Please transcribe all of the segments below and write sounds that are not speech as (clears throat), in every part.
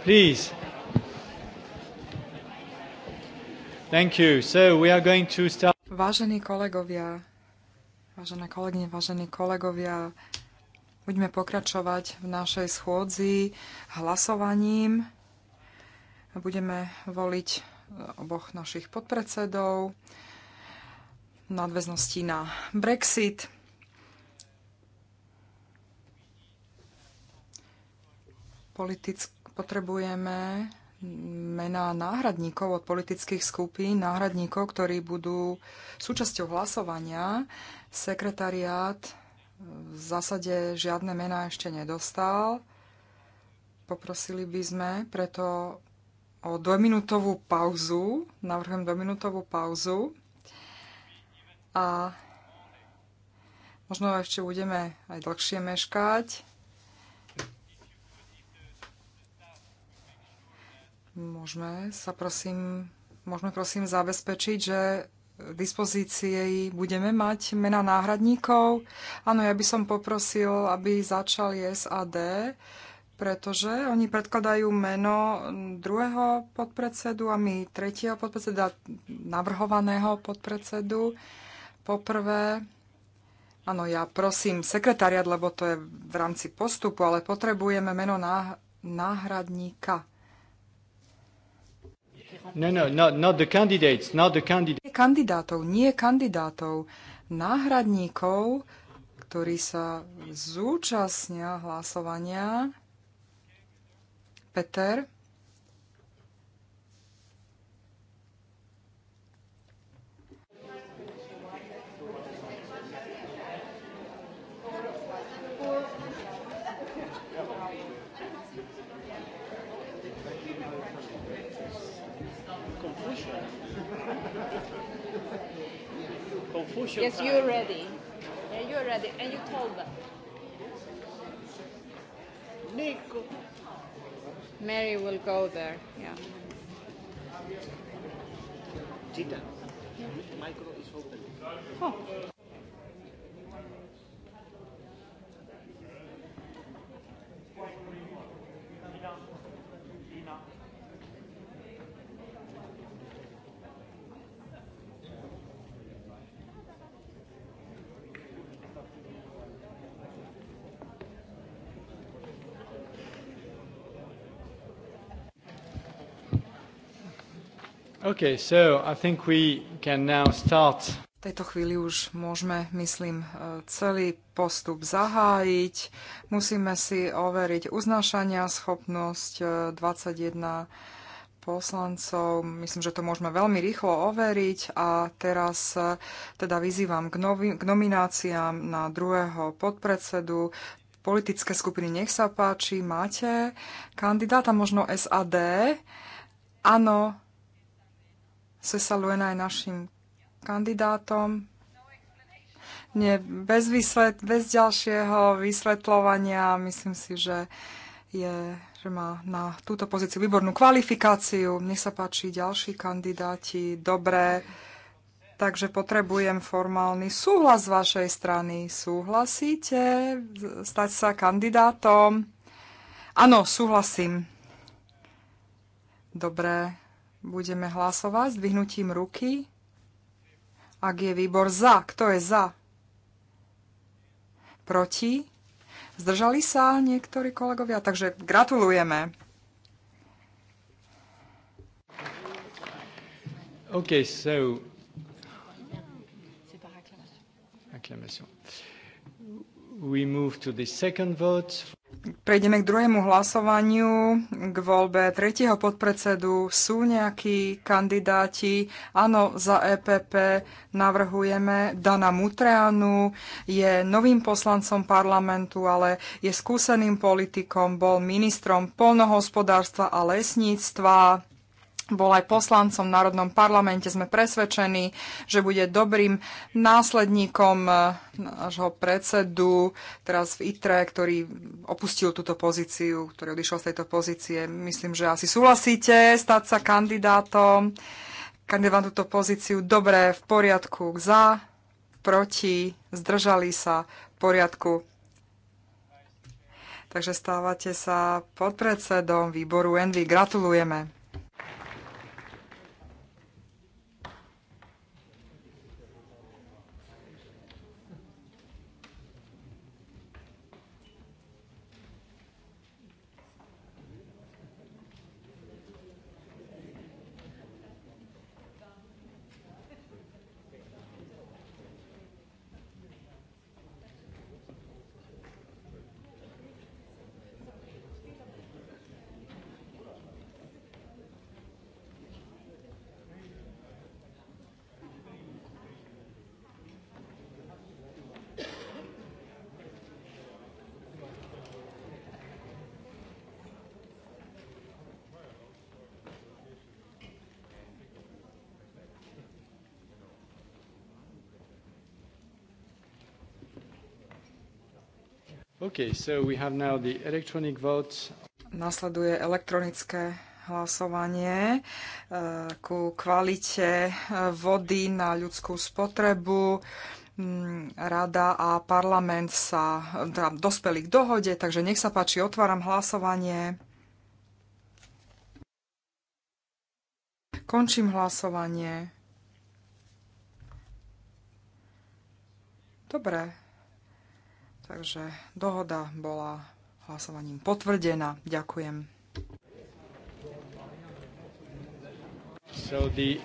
Please. Thank you. So we are going to start... Vážení kolegovia, vážené kolegyne, vážení kolegovia, budeme pokračovať v našej schôdzi hlasovaním. Budeme voliť oboch našich podpredsedov v nadväznosti na Brexit. Politický Potrebujeme mená náhradníkov od politických skupín, náhradníkov, ktorí budú súčasťou hlasovania. Sekretariát v zásade žiadne mená ešte nedostal. Poprosili by sme preto o dvojminútovú pauzu. Navrhujem dvojminútovú pauzu. A možno ešte budeme aj dlhšie meškať. Môžeme sa prosím, môžeme prosím zabezpečiť, že dispozície budeme mať mena náhradníkov. Áno, ja by som poprosil, aby začal SAD, pretože oni predkladajú meno druhého podpredsedu a my tretieho podpredseda, navrhovaného podpredsedu. Poprvé, áno, ja prosím sekretariat, lebo to je v rámci postupu, ale potrebujeme meno náhradníka. No, no, no, not the candidates, not the candidates. Nie Kandidátov, nie kandidátov, náhradníkov, ktorí sa zúčastnia hlasovania. Peter? crucial Yes, time. you're ready. Yeah, you're ready. And you told them. Nico. Mary will go there. Yeah. Tita, mm-hmm. micro is open. Oh. Okay, so I think we can now start. V tejto chvíli už môžeme, myslím, e, celý postup zahájiť. Musíme si overiť uznášania schopnosť 21 e, poslancov. Myslím, že to môžeme veľmi rýchlo overiť a teraz e, teda vyzývam k, novi- k nomináciám na druhého podpredsedu. Politické skupiny, nech sa páči, máte kandidáta možno SAD? Áno, Sesa Luena je našim kandidátom. Nie, bez, vysvet, bez ďalšieho vysvetľovania myslím si, že, je, že má na túto pozíciu výbornú kvalifikáciu. Nech sa páči ďalší kandidáti. Dobré. Takže potrebujem formálny súhlas z vašej strany. Súhlasíte stať sa kandidátom? Áno, súhlasím. Dobre. Budeme hlasovať s dvihnutím ruky. Ak je výbor za, kto je za? Proti? Zdržali sa niektorí kolegovia, takže gratulujeme. OK, so... Acclamation. We move to the second vote. Prejdeme k druhému hlasovaniu, k voľbe tretieho podpredsedu. Sú nejakí kandidáti? Áno, za EPP navrhujeme Dana Mutreanu. Je novým poslancom parlamentu, ale je skúseným politikom, bol ministrom polnohospodárstva a lesníctva bol aj poslancom v Národnom parlamente. Sme presvedčení, že bude dobrým následníkom eh, nášho predsedu teraz v ITRE, ktorý opustil túto pozíciu, ktorý odišiel z tejto pozície. Myslím, že asi súhlasíte stať sa kandidátom. Kandidát túto pozíciu dobre, v poriadku, za, proti, zdržali sa, v poriadku. Takže stávate sa podpredsedom výboru Envy. Gratulujeme. Okay, so we have now the electronic Nasleduje elektronické hlasovanie eh, ku kvalite eh, vody na ľudskú spotrebu. Mm, rada a parlament sa eh, dospeli k dohode, takže nech sa páči, otváram hlasovanie. Končím hlasovanie. Dobre, Takže dohoda bola hlasovaním potvrdená. Ďakujem. So the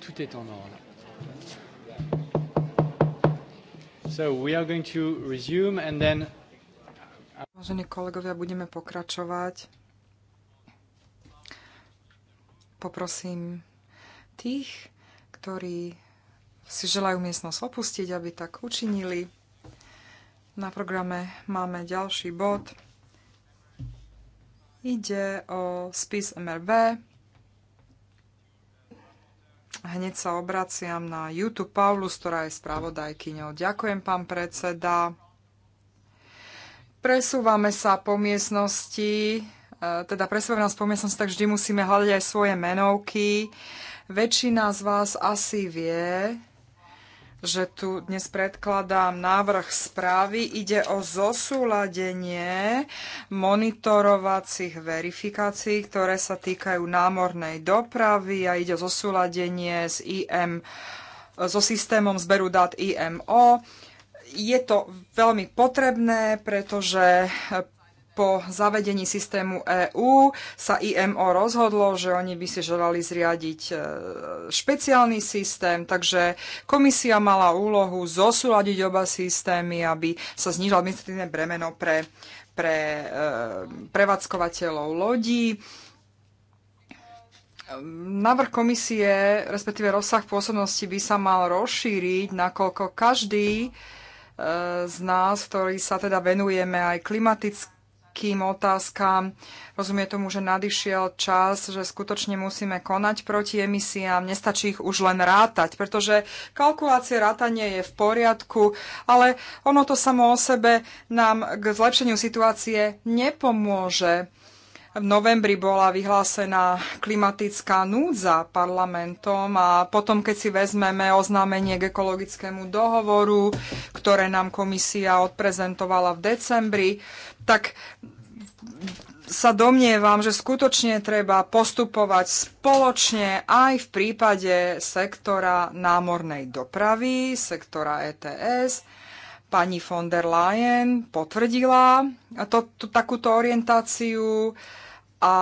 Tout est en ordre. So we are going to resume and then Vážení kolegovia, budeme pokračovať. Poprosím tých, ktorí si želajú miestnosť opustiť, aby tak učinili. Na programe máme ďalší bod. Ide o spis MRV, hneď sa obraciam na YouTube Paulus, ktorá je spravodajkyňou. Ďakujem, pán predseda. Presúvame sa po miestnosti, eh, teda presúvame nás po miestnosti, tak vždy musíme hľadať aj svoje menovky. Väčšina z vás asi vie, že tu dnes predkladám návrh správy. Ide o zosúladenie monitorovacích verifikácií, ktoré sa týkajú námornej dopravy a ide o zosúladenie s IM, so systémom zberu dát IMO. Je to veľmi potrebné, pretože po zavedení systému EÚ sa IMO rozhodlo, že oni by si želali zriadiť e, špeciálny systém, takže komisia mala úlohu zosúľadiť oba systémy, aby sa znižilo administratívne bremeno pre, pre e, prevádzkovateľov lodí. Návrh komisie, respektíve rozsah pôsobnosti by sa mal rozšíriť, nakoľko každý e, z nás, ktorý sa teda venujeme aj klimatickým takým otázkam. Rozumie tomu, že nadišiel čas, že skutočne musíme konať proti emisiám. Nestačí ich už len rátať, pretože kalkulácie rátanie je v poriadku, ale ono to samo o sebe nám k zlepšeniu situácie nepomôže. V novembri bola vyhlásená klimatická núdza parlamentom a potom, keď si vezmeme oznámenie k ekologickému dohovoru, ktoré nám komisia odprezentovala v decembri, tak sa domnievam, že skutočne treba postupovať spoločne aj v prípade sektora námornej dopravy, sektora ETS. Pani von der Leyen potvrdila to, to, takúto orientáciu. Uh, a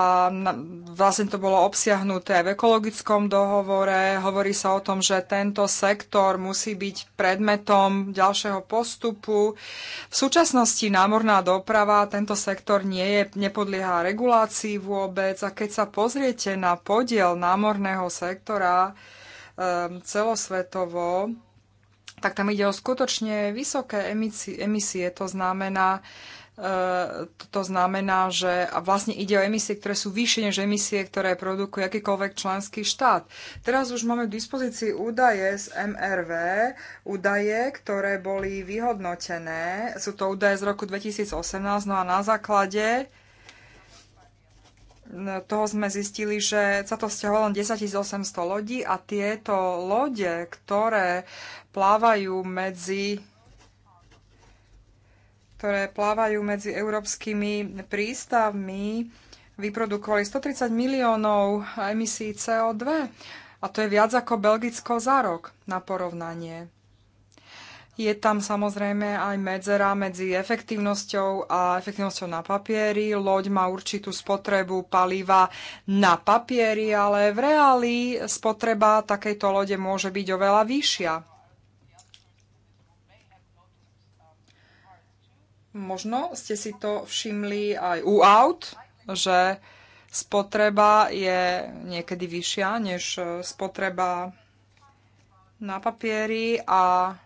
vlastne to bolo obsiahnuté v ekologickom dohovore. Hovorí sa o tom, že tento sektor musí byť predmetom ďalšieho postupu. V súčasnosti námorná doprava, tento sektor nie je, nepodlieha regulácii vôbec a keď sa pozriete na podiel námorného sektora um, celosvetovo, tak tam ide o skutočne vysoké emisie, emisie to znamená, E, to znamená, že vlastne ide o emisie, ktoré sú vyššie než emisie, ktoré produkuje akýkoľvek členský štát. Teraz už máme v dispozícii údaje z MRV, údaje, ktoré boli vyhodnotené. Sú to údaje z roku 2018, no a na základe no, toho sme zistili, že sa to vzťahovalo len 10 800 lodí a tieto lode, ktoré plávajú medzi ktoré plávajú medzi európskymi prístavmi, vyprodukovali 130 miliónov emisí CO2. A to je viac ako Belgicko za rok na porovnanie. Je tam samozrejme aj medzera medzi efektívnosťou a efektívnosťou na papieri. Loď má určitú spotrebu paliva na papieri, ale v reáli spotreba takejto lode môže byť oveľa vyššia. Možno ste si to všimli aj u aut, že spotreba je niekedy vyššia než e, spotreba na papieri a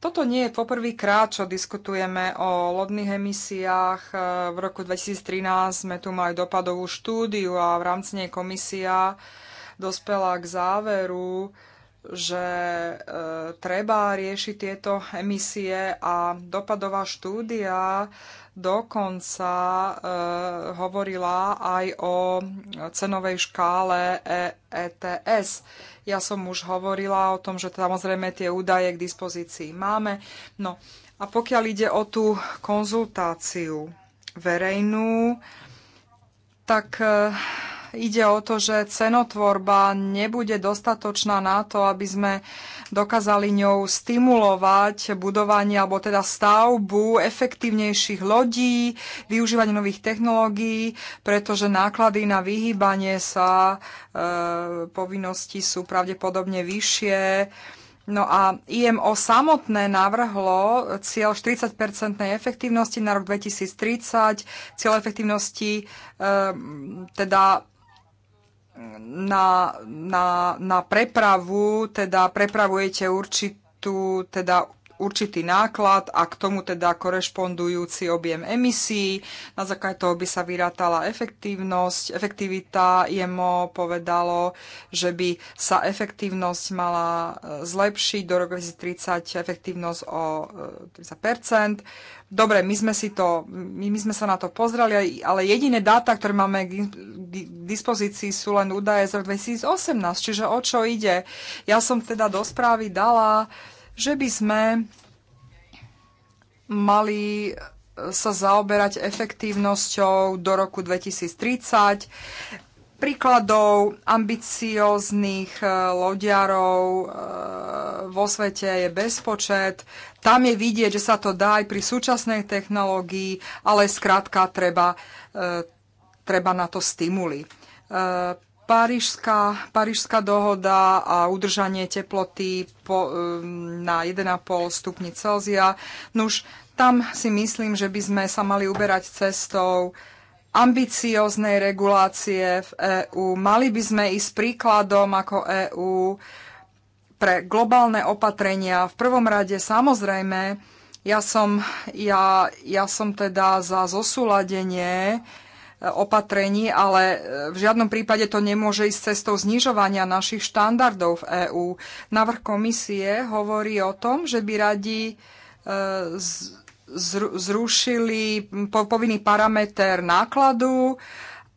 toto nie je poprvýkrát, čo diskutujeme o lodných emisiách. E, v roku 2013 sme tu mali dopadovú štúdiu a v rámci nej komisia dospela k záveru, že e, treba riešiť tieto emisie a dopadová štúdia dokonca e, hovorila aj o cenovej škále ETS. E ja som už hovorila o tom, že samozrejme tie údaje k dispozícii máme. No a pokiaľ ide o tú konzultáciu verejnú, tak e, ide o to, že cenotvorba nebude dostatočná na to, aby sme dokázali ňou stimulovať budovanie alebo teda stavbu efektívnejších lodí, využívanie nových technológií, pretože náklady na vyhýbanie sa e, povinnosti sú pravdepodobne vyššie. No a IMO samotné navrhlo cieľ 40-percentnej efektívnosti na rok 2030, cieľ efektívnosti e, teda na, na, na prepravu, teda prepravujete určitú, teda určitý náklad a k tomu teda korešpondujúci objem emisí. Na základe toho by sa vyrátala efektívnosť. Efektivita jemo povedalo, že by sa efektívnosť mala e, zlepšiť do roku 2030 efektívnosť o 30 e, Dobre, my sme, si to, my, my sme sa na to pozreli, ale jediné dáta, ktoré máme k dispozícii, sú len údaje z roku 2018, čiže o čo ide. Ja som teda do správy dala že by sme mali sa zaoberať efektívnosťou do roku 2030. Príkladov ambicióznych eh, loďarov eh, vo svete je bezpočet. Tam je vidieť, že sa to dá aj pri súčasnej technológii, ale skrátka treba, eh, treba na to stimuli Parížská, Parížská dohoda a udržanie teploty po, e, na 1,5 stupni Celzia. Nuž, tam si myslím, že by sme sa mali uberať cestou ambicióznej regulácie v EÚ. Mali by sme ísť príkladom ako EÚ pre globálne opatrenia. V prvom rade samozrejme, ja som, ja, ja som teda za zosúladenie uh, opatrení, ale e, v žiadnom prípade to nemôže ísť cestou znižovania našich štandardov v EÚ. Navrh komisie hovorí o tom, že by radi e, zrušili povinný parameter nákladu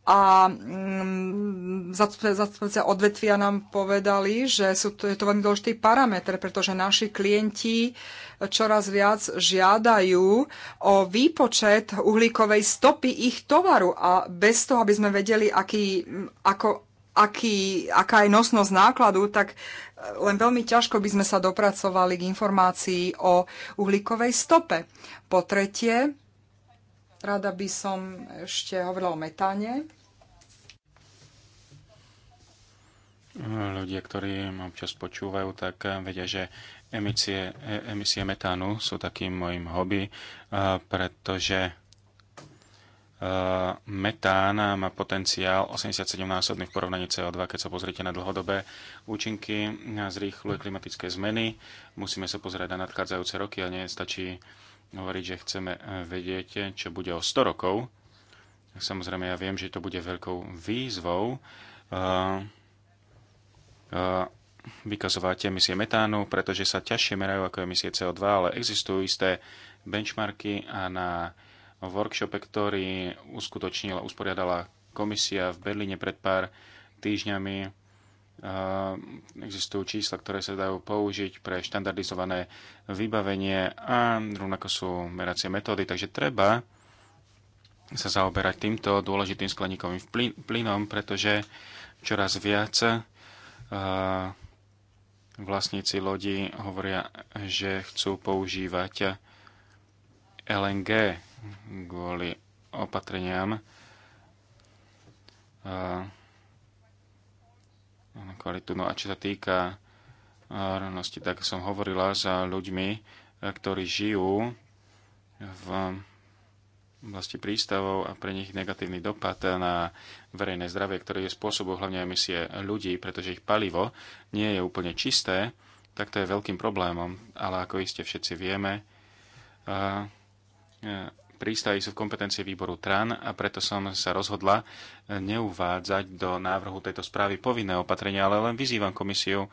a mm, zastupcovia odvetvia nám povedali, že sú to, je to veľmi dôležitý parameter, pretože naši klienti uh, čoraz viac žiadajú o výpočet uhlíkovej stopy ich tovaru a bez toho, aby sme vedeli, aký, ako, aký, aká je nosnosť nákladu, tak e, len veľmi ťažko by sme sa dopracovali k informácii o uhlíkovej stope. Po tretie, rada by som ešte hovorila o metáne. ľudia, ktorí ma občas počúvajú, tak vedia, že Emisie, e, emisie metánu sú takým mojim hobby, e, pretože e, metán má potenciál 87-násobný v porovnaní CO2, keď sa pozriete na dlhodobé účinky, zrýchluje klimatické zmeny. Musíme sa pozrieť na nadchádzajúce roky a nestačí hovoriť, že chceme vedieť, čo bude o 100 rokov. Samozrejme, ja viem, že to bude veľkou výzvou. Uh, uh, vykazovať emisie metánu, pretože sa ťažšie merajú ako emisie CO2, ale existujú isté benchmarky a na workshope, ktorý uskutočnila, usporiadala komisia v Berlíne pred pár týždňami, eh, existujú čísla, ktoré sa dajú použiť pre štandardizované vybavenie a rovnako sú meracie metódy, takže treba sa zaoberať týmto dôležitým skleníkovým plynom, pretože čoraz viac uh, vlastníci lodi hovoria, že chcú používať LNG kvôli opatreniam na kvalitu. No a čo sa týka rovnosti, tak som hovorila s ľuďmi, ktorí žijú v oblasti prístavov a pre nich negatívny dopad na verejné zdravie, ktorý je spôsobom hlavne emisie ľudí, pretože ich palivo nie je úplne čisté, tak to je veľkým problémom. Ale ako iste všetci vieme, e, prístavy sú v kompetencii výboru TRAN a preto som sa rozhodla neuvádzať do návrhu tejto správy povinné opatrenia, ale len vyzývam komisiu,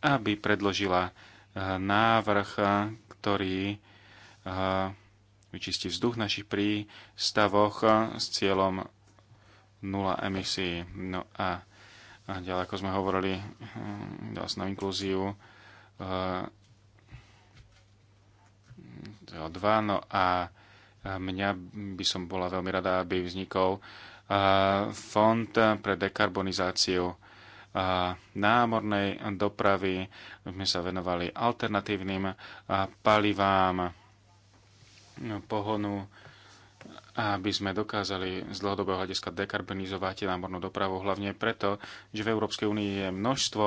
aby predložila e, návrh, ktorý e, vyčistí vzduch v našich prístavoch s cieľom nula emisí. No a, a ďalej, ako sme hovorili, hm, na inkluziu eh, CO2. No a eh, mňa by som bola veľmi rada, aby vznikol eh, fond pre dekarbonizáciu námornej dopravy. My sme sa venovali alternatívnym palivám pohonu, aby sme dokázali z dlhodobého hľadiska dekarbonizovať námornú dopravu, hlavne preto, že v Európskej únii je množstvo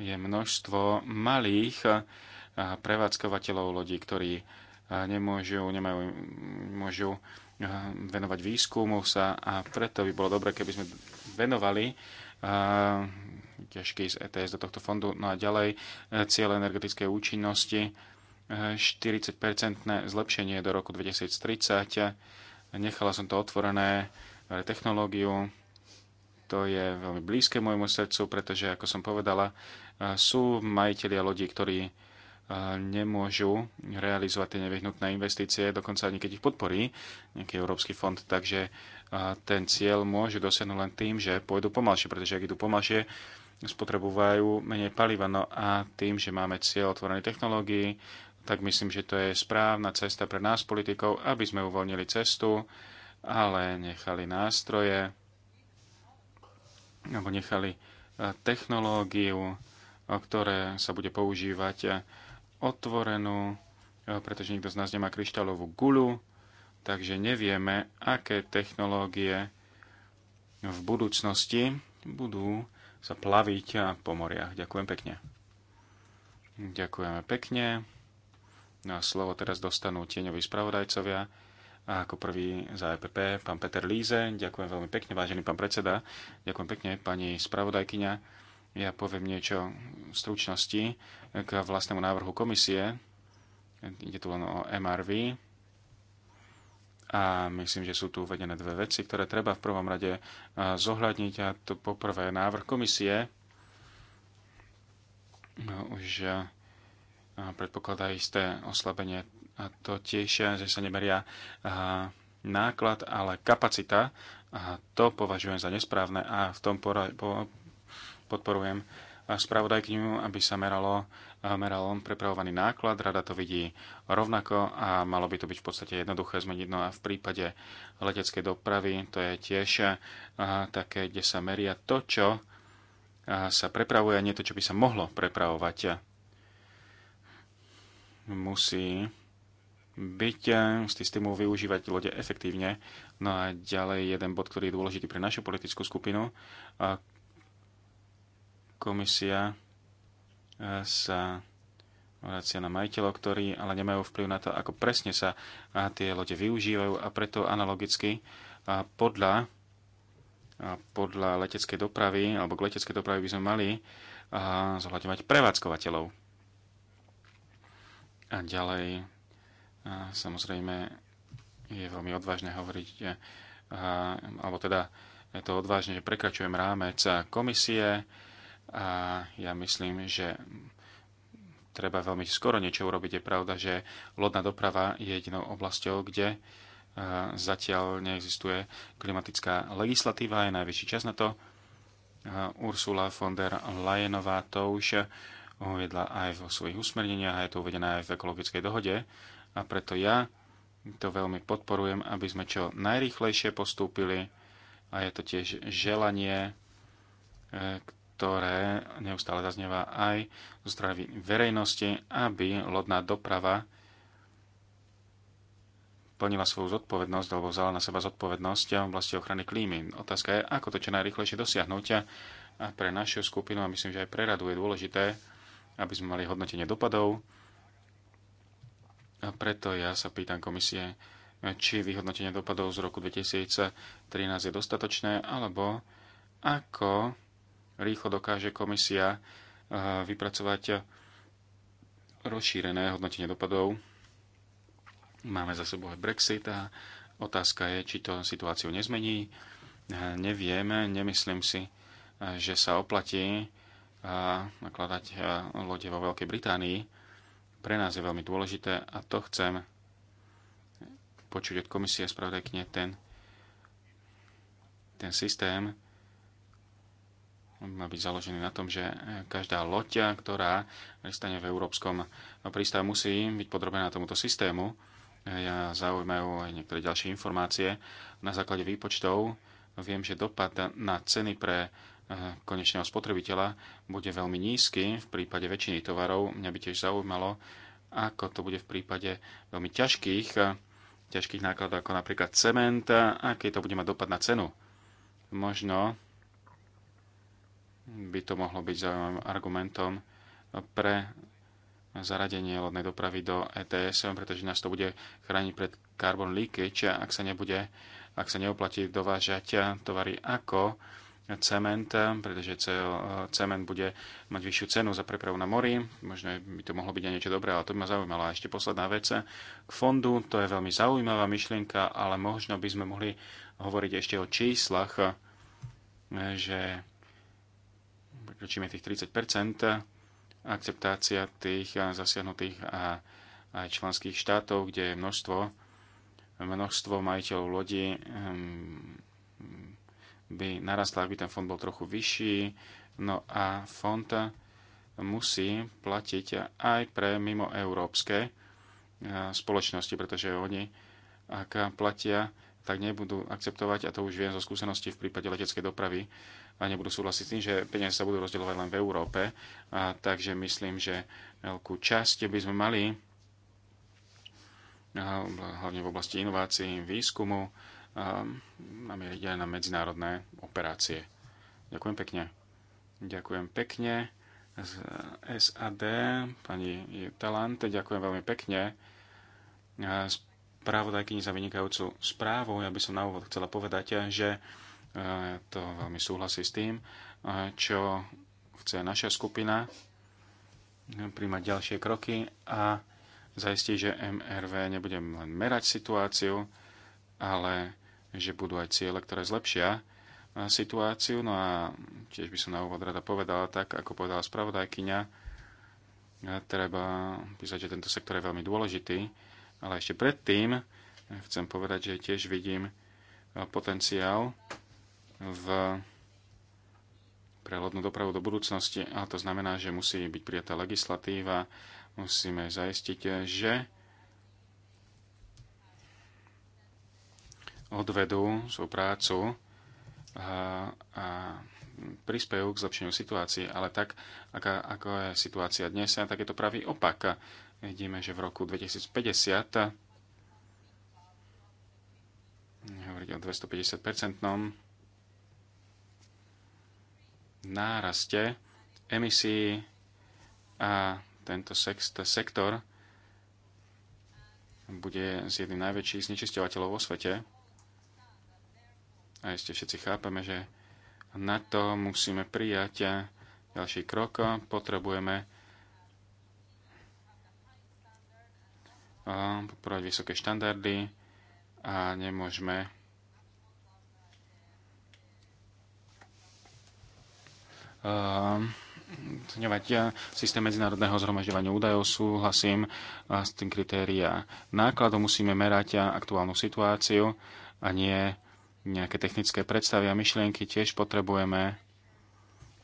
je množstvo malých prevádzkovateľov lodí, ktorí nemôžu, nemajú, môžu venovať výskumu sa a preto by bolo dobre, keby sme venovali ťažký z ETS do tohto fondu. No a ďalej e, cieľ energetickej účinnosti, 40-percentné e, zlepšenie do roku 2030. Nechala som to otvorené pre technológiu. To je veľmi blízke môjmu srdcu, pretože, ako som povedala, e, sú majiteľia lodí, ktorí nemôžu realizovať tie nevyhnutné investície, dokonca ani keď ich podporí nejaký európsky fond. Takže ten cieľ môžu dosiahnuť len tým, že pôjdu pomalšie, pretože ak idú pomalšie, spotrebujú menej paliva. No a tým, že máme cieľ otvorenej technológií, tak myslím, že to je správna cesta pre nás politikov, aby sme uvoľnili cestu, ale nechali nástroje, alebo nechali e, technológiu, e, ktoré sa bude používať e, otvorenú, pretože nikto z nás nemá kryštálovú gulu, takže nevieme, aké technológie v budúcnosti budú sa plaviť po moriach. Ďakujem pekne. Ďakujeme pekne. No a slovo teraz dostanú tieňoví spravodajcovia. A ako prvý za EPP pán Peter Líze. Ďakujem veľmi pekne, vážený pán predseda. Ďakujem pekne, pani spravodajkyňa. Ja poviem niečo v stručnosti k vlastnému návrhu komisie. Ide tu len o MRV a myslím, že sú tu uvedené dve veci, ktoré treba v prvom rade zohľadniť. A to poprvé návrh komisie no, už predpokladá isté oslabenie a to tiež, že sa nemeria náklad, ale kapacita. A to považujem za nesprávne a v tom podporujem spravodajkyňu, aby sa meralo, eh, meral prepravovaný náklad. Rada to vidí rovnako a malo by to byť v podstate jednoduché zmeniť. No a v prípade leteckej dopravy to je tiež eh, také, kde sa meria to, čo eh, sa prepravuje a nie to, čo by sa mohlo prepravovať. Musí byť s stimul využívať lode efektívne. No a ďalej jeden bod, ktorý je dôležitý pre našu politickú skupinu, komisia e, sa vracia na majiteľov, ktorí ale nemajú vplyv na to, ako presne sa tie lode využívajú a preto analogicky podľa, podľa leteckej dopravy alebo k leteckej dopravy by sme mali zohľadňovať prevádzkovateľov. A ďalej samozrejme je veľmi odvážne hovoriť, alebo teda je to odvážne, že prekračujem rámec komisie, a ja myslím, že treba veľmi skoro niečo urobiť. Je pravda, že lodná doprava je jedinou oblasťou, kde e, zatiaľ neexistuje klimatická legislatíva, je najvyšší čas na to. E, Ursula von der Leyenová to už uvedla aj vo svojich usmerneniach a je to uvedené aj v ekologickej dohode a preto ja to veľmi podporujem, aby sme čo najrýchlejšie postúpili a je to tiež želanie, e, ktoré neustále zaznieva aj zo strany verejnosti, aby lodná doprava plnila svoju zodpovednosť alebo vzala na seba zodpovednosť v oblasti ochrany klímy. Otázka je, ako to čo najrychlejšie dosiahnuť a pre našu skupinu a myslím, že aj pre radu je dôležité, aby sme mali hodnotenie dopadov. A preto ja sa pýtam komisie, či vyhodnotenie dopadov z roku 2013 je dostatočné, alebo ako rýchlo dokáže komisia eh, vypracovať rozšírené hodnotenie dopadov. Máme za sebou aj Brexit a otázka je, či to situáciu nezmení. Eh, nevieme, nemyslím si, eh, že sa oplatí nakladať lode vo Veľkej Británii. Pre nás je veľmi dôležité a to chcem počuť od komisie spravodajkne ten, ten systém má byť založený na tom, že každá loď, ktorá pristane v európskom prístave, musí byť podrobená tomuto systému. Ja zaujímajú aj niektoré ďalšie informácie. Na základe výpočtov viem, že dopad na ceny pre eh, konečného spotrebiteľa bude veľmi nízky v prípade väčšiny tovarov. Mňa by tiež zaujímalo, ako to bude v prípade veľmi ťažkých, ťažkých nákladov, ako napríklad cement, aký to bude mať dopad na cenu. Možno by to mohlo byť zaujímavým argumentom pre zaradenie lodnej dopravy do ETS, pretože nás to bude chrániť pred carbon leakage, ak sa nebude, ak sa neoplatí dovážať tovary ako cement, pretože cement bude mať vyššiu cenu za prepravu na mori. Možno by to mohlo byť aj niečo dobré, ale to by ma zaujímalo. A ešte posledná vec k fondu. To je veľmi zaujímavá myšlienka, ale možno by sme mohli hovoriť ešte o číslach, že prekročíme tých 30 akceptácia tých eh, zasiahnutých a aj členských štátov, kde je množstvo, množstvo majiteľov lodi. Ehm, by narastla, ak by ten fond bol trochu vyšší. No a fond musí platiť aj pre mimo európske eh, spoločnosti, pretože oni, ak platia tak nebudú akceptovať, a to už viem zo skúsenosti v prípade leteckej dopravy, a nebudú súhlasiť s tým, že peniaze sa budú rozdielovať len v Európe. A, takže myslím, že veľkú časť by sme mali, hlavne v oblasti inovácií, výskumu, namieriť aj na medzinárodné operácie. Ďakujem pekne. Ďakujem pekne. Z SAD, pani Talante, ďakujem veľmi pekne právodajkyni za vynikajúcu správu. Ja by som na úvod chcela povedať, že e, to veľmi súhlasí s tým, e, čo chce naša skupina e, príjmať ďalšie kroky a zaistí, že MRV nebude len merať situáciu, ale že budú aj ciele, ktoré zlepšia situáciu. No a tiež by som na úvod rada povedala tak, ako povedala spravodajkyňa, treba písať, že tento sektor je veľmi dôležitý ale ešte predtým eh, chcem povedať, že tiež vidím eh, potenciál v prehľadnú dopravu do budúcnosti a to znamená, že musí byť prijatá legislatíva, musíme zaistiť, že odvedú svoju prácu prispejú k zlepšeniu situácie, ale tak, aká, ako je situácia dnes, tak je to pravý opak. Vidíme, že v roku 2050 hovoriť o 250-percentnom náraste emisí a tento sektor bude z jedným najväčších znečisťovateľov vo svete. A ešte všetci chápeme, že na to musíme prijať eh, ďalší krok. Potrebujeme eh, podporovať vysoké štandardy a nemôžeme eh, zňovať systém medzinárodného zhromažďovania údajov, súhlasím s tým kritériá nákladu musíme merať aktuálnu situáciu a nie nejaké technické predstavy a myšlienky, tiež potrebujeme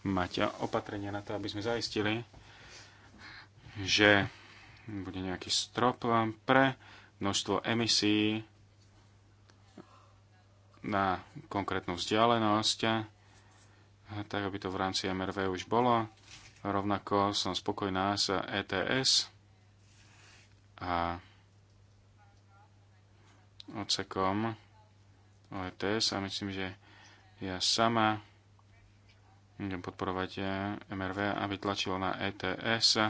mať opatrenia na to, aby sme zaistili, že bude nejaký strop pre množstvo emisí na konkrétnu vzdialenosť, tak aby to v rámci MRV už bolo. Rovnako som spokojná s ETS a odsekom OETS a myslím, že ja sama budem podporovať eh, MRV, aby tlačilo na ETS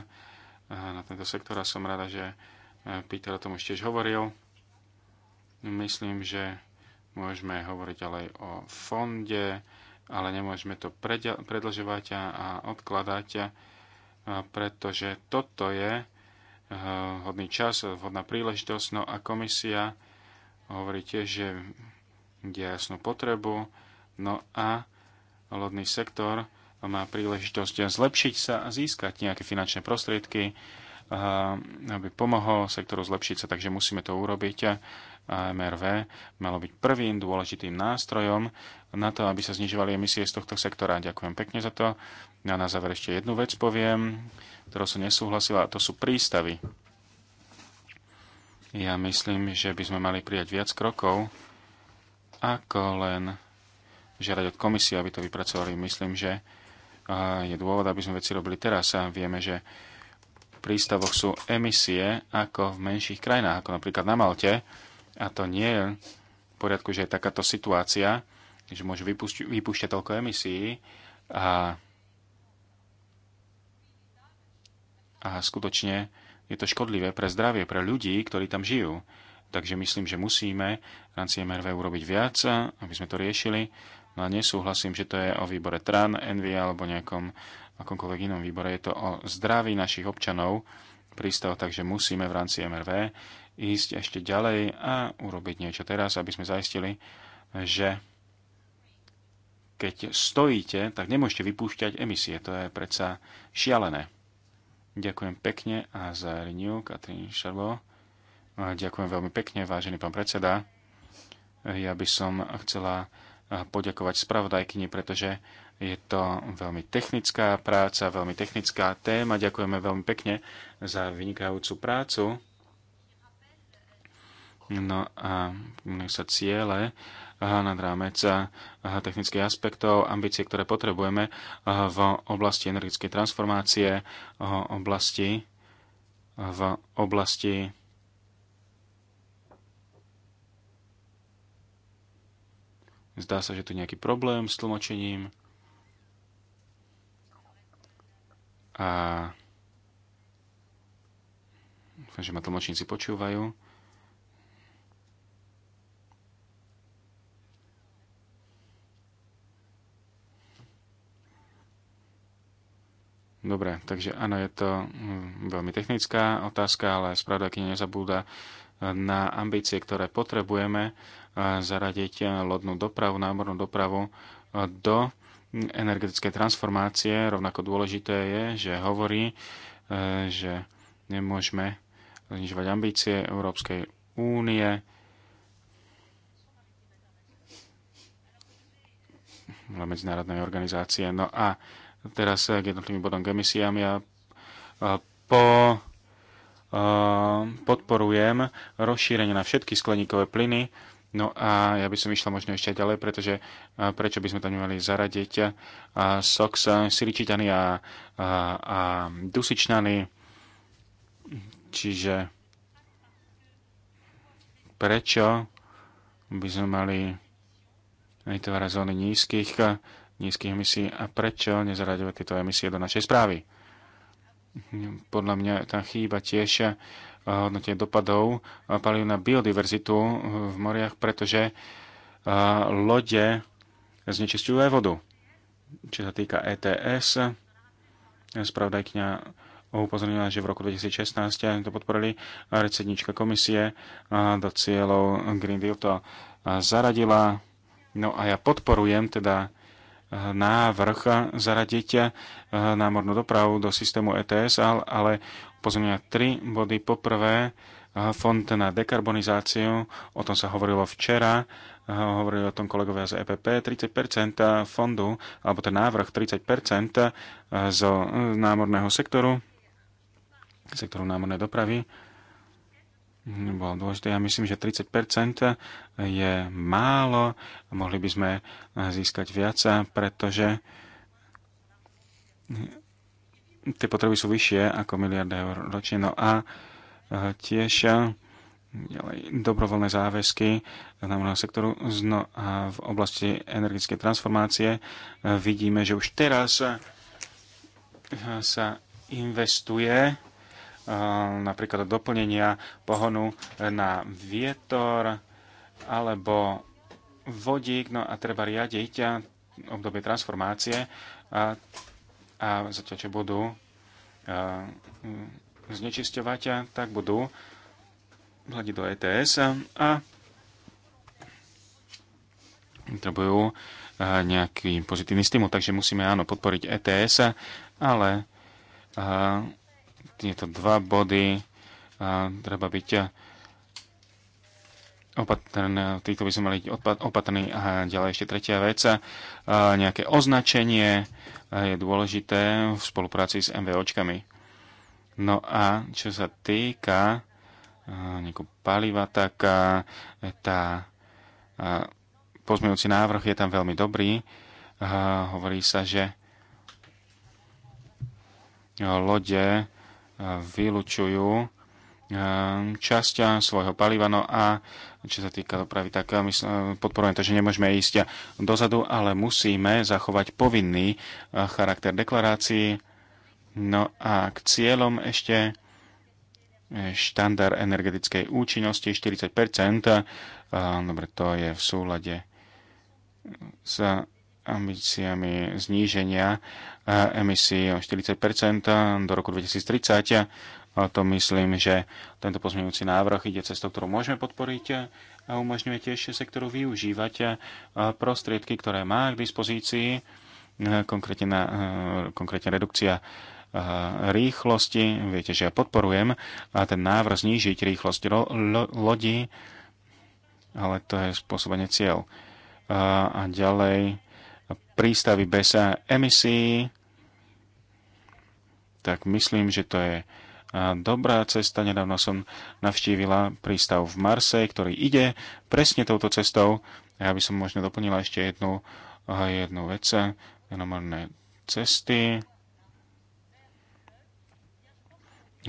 na tento sektor a som rada, že eh, Peter o tom už tiež hovoril. Myslím, že môžeme hovoriť ďalej o fonde, ale nemôžeme to predlžovať a odkladať, eh, pretože toto je hodný čas, hodná príležitosť. No a komisia hovorí tiež, že kde jasnú potrebu. No a lodný sektor má príležitosť zlepšiť sa a získať nejaké finančné prostriedky, aby pomohol sektoru zlepšiť sa, takže musíme to urobiť. A MRV malo byť prvým dôležitým nástrojom na to, aby sa znižovali emisie z tohto sektora. Ďakujem pekne za to. A na záver ešte jednu vec poviem, ktorou som nesúhlasila, a to sú prístavy. Ja myslím, že by sme mali prijať viac krokov, ako len žiadať od komisie, aby to vypracovali. Myslím, že je dôvod, aby sme veci robili teraz. A vieme, že v prístavoch sú emisie ako v menších krajinách, ako napríklad na Malte. A to nie je v poriadku, že je takáto situácia, že môžu vypúšť, vypúšťať toľko emisí a, a skutočne je to škodlivé pre zdravie, pre ľudí, ktorí tam žijú. Takže myslím, že musíme v rámci MRV urobiť viac, aby sme to riešili. No a nesúhlasím, že to je o výbore TRAN, NV alebo nejakom akomkoľvek inom výbore. Je to o zdraví našich občanov prístav, takže musíme v rámci MRV ísť ešte ďalej a urobiť niečo teraz, aby sme zaistili, že keď stojíte, tak nemôžete vypúšťať emisie. To je predsa šialené. Ďakujem pekne a za Renew, Katrin Šarbo. Ďakujem veľmi pekne, vážený pán predseda. Ja by som chcela poďakovať spravodajkyni, pretože je to veľmi technická práca, veľmi technická téma. Ďakujeme veľmi pekne za vynikajúcu prácu. No a sa ciele nad rámec technických aspektov, ambície, ktoré potrebujeme v oblasti energetickej transformácie, v oblasti, v oblasti Zdá sa, že tu je nejaký problém s tlmočením. A dúfam, že ma tlmočníci počúvajú. Dobre, takže áno, je to mm, veľmi technická otázka, ale keď nezabúda na ambície, ktoré potrebujeme, e, zaradiť e, lodnú dopravu, námornú dopravu e, do energetickej transformácie. Rovnako dôležité je, že hovorí, že nemôžeme znižovať ambície Európskej únie. medzinárodnej organizácie. No a teraz k jednotlivým bodom k emisiám. Ja po Ehm, podporujem rozšírenie na všetky skleníkové plyny. No a ja by som išla možno ešte ďalej, pretože prečo by sme tam nemali zaradiť SOX, siličitany a, a, a dusičnany. Čiže prečo by sme mali vytvárať zóny nízkych, nízkych emisí a prečo nezaraďovať tieto emisie do našej správy podľa mňa tam chýba tiež eh, hodnotie dopadov eh, palív na biodiverzitu eh, v moriach, pretože lode znečistujú aj vodu. Čo sa týka ETS, spravodajkňa upozornila, že v roku 2016 to podporili recednička komisie do cieľov Green Deal to zaradila. No a ja podporujem teda návrh zaradiť eh, námornú dopravu do systému ETS, ale upozorňujem tri body. Poprvé, eh, fond na dekarbonizáciu, o tom sa hovorilo včera, eh, hovorili o tom kolegovia z EPP, 30% fondu, alebo ten návrh 30% z námorného sektoru, sektoru námornej dopravy, bolo dôležité. Ja myslím, že 30 je málo. Mohli by sme získať viac, pretože tie potreby sú vyššie ako miliard eur ročne. No a eh, tiež eh, dobrovoľné záväzky námorného sektoru. No a v oblasti energetickej transformácie eh, vidíme, že už teraz sa investuje Ehm, napríklad do doplnenia pohonu na vietor alebo vodík, no a treba riadiť obdobie transformácie a, a zatiaľ, čo budú ehm, a, znečisťovať, tak budú hľadiť do ETS a, a potrebujú e, nejaký pozitívny stimul, takže musíme áno podporiť ETS, ale a, e, tieto dva body a treba byť opatrný, týchto by sme mali opatrný. A ďalej ešte tretia vec, a nejaké označenie je dôležité v spolupráci s MVOčkami. No a čo sa týka nejakú paliva, tak tá pozmejúci návrh je tam veľmi dobrý. Hovorí sa, že lode vylučujú eh, časť eh, svojho paliva. No a čo sa týka dopravy, tak eh, podporujeme, to, že nemôžeme ísť dozadu, ale musíme zachovať povinný charakter deklarácií. No a k cieľom ešte štandard energetickej účinnosti 40 Dobre, to je v súlade s ambíciami zníženia emisí o 40 do roku 2030. A to myslím, že tento pozmeňujúci návrh ide cestou, ktorú môžeme podporiť a umožňuje tiež sektoru využívať prostriedky, ktoré má k dispozícii, konkrétne, na, konkrétne redukcia rýchlosti. Viete, že ja podporujem a ten návrh znížiť rýchlosť lodi, ale to je spôsobenie cieľ. A, a ďalej prístavy bez emisí, tak myslím, že to je dobrá cesta. Nedávno som navštívila prístav v Marse, ktorý ide presne touto cestou. Ja by som možno doplnila ešte jednu, jednu vec. Fenomenné cesty.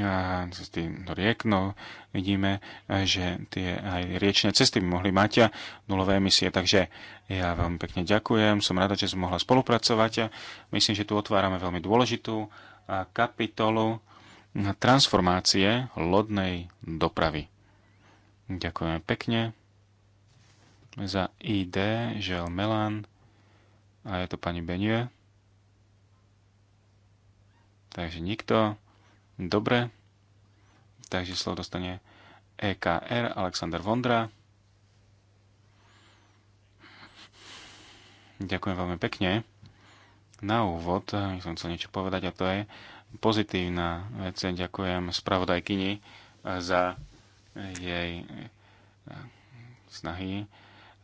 A cesty do riek, no vidíme, že tie aj riečné cesty by mohli mať nulové emisie. Takže ja vám pekne ďakujem, som rada, že som mohla spolupracovať. Myslím, že tu otvárame veľmi dôležitú kapitolu transformácie lodnej dopravy. Ďakujeme pekne za ID, Žel Melan a je to pani Benie. Takže nikto. Dobre. Takže slovo dostane EKR Alexander Vondra. Ďakujem veľmi pekne na úvod eh, som chcel niečo povedať a to je pozitívna vec. Ďakujem spravodajkyni eh, za jej eh, snahy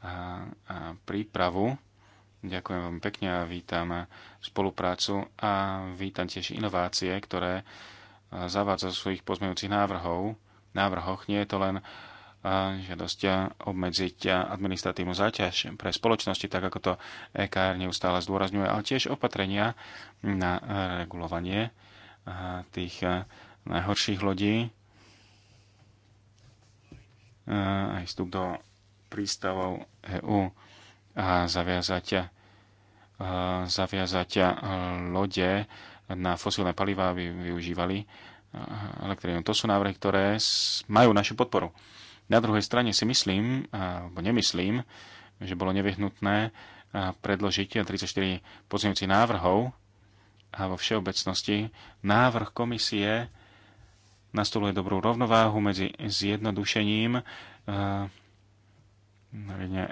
a, a prípravu. Ďakujem veľmi pekne a vítam spoluprácu a vítam tiež inovácie, ktoré zavádza svojich pozmejúcich návrhov. Návrhoch nie je to len uh, žiadosť obmedziť administratívnu záťaž pre spoločnosti, tak ako to EKR neustále zdôrazňuje, ale tiež opatrenia na regulovanie tých najhorších lodí, aj vstup do prístavov EÚ a zaviazať, zaviazať lode na fosílne palivá, aby využívali elektrínu. To sú návrhy, ktoré majú našu podporu. Na druhej strane si myslím, alebo nemyslím, že bolo nevyhnutné predložiť 34 pozemcí návrhov a vo všeobecnosti návrh komisie nastoluje dobrú rovnováhu medzi zjednodušením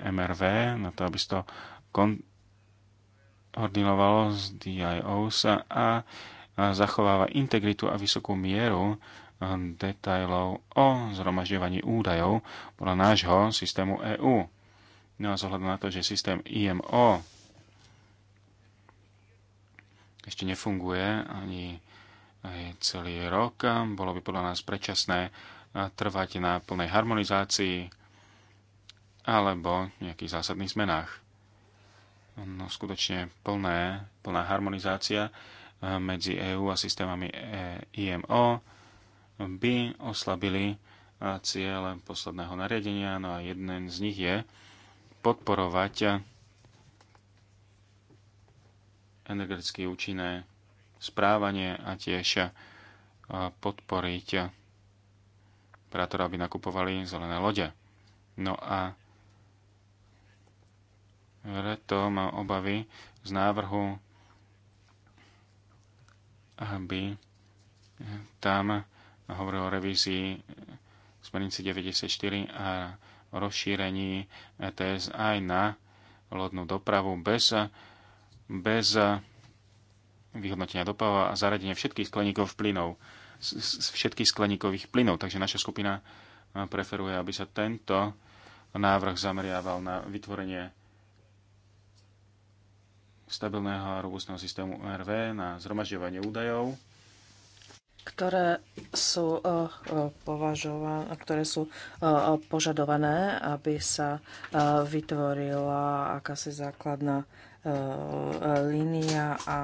MRV na to, aby to koordinovalo s DIOs a zachováva integritu a vysokú mieru detajlov o zhromažďovaní údajov podľa nášho systému EÚ. No a zohľadom na to, že systém IMO ešte nefunguje ani celý rok, bolo by podľa nás predčasné eh, trvať na plnej harmonizácii alebo nejakých zásadných zmenách. No skutočne plné, plná harmonizácia eh, medzi EÚ a systémami eh, IMO by oslabili ciele posledného nariadenia. No a jeden z nich je podporovať energeticky účinné správanie a tiež podporiť operátora, aby nakupovali zelené lode. No a Reto má obavy z návrhu, aby tam hovoril o revízii smernice 94 a rozšírení ETS aj na lodnú dopravu bez, bez vyhodnotenia doprava a zaradenia všetkých skleníkov plynov, z všetkých skleníkových plynov. Takže naša skupina preferuje, aby sa tento návrh zameriaval na vytvorenie stabilného a robustného systému RV na zhromažďovanie údajov ktoré sú, eh, eh, považované, ktoré sú eh, požadované, aby sa vytvorila akási základná línia a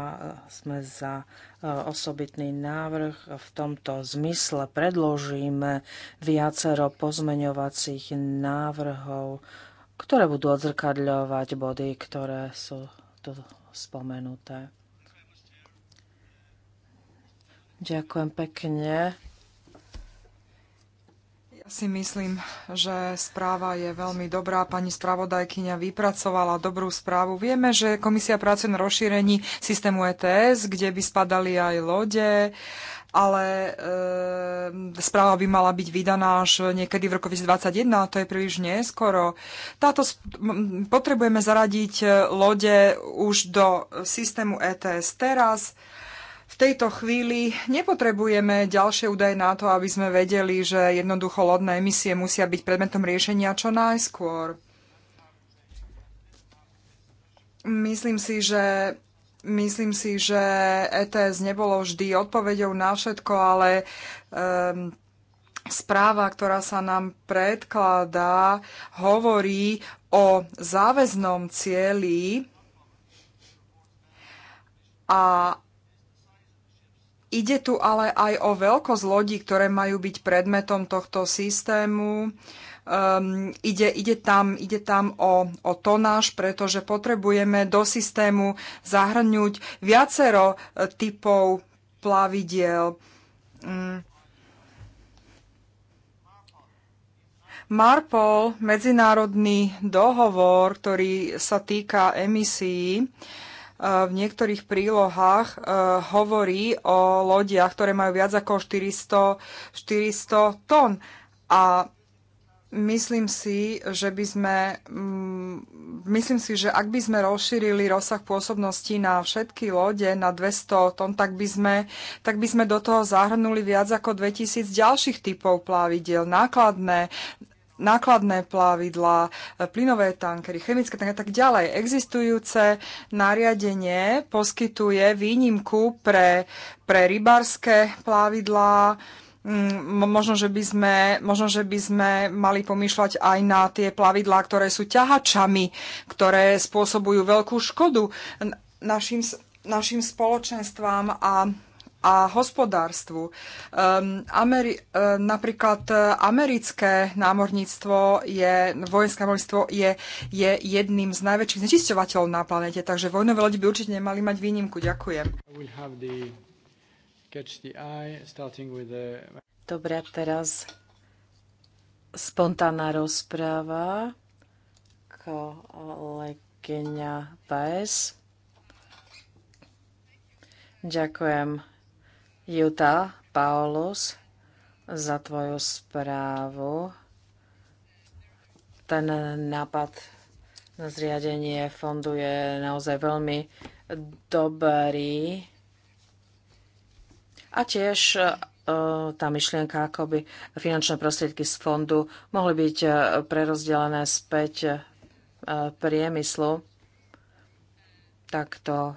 sme za osobitný návrh. V tomto zmysle predložíme viacero pozmeňovacích návrhov, ktoré budú odzrkadľovať body, ktoré sú tu spomenuté. Ďakujem pekne. Ja si myslím, že správa je veľmi dobrá. Pani spravodajkyňa vypracovala dobrú správu. Vieme, že komisia pracuje na rozšírení systému ETS, kde by spadali aj lode, ale e, správa by mala byť vydaná až niekedy v roku 2021, a to je príliš neskoro. Táto, potrebujeme zaradiť e, lode už do systému ETS teraz. E, v tejto chvíli nepotrebujeme ďalšie údaje na to, aby sme vedeli, že jednoducho lodné emisie musia byť predmetom riešenia čo najskôr. Myslím si, že Myslím si, že ETS nebolo vždy odpoveďou na všetko, ale um, správa, ktorá sa nám predkladá, hovorí o záväznom cieli a Ide tu ale aj o veľkosť lodí, ktoré majú byť predmetom tohto systému. Um, ide, ide tam, ide tam o, o tonáž, pretože potrebujeme do systému zahrňuť viacero e, typov plavidiel. Um, Marpol, medzinárodný dohovor, ktorý sa týka emisí, uh, E, v niektorých prílohách e, hovorí o lodiach, ktoré majú viac ako 400, 400 tón. A Myslím si, že by sme, mm, myslím si, že ak by sme rozšírili rozsah pôsobnosti na všetky lode na 200 tón, tak by sme, tak by sme do toho zahrnuli viac ako 2000 ďalších typov plavidel, nákladné, nákladné plavidlá, plynové tankery, chemické tankery a tak ďalej. Existujúce nariadenie poskytuje výnimku pre, pre rybárske plavidlá, mm, možno že, by sme, možno, že by sme mali pomýšľať aj na tie plavidlá, ktoré sú ťahačami, ktoré spôsobujú veľkú škodu našim, našim spoločenstvám a a hospodárstvu. Um, Ameri- uh, napríklad e, americké námorníctvo je, vojenské námorníctvo je, je jedným z najväčších znečisťovateľov na planete, takže vojnové lodi by určite nemali mať výnimku. Ďakujem. Dobre, teraz spontánna rozpráva kolegyňa Paes. Ďakujem Juta Paulus za tvoju správu. Ten nápad na zriadenie fondu je naozaj veľmi dobrý. A tiež e, tá myšlienka, ako by finančné prostriedky z fondu mohli byť e, prerozdelené späť e, priemyslu. Tak to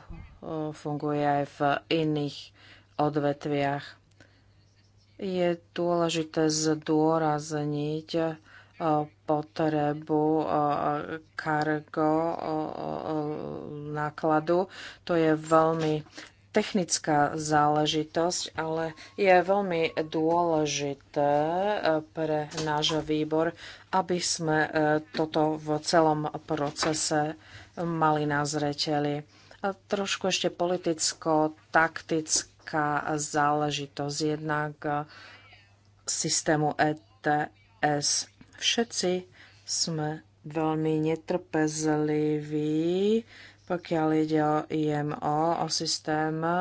funguje aj v iných odvetviach. Je dôležité zdôrazniť eh, potrebu kargo eh, eh, nákladu. To je veľmi technická záležitosť, ale je veľmi dôležité pre náš výbor, aby sme toto v celom procese mali na zreteli. trošku ešte politicko-takticky taká záležitosť. Jednak eh, systému ETS. Všetci sme veľmi netrpezliví, pokiaľ ide o IMO, o systém eh, eh,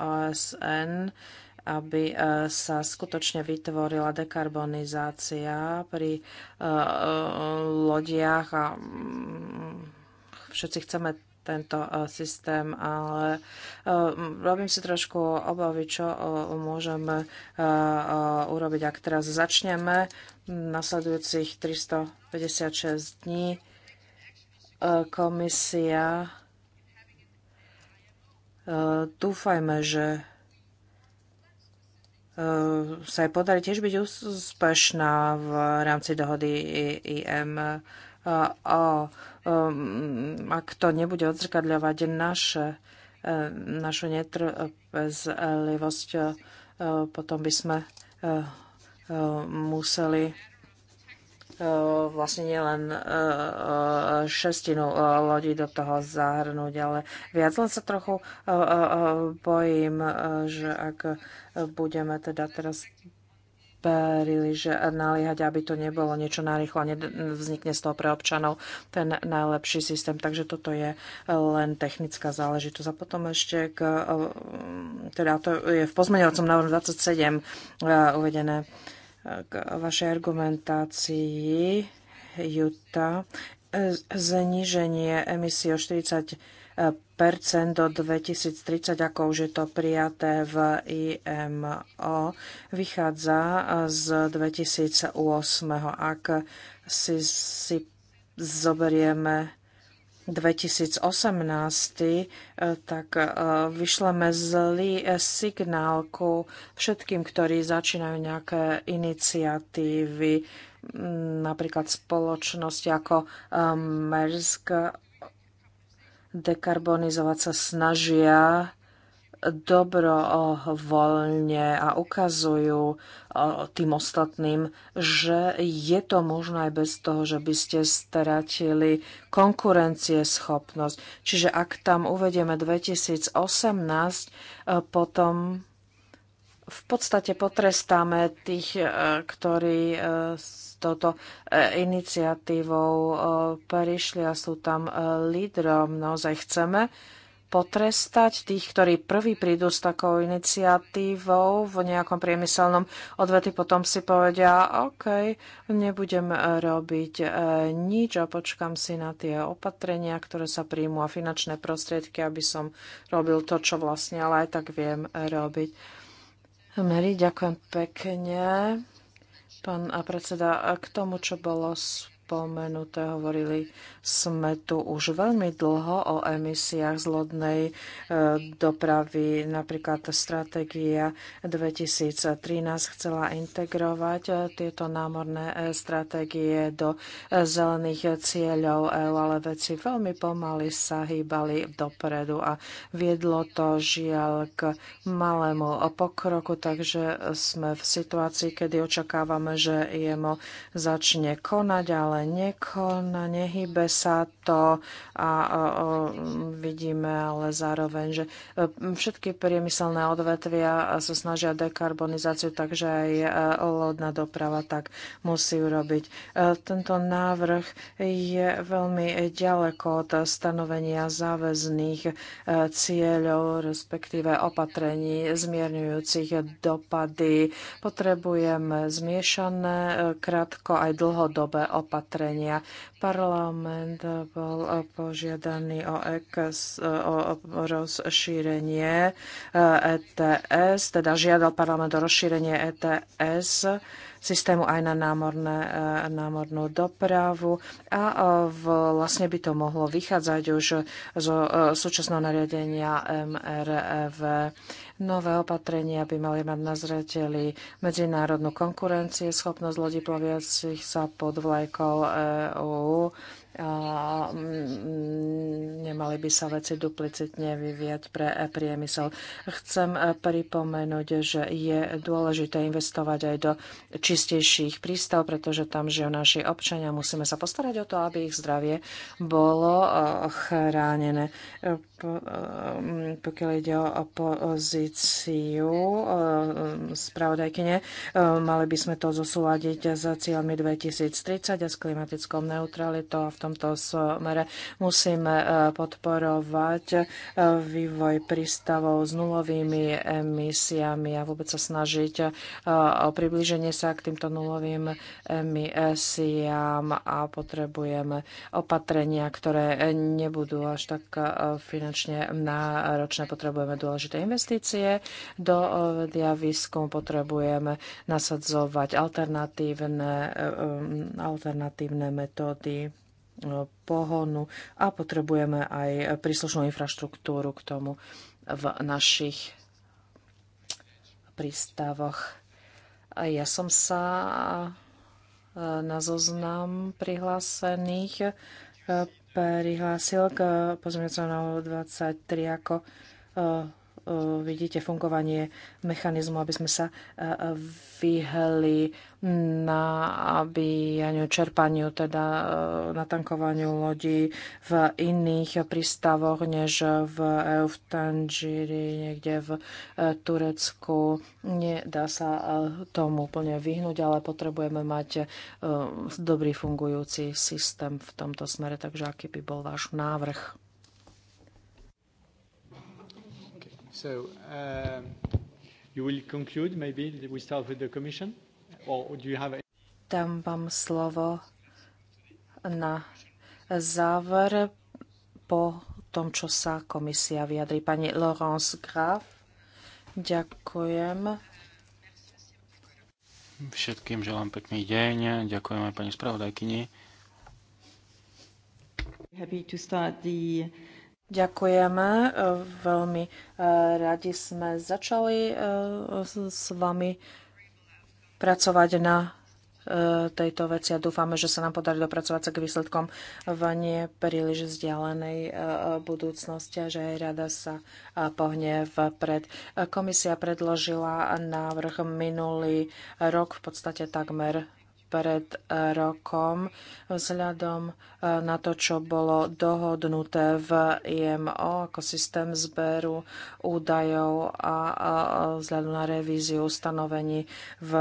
OSN, aby sa skutočne vytvorila dekarbonizácia pri lodiach a mm, všetci chceme tento e, systém, ale e, robím si trošku obavy, čo e, môžeme urobiť, ak teraz začneme nasledujúcich 356 dní komisia dúfajme, že sa jej podarí tiež byť úspešná v rámci dohody IMO. Ehm, ak to nebude odzrkadľovať naše, e, našu netrpezlivosť, e, potom by sme e, museli vlastne nielen šestinu lodí do toho zahrnúť, ale viac len sa trochu bojím, že ak budeme teda teraz príliš naliehať, aby to nebolo niečo narýchlo, vznikne z toho pre občanov ten najlepší systém. Takže toto je len technická záležitosť. A potom ešte k, teda to je v pozmeňovacom návrhu 27 eh, uvedené eh, k vašej argumentácii Juta eh, zníženie emisie o 40 do 2030, ako už je to prijaté v IMO, vychádza z 2008. Ak si, si zoberieme 2018, eh, tak eh, vyšleme zlý eh, signál ku všetkým, ktorí začínajú nejaké iniciatívy, napríklad spoločnosti ako Mersk dekarbonizovať sa snažia dobrovoľne a ukazujú tým ostatným, že je to možné aj bez toho, že by ste stratili konkurencieschopnosť. Čiže ak tam uvedieme 2018, e, potom v podstate potrestáme tých, e, ktorí e, touto e, iniciatívou e, prišli a sú tam e, lídrom. Naozaj chceme potrestať tých, ktorí prví prídu s takou iniciatívou v nejakom priemyselnom odvety, potom si povedia, OK, nebudem robiť nič a počkam si na tie opatrenia, ktoré sa príjmu a finančné prostriedky, aby som robil to, čo vlastne ale aj tak viem robiť. Mary, ďakujem pekne. Pán predseda, k tomu, čo bolo spomenuté. Hovorili sme tu už veľmi dlho o emisiách z lodnej e, dopravy. Napríklad stratégia 2013 chcela integrovať e, tieto námorné e, stratégie do zelených cieľov EU, ale veci veľmi pomaly sa hýbali dopredu a viedlo to žiaľ k malému pokroku, takže sme v situácii, kedy očakávame, že jemo začne konať, ale nekoná, nehybe sa to a vidíme ale zároveň, že e, všetky priemyselné odvetvia sa snažia dekarbonizáciu, takže aj e, lodná doprava tak musí urobiť. E, tento návrh je veľmi ďaleko od stanovenia záväzných cieľov, respektíve opatrení zmierňujúcich dopady. Potrebujeme zmiešané krátko aj dlhodobé opatrenia opatrenia. Parlament bol požiadaný o, ex, o rozšírenie ETS, eh, e teda žiadal parlament o rozšírenie ETS systému aj na námorné, eh, námornú dopravu a eh, vlastne by to mohlo vychádzať už zo súčasného nariadenia MRV. E Nové opatrenia by mali mať na zreteli medzinárodnú konkurencie, schopnosť lodí plaviacich sa pod vlajkou EÚ Mm, nemali by sa veci duplicitne vyvíjať pre e, priemysel. Chcem e, pripomenúť, že je dôležité investovať aj do čistejších prístav, pretože tam žijú naši občania. Musíme sa postarať o to, aby ich zdravie bolo e, chránené. Pokiaľ ide o pozíciu spravodajkyne, mali by sme to zosúľadiť za cieľmi 2030 a s klimatickou neutralitou a v tomto smere. Musíme podporovať e, vývoj prístavov s nulovými emisiami a vôbec sa snažiť e, o približenie sa k týmto nulovým emisiám a potrebujeme opatrenia, ktoré nebudú až tak e, finančne náročné. Potrebujeme dôležité investície do vedia výskum, potrebujeme nasadzovať alternatívne, alternatívne metódy pohonu a potrebujeme aj príslušnú infraštruktúru k tomu v našich prístavoch. Ja som sa e, na zoznam prihlásených e, prihlásil k pozmeňovacom návrhu 23 ako e, Eh, vidíte fungovanie mechanizmu, aby sme sa eh, vyhli na nabíjaniu, čerpaniu, teda eh, natankovaniu lodí v iných prístavoch, než v EU, v niekde v Turecku. Nedá sa tomu úplne vyhnúť, ale potrebujeme mať dobrý fungujúci systém v tomto smere. Takže aký by bol váš návrh? So um, you will conclude, maybe we start with the commission? Or do you have... A... Dám vám slovo na záver po tom, čo sa komisia vyjadrí. Pani Laurence Graf, ďakujem. Všetkým želám pekný deň. Ďakujem aj pani spravodajkyni. Happy to start the Ďakujeme. E, veľmi e, radi sme začali e, s vami pracovať na tejto veci a dúfame, že sa nám podarí dopracovať sa k výsledkom v nie príliš vzdialenej budúcnosti a že aj rada sa pohne vpred. Komisia predložila návrh minulý rok, v podstate takmer pred eh, rokom vzhľadom eh, na to, čo bolo dohodnuté v IMO ako systém zberu údajov a vzhľadom na revíziu ustanovení v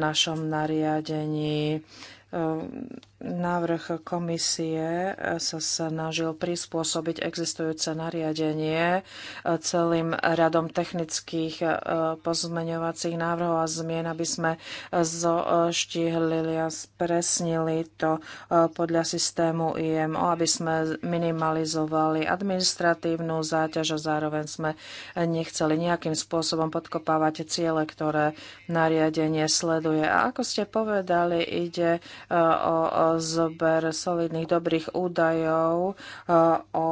našom nariadení ehm, Návrh komisie sa snažil prispôsobiť existujúce nariadenie celým radom technických e, pozmeňovacích návrhov a zmien, aby sme zoštihlili a spresnili to e, podľa systému IMO, aby sme minimalizovali administratívnu záťaž a zároveň sme nechceli nejakým spôsobom podkopávať ciele, ktoré nariadenie sleduje. A ako ste povedali, ide e, o zber solidných dobrých údajov eh, o,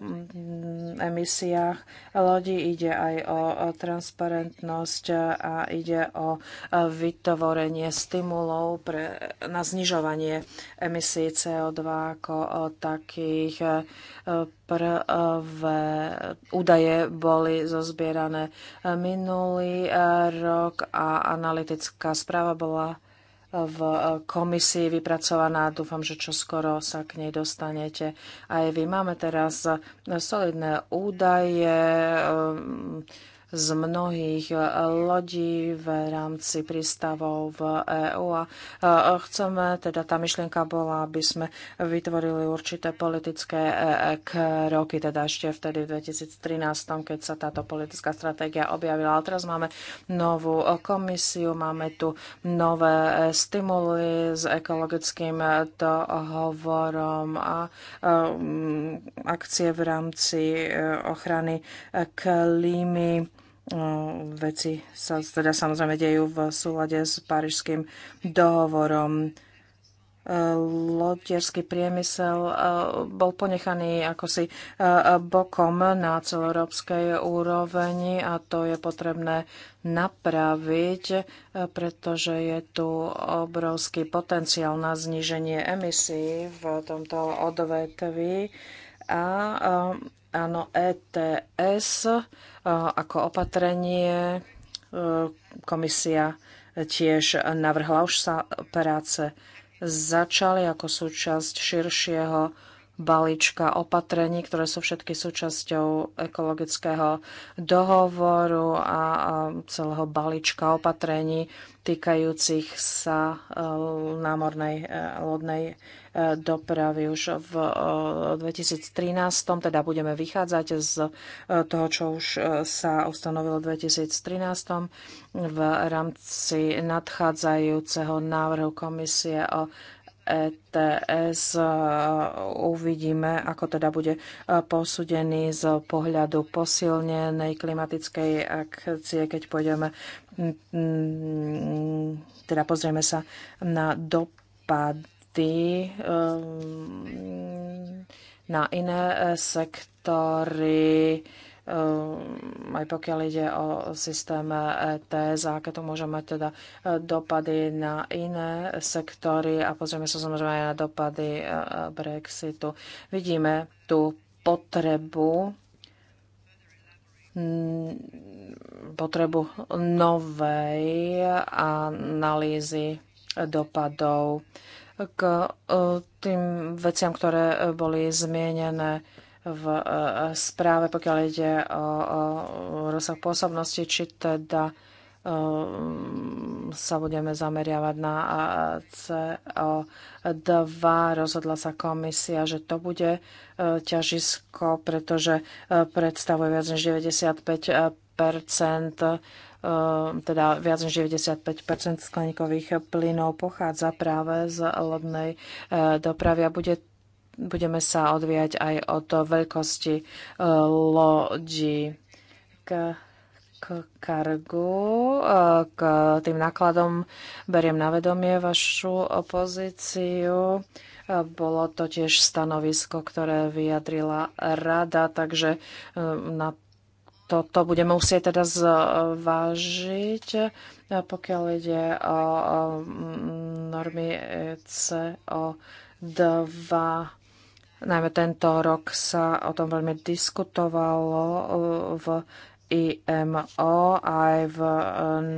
mm, emisiách lodí, ide aj o transparentnosť a ide o vytvorenie stimulov pre, na znižovanie emisí CO2 ako eh, takých eh, prvé údaje boli zozbierané minulý rok a analytická správa bola v eh, komisii vypracovaná. Dúfam, že čoskoro sa k nej dostanete aj vy. Máme teraz eh, solidné údaje eh, z mnohých e, lodí v rámci prístavov v EÚ a e, chceme, teda tá myšlienka bola, aby sme vytvorili určité politické e, kroky, teda ešte vtedy v 2013, keď sa táto politická stratégia objavila. Ale teraz máme novú komisiu, máme tu nové stimuly s ekologickým dohovorom a akcie v rámci ochrany klímy Ehm, veci sa teda samozrejme dejú v súlade s Parížským dohovorom. Ehm, lodierský priemysel ehm, bol ponechaný akosi bokom na celoeurópskej úrovni a to je potrebné napraviť, pretože je tu obrovský potenciál na zníženie emisí v tomto odvetví a Áno, ETS eh, ako opatrenie eh, komisia tiež navrhla, už sa práce začali ako súčasť širšieho balíčka opatrení, ktoré sú všetky súčasťou ekologického dohovoru a celého balíčka opatrení týkajúcich sa e, námornej e, lodnej e, dopravy už v 2013, teda budeme vychádzať z toho, čo už sa ustanovilo v 2013 v rámci nadchádzajúceho návrhu komisie o ETS e, uvidíme, ako teda bude e, posúdený z pohľadu posilnenej klimatickej akcie, keď pôjdeme, teda pozrieme sa na dopady e, na iné sektory Ehm, aj pokiaľ ide o systém ETS a aké to môže mať teda e, dopady na iné sektory a pozrieme sa samozrejme aj na dopady e, e, Brexitu. Vidíme tú potrebu potrebu novej analýzy dopadov k tým veciam, ktoré boli zmienené v e, správe, pokiaľ ide o rozsah pôsobnosti, či teda e, sa budeme zameriavať na e, CO2. Rozhodla sa komisia, že to bude ťažisko, pretože predstavuje viac než 95 teda viac než 95 skleníkových plynov pochádza práve z lodnej dopravy a bude budeme sa odvíjať aj od veľkosti e, lodi k, k kargu, e, k tým nákladom. Beriem na vedomie vašu opozíciu. E, bolo to tiež stanovisko, ktoré vyjadrila rada, takže na toto budeme musieť teda zvážiť, pokiaľ ide o normy CO2. Najmä tento rok sa o tom veľmi diskutovalo eh, v IMO aj v eh,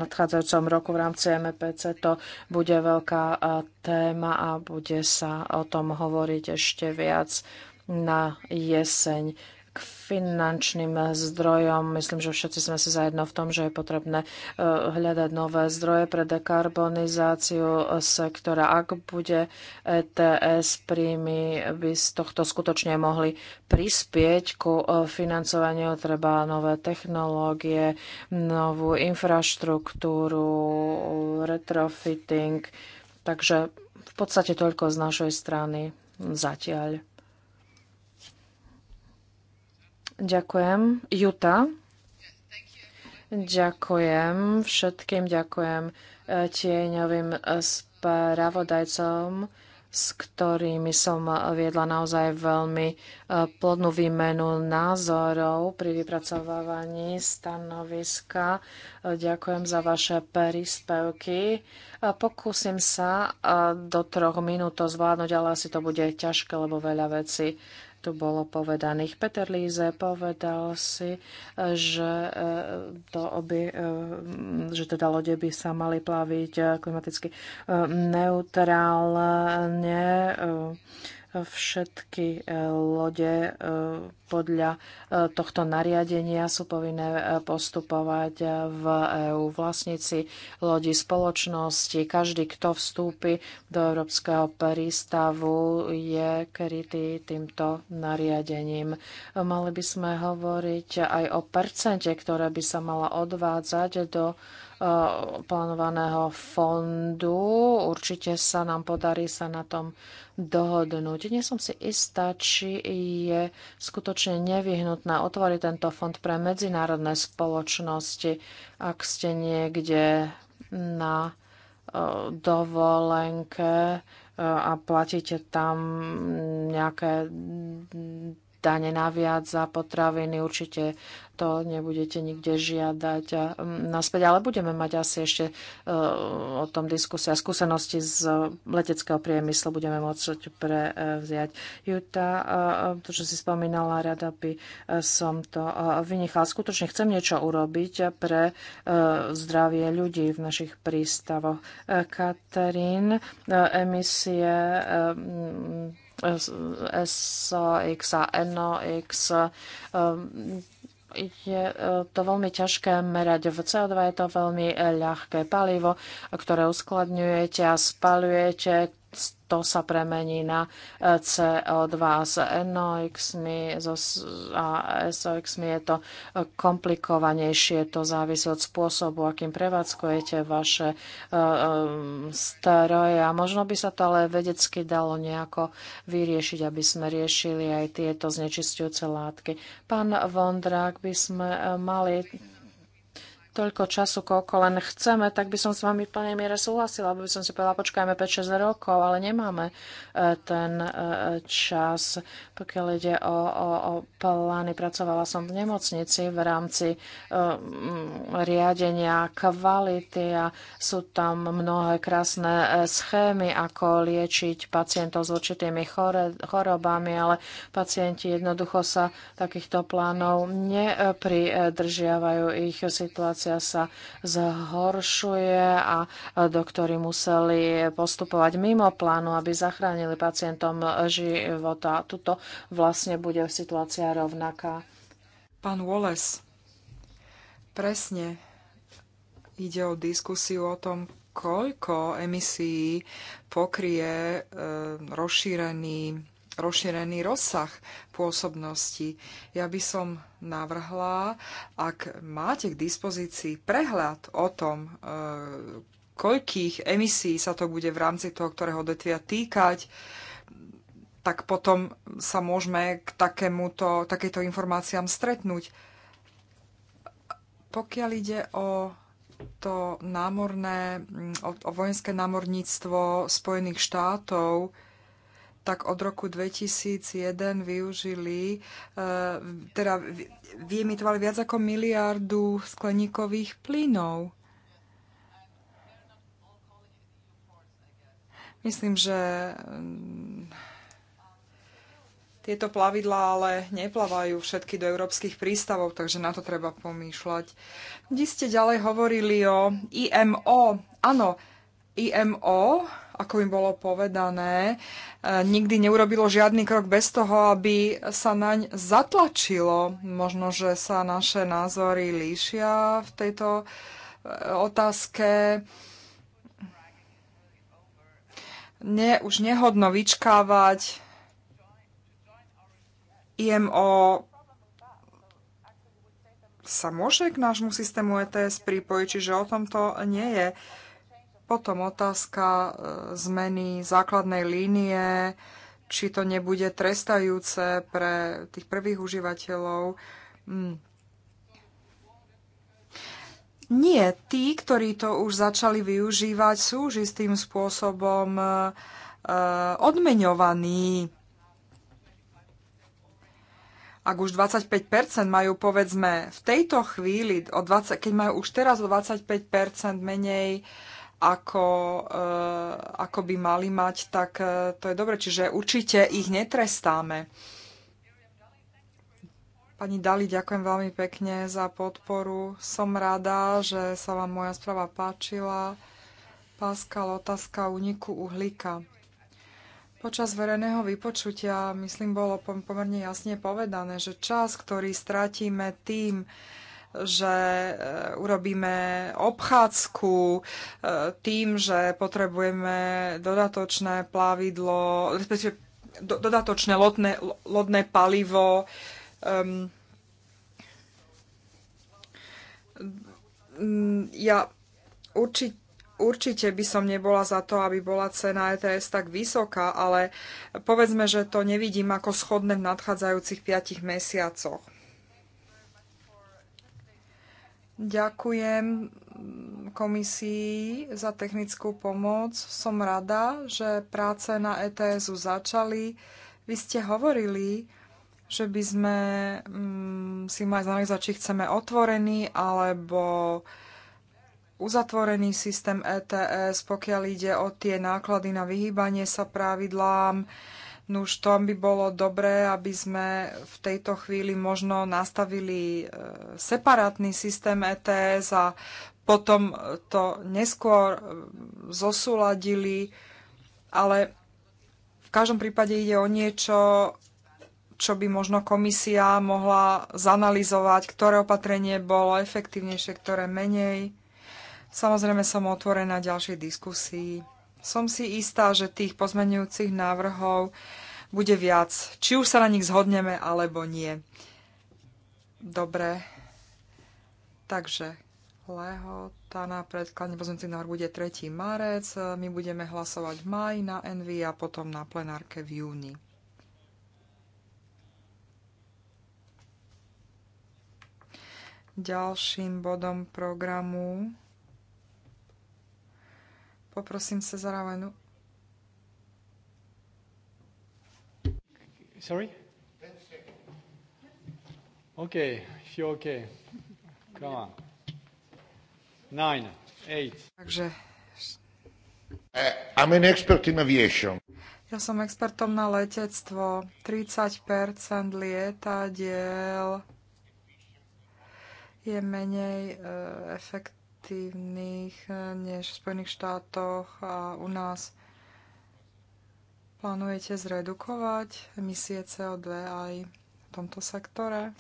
nadchádzajúcom roku v rámci MPC to bude veľká eh, téma a bude sa o tom hovoriť ešte viac na jeseň finančným zdrojom. Myslím, že všetci sme si zajedno v tom, že je potrebné e, hľadať nové zdroje pre dekarbonizáciu sektora. Ak bude ETS príjmy, by z tohto skutočne mohli prispieť ku e, financovaniu treba nové technológie, novú infraštruktúru, retrofitting. Takže v podstate toľko z našej strany zatiaľ. Ďakujem. Juta. Ďakujem všetkým, ďakujem e, tieňovým spravodajcom, s ktorými som viedla naozaj veľmi e, plodnú výmenu názorov pri vypracovávaní stanoviska. E, ďakujem za vaše príspevky. Pokúsim sa do troch minút to zvládnuť, ale asi to bude ťažké, lebo veľa vecí tu bolo povedaných. Peter Líze povedal si, že, eh, to oby, eh, že teda lode by sa mali plaviť eh, klimaticky neutrálne Všetky e, lode e, podľa e, tohto nariadenia sú povinné postupovať v EÚ. Vlastníci lodi spoločnosti, každý, kto vstúpi do Európskeho prístavu, je krytý týmto nariadením. Mali by sme hovoriť aj o percente, ktoré by sa mala odvádzať do Eh, plánovaného fondu. Určite sa nám podarí sa na tom dohodnúť. Nie som si istá, či je skutočne nevyhnutné otvoriť tento fond pre medzinárodné spoločnosti, ak ste niekde na eh, dovolenke eh, a platíte tam nejaké dane naviac za potraviny. Určite to nebudete nikde žiadať a mm, naspäť, ale budeme mať asi ešte e, o tom diskusie a skúsenosti z leteckého priemyslu budeme môcť prevziať. E, Juta, e, to, čo si spomínala, rada by som to vynichala. Skutočne chcem niečo urobiť pre zdravie ľudí v našich prístavoch. Katarín, emisie SX a NOX um, je e, to veľmi ťažké merať. V CO2 je to veľmi ľahké palivo, ktoré uskladňujete a spalujete to sa premení na e, CO2 s NOx-mi a SOx-mi je to e, komplikovanejšie, to závisí od spôsobu, akým prevádzkujete vaše e, stroje a možno by sa to ale vedecky dalo nejako vyriešiť, aby sme riešili aj tieto znečistujúce látky. Pán Vondrák, by sme mali toľko času, koľko len chceme, tak by som s vami v plnej miere súhlasila, aby som si povedala, počkajme 5-6 rokov, ale nemáme e, ten e, čas. Pokiaľ ide o, o, o plány, pracovala som v nemocnici v rámci um, riadenia kvality a sú tam mnohé krásne schémy, ako liečiť pacientov s určitými chore, chorobami, ale pacienti jednoducho sa takýchto plánov nepridržiavajú ich situáciu situácia sa zhoršuje a doktori museli postupovať mimo plánu, aby zachránili pacientom života. Tuto vlastne bude situácia rovnaká. Pán Wallace, presne ide o diskusiu o tom, koľko emisí pokrie e, rozšírený rozšírený rozsah pôsobnosti. Ja by som navrhla, ak máte k dispozícii prehľad o tom, e, koľkých emisí sa to bude v rámci toho, ktorého detvia týkať, tak potom sa môžeme k takémuto, takéto informáciám stretnúť. Pokiaľ ide o to námorné, o, o vojenské námorníctvo Spojených štátov, tak od roku 2001 využili, eh, teda vyemitovali viac ako miliardu skleníkových plynov. Myslím, že mm, tieto plavidlá ale neplavajú všetky do európskych prístavov, takže na to treba pomýšľať. Vy ste ďalej hovorili o IMO. Áno, IMO ako im bolo povedané, e, nikdy neurobilo žiadny krok bez toho, aby sa naň zatlačilo. Možno, že sa naše názory líšia v tejto e, otázke. Nie, už nehodno vyčkávať. IMO sa môže k nášmu systému ETS pripojiť, čiže o tomto nie je. Potom otázka e, zmeny základnej línie, či to nebude trestajúce pre tých prvých užívateľov. Hmm. Nie, tí, ktorí to už začali využívať, sú už istým spôsobom e, e, odmeňovaní. Ak už 25% majú, povedzme, v tejto chvíli, o 20, keď majú už teraz o 25% menej ako, eh, ako by mali mať, tak eh, to je dobre. Čiže určite ich netrestáme. Pani Dali, ďakujem veľmi pekne za podporu. Som rada, že sa vám moja správa páčila. Páskal, otázka úniku uhlíka. Počas verejného vypočutia, myslím, bolo pomerne jasne povedané, že čas, ktorý stratíme tým, že e, urobíme obchádzku e, tým, že potrebujeme dodatočné plavidlo, respektíve dodatočné lodné, lodné palivo. ja určite určite by som nebola za to, aby bola cena ETS tak vysoká, ale povedzme, že to nevidím ako schodné v nadchádzajúcich 5 mesiacoch. Ďakujem komisii za technickú pomoc. Som rada, že práce na ETS-u začali. Vy ste hovorili, že by sme mm, si mali zanalizovať, či chceme otvorený alebo uzatvorený systém ETS, pokiaľ ide o tie náklady na vyhýbanie sa pravidlám. No už to by bolo dobré, aby sme v tejto chvíli možno nastavili e, separátny systém ETS a potom to neskôr e, zosúladili, ale v každom prípade ide o niečo, čo by možno komisia mohla zanalizovať, ktoré opatrenie bolo efektívnejšie, ktoré menej. Samozrejme som otvorená ďalšej diskusii som si istá, že tých pozmenujúcich návrhov bude viac. Či už sa na nich zhodneme, alebo nie. Dobre. Takže lehota na predkladne pozmenujúcich návrh bude 3. marec. My budeme hlasovať v maji na Envy a potom na plenárke v júni. Ďalším bodom programu Poprosím sa za Ravenu. Sorry? OK, if you're OK. Come on. Nine, eight. Takže... Uh, I'm an expert in aviation. Ja som expertom na letectvo. 30% lietadiel je menej uh, efekt, efektívnych eh, než v Spojených štátoch a u nás. Plánujete zredukovať emisie CO2 aj v tomto sektore?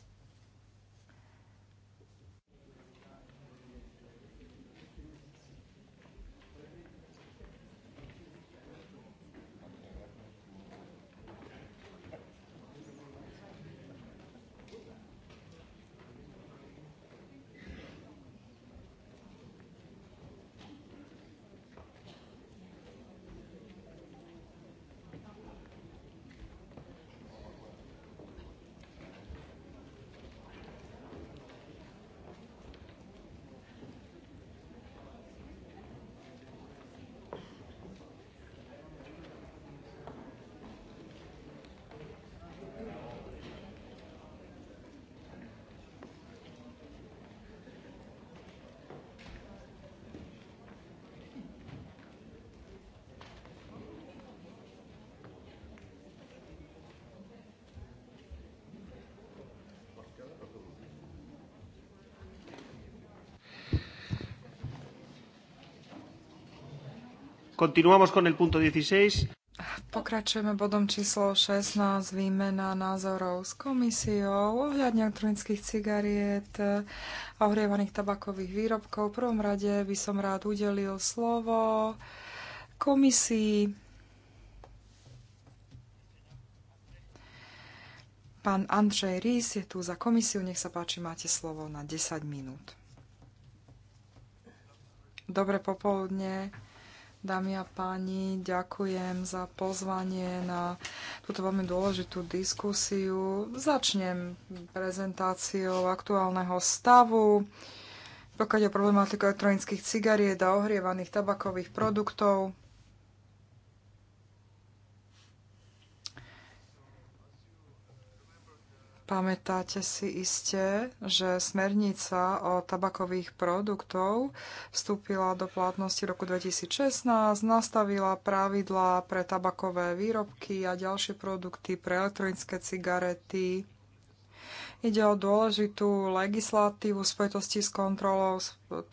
Continuamos con el punto 16. Pokračujeme bodom číslo 16, výmena názorov s komisiou ohľadne elektronických cigariet a ohrievaných tabakových výrobkov. V prvom rade by som rád udelil slovo komisii. Pán Andrej Rís je tu za komisiu. Nech sa páči, máte slovo na 10 minút. Dobre popoludne. Dámy a páni, ďakujem za pozvanie na túto veľmi dôležitú diskusiu. Začnem prezentáciou aktuálneho stavu, pokiaľ je problematiku elektronických cigariet a ohrievaných tabakových produktov. Pamätáte si iste, že smernica o tabakových produktov vstúpila do platnosti roku 2016, nastavila pravidlá pre tabakové výrobky a ďalšie produkty pre elektronické cigarety. Ide o dôležitú legislatívu v spojitosti s kontrolou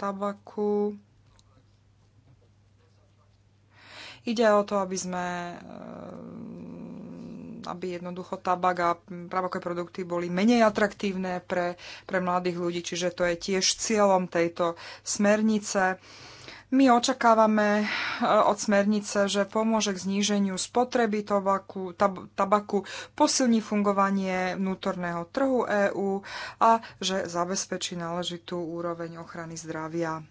tabaku. Ide o to, aby sme aby jednoducho tabak a tabaké produkty boli menej atraktívne pre, pre mladých ľudí, čiže to je tiež cieľom tejto smernice. My očakávame eh, od smernice, že pomôže k zníženiu spotreby tabaku, tab- tabaku, posilní fungovanie vnútorného trhu EÚ a že zabezpečí náležitú úroveň ochrany zdravia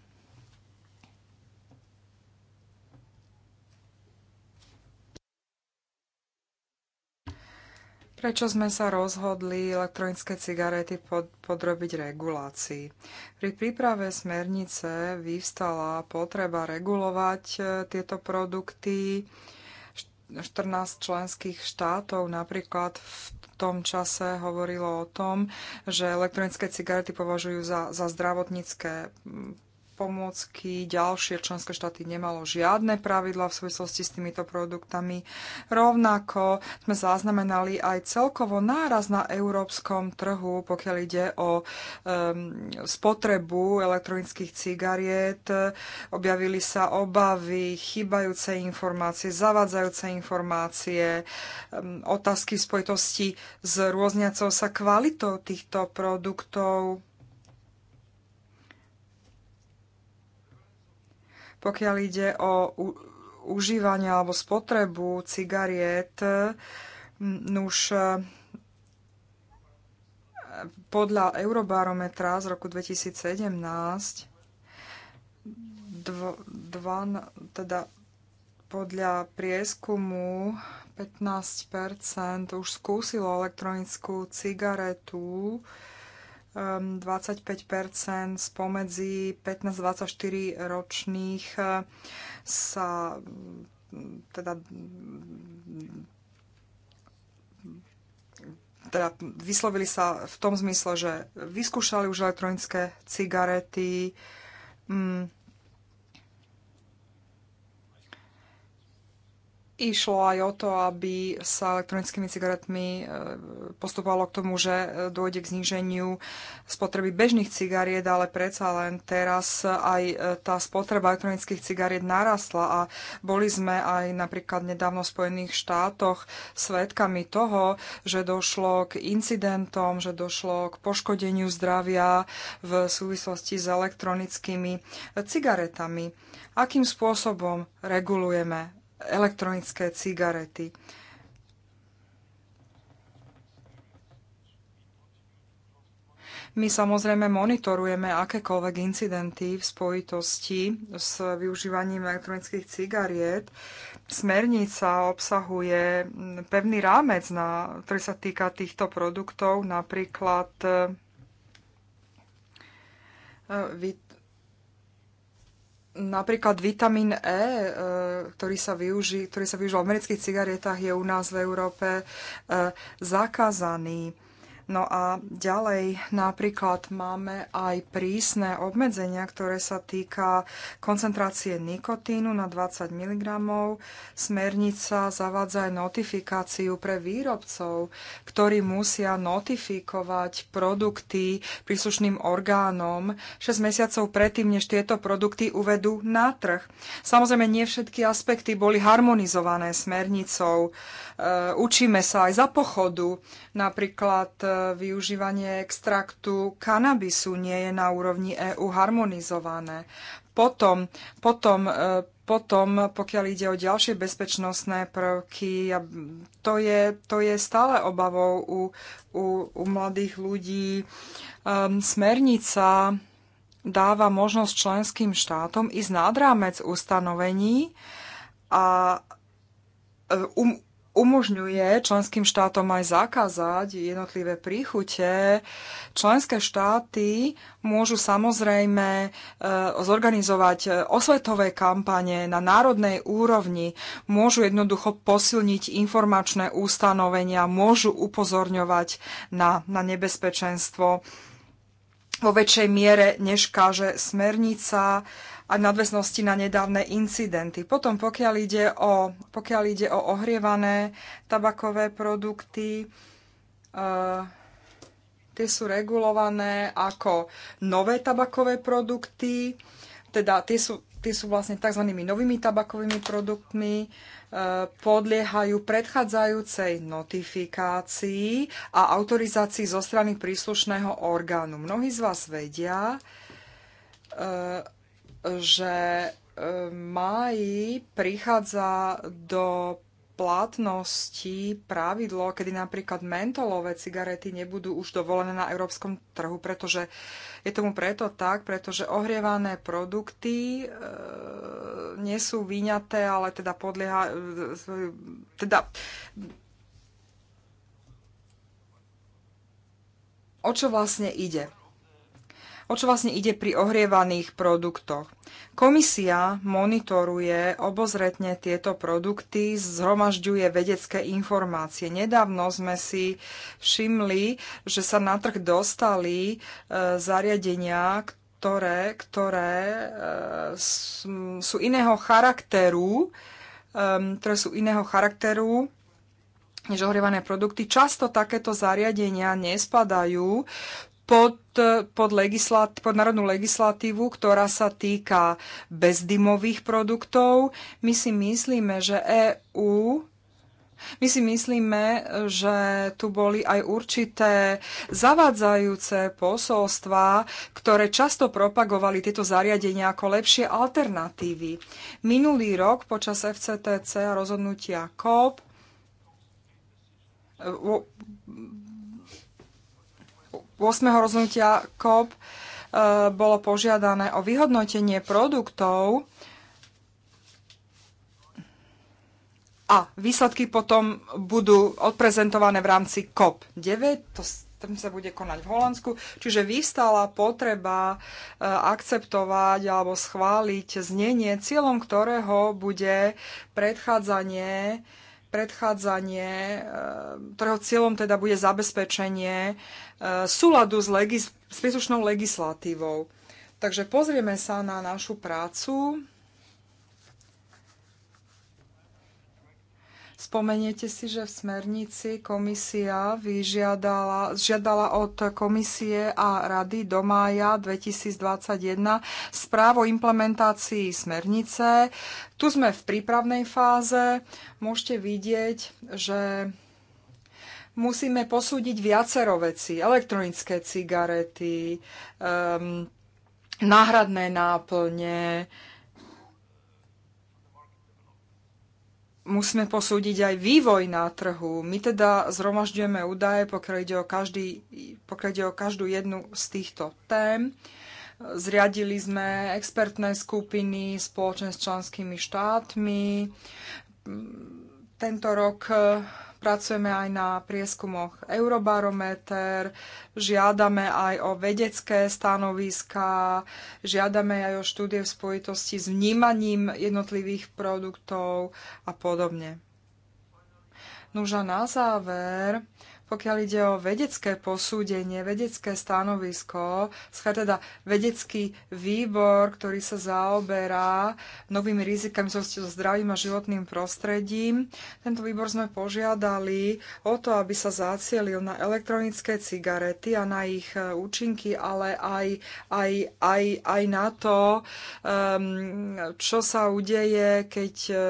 Prečo sme sa rozhodli elektronické cigarety pod, podrobiť regulácii? Pri príprave smernice vyvstala potreba regulovať e, tieto produkty. 14 členských štátov napríklad v tom čase hovorilo o tom, že elektronické cigarety považujú za, za zdravotnícke pomôcky, ďalšie členské štáty nemalo žiadne pravidla v súvislosti s týmito produktami. Rovnako sme zaznamenali aj celkovo náraz na európskom trhu, pokiaľ ide o um, spotrebu elektronických cigariet. Objavili sa obavy, chýbajúce informácie, zavadzajúce informácie, um, otázky v spojitosti s rôzniacou sa kvalitou týchto produktov Pokiaľ ide o užívanie alebo spotrebu cigariet, mm, už e, podľa Eurobarometra z roku 2017 dva, dva, teda podľa prieskumu 15% už skúsilo elektronickú cigaretu 25 ehm, spomedzi 15-24 ročných ehm, sa teda teda vyslovili sa v tom zmysle, že vyskúšali už elektronické cigarety, ehm, Išlo aj o to, aby sa elektronickými cigaretmi e, postupovalo k tomu, že e, dôjde k zníženiu spotreby bežných cigariet, ale predsa len teraz aj e, tá spotreba elektronických cigariet narastla a boli sme aj napríklad nedávno v Spojených štátoch svedkami toho, že došlo k incidentom, že došlo k poškodeniu zdravia v súvislosti s elektronickými cigaretami. Akým spôsobom regulujeme elektronické cigarety. My samozrejme monitorujeme akékoľvek incidenty v spojitosti s využívaním elektronických cigariet. Smernica obsahuje pevný rámec, na, ktorý sa týka týchto produktov, napríklad e, Napríklad vitamín e, e, ktorý sa, využí, ktorý sa využíva v amerických cigaretách, je u nás v Európe e, zakázaný No a ďalej napríklad máme aj prísne obmedzenia, ktoré sa týka koncentrácie nikotínu na 20 mg. Smernica zavádza aj notifikáciu pre výrobcov, ktorí musia notifikovať produkty príslušným orgánom 6 mesiacov predtým, než tieto produkty uvedú na trh. Samozrejme, nie všetky aspekty boli harmonizované smernicou. E, učíme sa aj za pochodu. Napríklad e, využívanie extraktu kanabisu nie je na úrovni EÚ harmonizované. Potom, potom, e, potom, pokiaľ ide o ďalšie bezpečnostné prvky, to je, to je stále obavou u, u, u mladých ľudí. Um, smernica dáva možnosť členským štátom ísť nad rámec ustanovení a e, um, umožňuje členským štátom aj zakázať jednotlivé príchute. Členské štáty môžu samozrejme e, zorganizovať e, osvetové kampane na národnej úrovni, môžu jednoducho posilniť informačné ustanovenia, môžu upozorňovať na, na nebezpečenstvo vo väčšej miere, než káže smernica a nadväznosti na nedávne incidenty. Potom, pokiaľ ide o, pokiaľ ide o ohrievané tabakové produkty, e, tie sú regulované ako nové tabakové produkty, teda tie sú, tie sú vlastne tzv. novými tabakovými produktmi, e, podliehajú predchádzajúcej notifikácii a autorizácii zo strany príslušného orgánu. Mnohí z vás vedia, e, že e, máji prichádza do platnosti pravidlo, kedy napríklad mentolové cigarety nebudú už dovolené na európskom trhu, pretože je tomu preto tak, pretože ohrievané produkty e, nie sú vyňaté, ale teda podlieha... E, e teda, o čo vlastne ide? o čo vlastne ide pri ohrievaných produktoch. Komisia monitoruje obozretne tieto produkty, zhromažďuje vedecké informácie. Nedávno sme si všimli, že sa na trh dostali e, zariadenia, ktoré, ktoré e, sú iného charakteru, ktoré sú iného charakteru než ohrievané produkty. Často takéto zariadenia nespadajú pod, pod, legislat, pod národnú legislatívu, ktorá sa týka bezdymových produktov. My si myslíme, že EÚ my si myslíme, že tu boli aj určité zavádzajúce posolstvá, ktoré často propagovali tieto zariadenia ako lepšie alternatívy. Minulý rok počas FCTC a rozhodnutia COP 8. rozhodnutia COP e, bolo požiadané o vyhodnotenie produktov a výsledky potom budú odprezentované v rámci COP9. To tam sa bude konať v Holandsku. Čiže vystala potreba e, akceptovať alebo schváliť znenie, cieľom ktorého bude predchádzanie uh, predchádzanie, e, ktorého cieľom teda bude zabezpečenie e, súladu s, legis- s príslušnou legislatívou. Takže pozrieme sa na našu prácu Spomeniete si, že v smernici komisia vyžiadala, žiadala od komisie a rady do mája 2021 správu o implementácii smernice. Tu sme v prípravnej fáze. Môžete vidieť, že musíme posúdiť viacero veci. Elektronické cigarety, um, náhradné náplne, uh, musíme posúdiť aj vývoj na trhu. My teda zhromažďujeme údaje, pokiaľ ide o, každý, pokiaľ ide o každú jednu z týchto tém. Zriadili sme expertné skupiny spoločne s členskými štátmi. Tento rok Pracujeme aj na prieskumoch Eurobarometer, žiadame aj o vedecké stanoviská, žiadame aj o štúdie v spojitosti s vnímaním jednotlivých produktov a podobne. Nuža na záver pokiaľ ide o vedecké posúdenie, vedecké stanovisko, teda vedecký výbor, ktorý sa zaoberá novými rizikami so zdravím a životným prostredím, tento výbor sme požiadali o to, aby sa zacielil na elektronické cigarety a na ich e, účinky, ale aj, aj, aj, aj na to, čo sa udeje, keď e,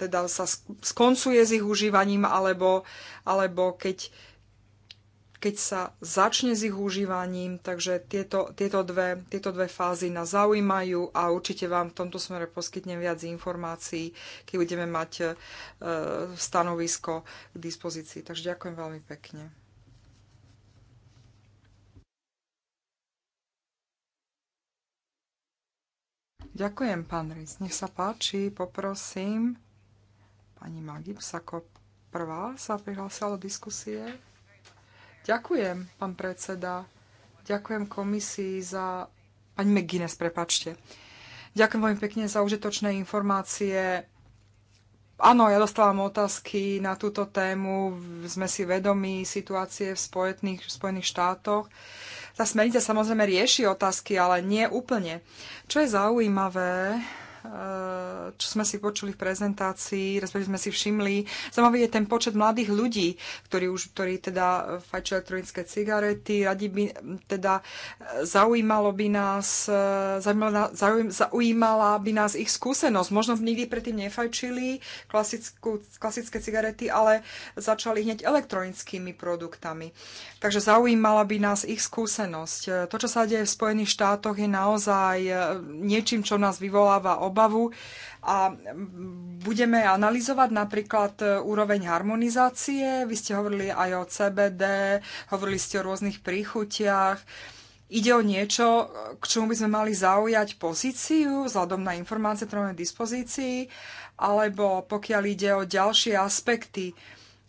teda sa skoncuje s ich užívaním alebo alebo keď, keď sa začne s ich užívaním. Takže tieto, tieto, dve, tieto dve fázy nás zaujímajú a určite vám v tomto smere poskytnem viac informácií, keď budeme mať e, stanovisko k dispozícii. Takže ďakujem veľmi pekne. Ďakujem, pán Riz. Nech sa páči, poprosím. Pani Magib Sakop prvá sa prihlásila do diskusie. Ďakujem, pán predseda. Ďakujem komisii za... Pani McGuinness, prepačte. Ďakujem veľmi pekne za užitočné informácie. Áno, ja dostávam otázky na túto tému. Sme si vedomi situácie v Spojených, v Spojených štátoch. Tá smernica samozrejme rieši otázky, ale nie úplne. Čo je zaujímavé, Eh, čo sme si počuli v prezentácii, respektíve sme si všimli. Zaujímavý je ten počet mladých ľudí, ktorí, už, ktorí teda eh, fajčujú elektronické cigarety. Radi by, hm, teda eh, zaujímalo by nás, zaujímala, zaujímala by nás ich skúsenosť. Možno nikdy predtým nefajčili klasickú, klasické cigarety, ale začali hneď elektronickými produktami. Takže zaujímala by nás ich skúsenosť. To, čo sa deje v Spojených štátoch, je naozaj niečím, čo nás vyvoláva obavu a budeme analyzovať napríklad e, úroveň harmonizácie. Vy ste hovorili aj o CBD, hovorili ste o rôznych príchutiach. Ide o niečo, k čomu by sme mali zaujať pozíciu vzhľadom na informácie, ktoré máme v dispozícii, alebo pokiaľ ide o ďalšie aspekty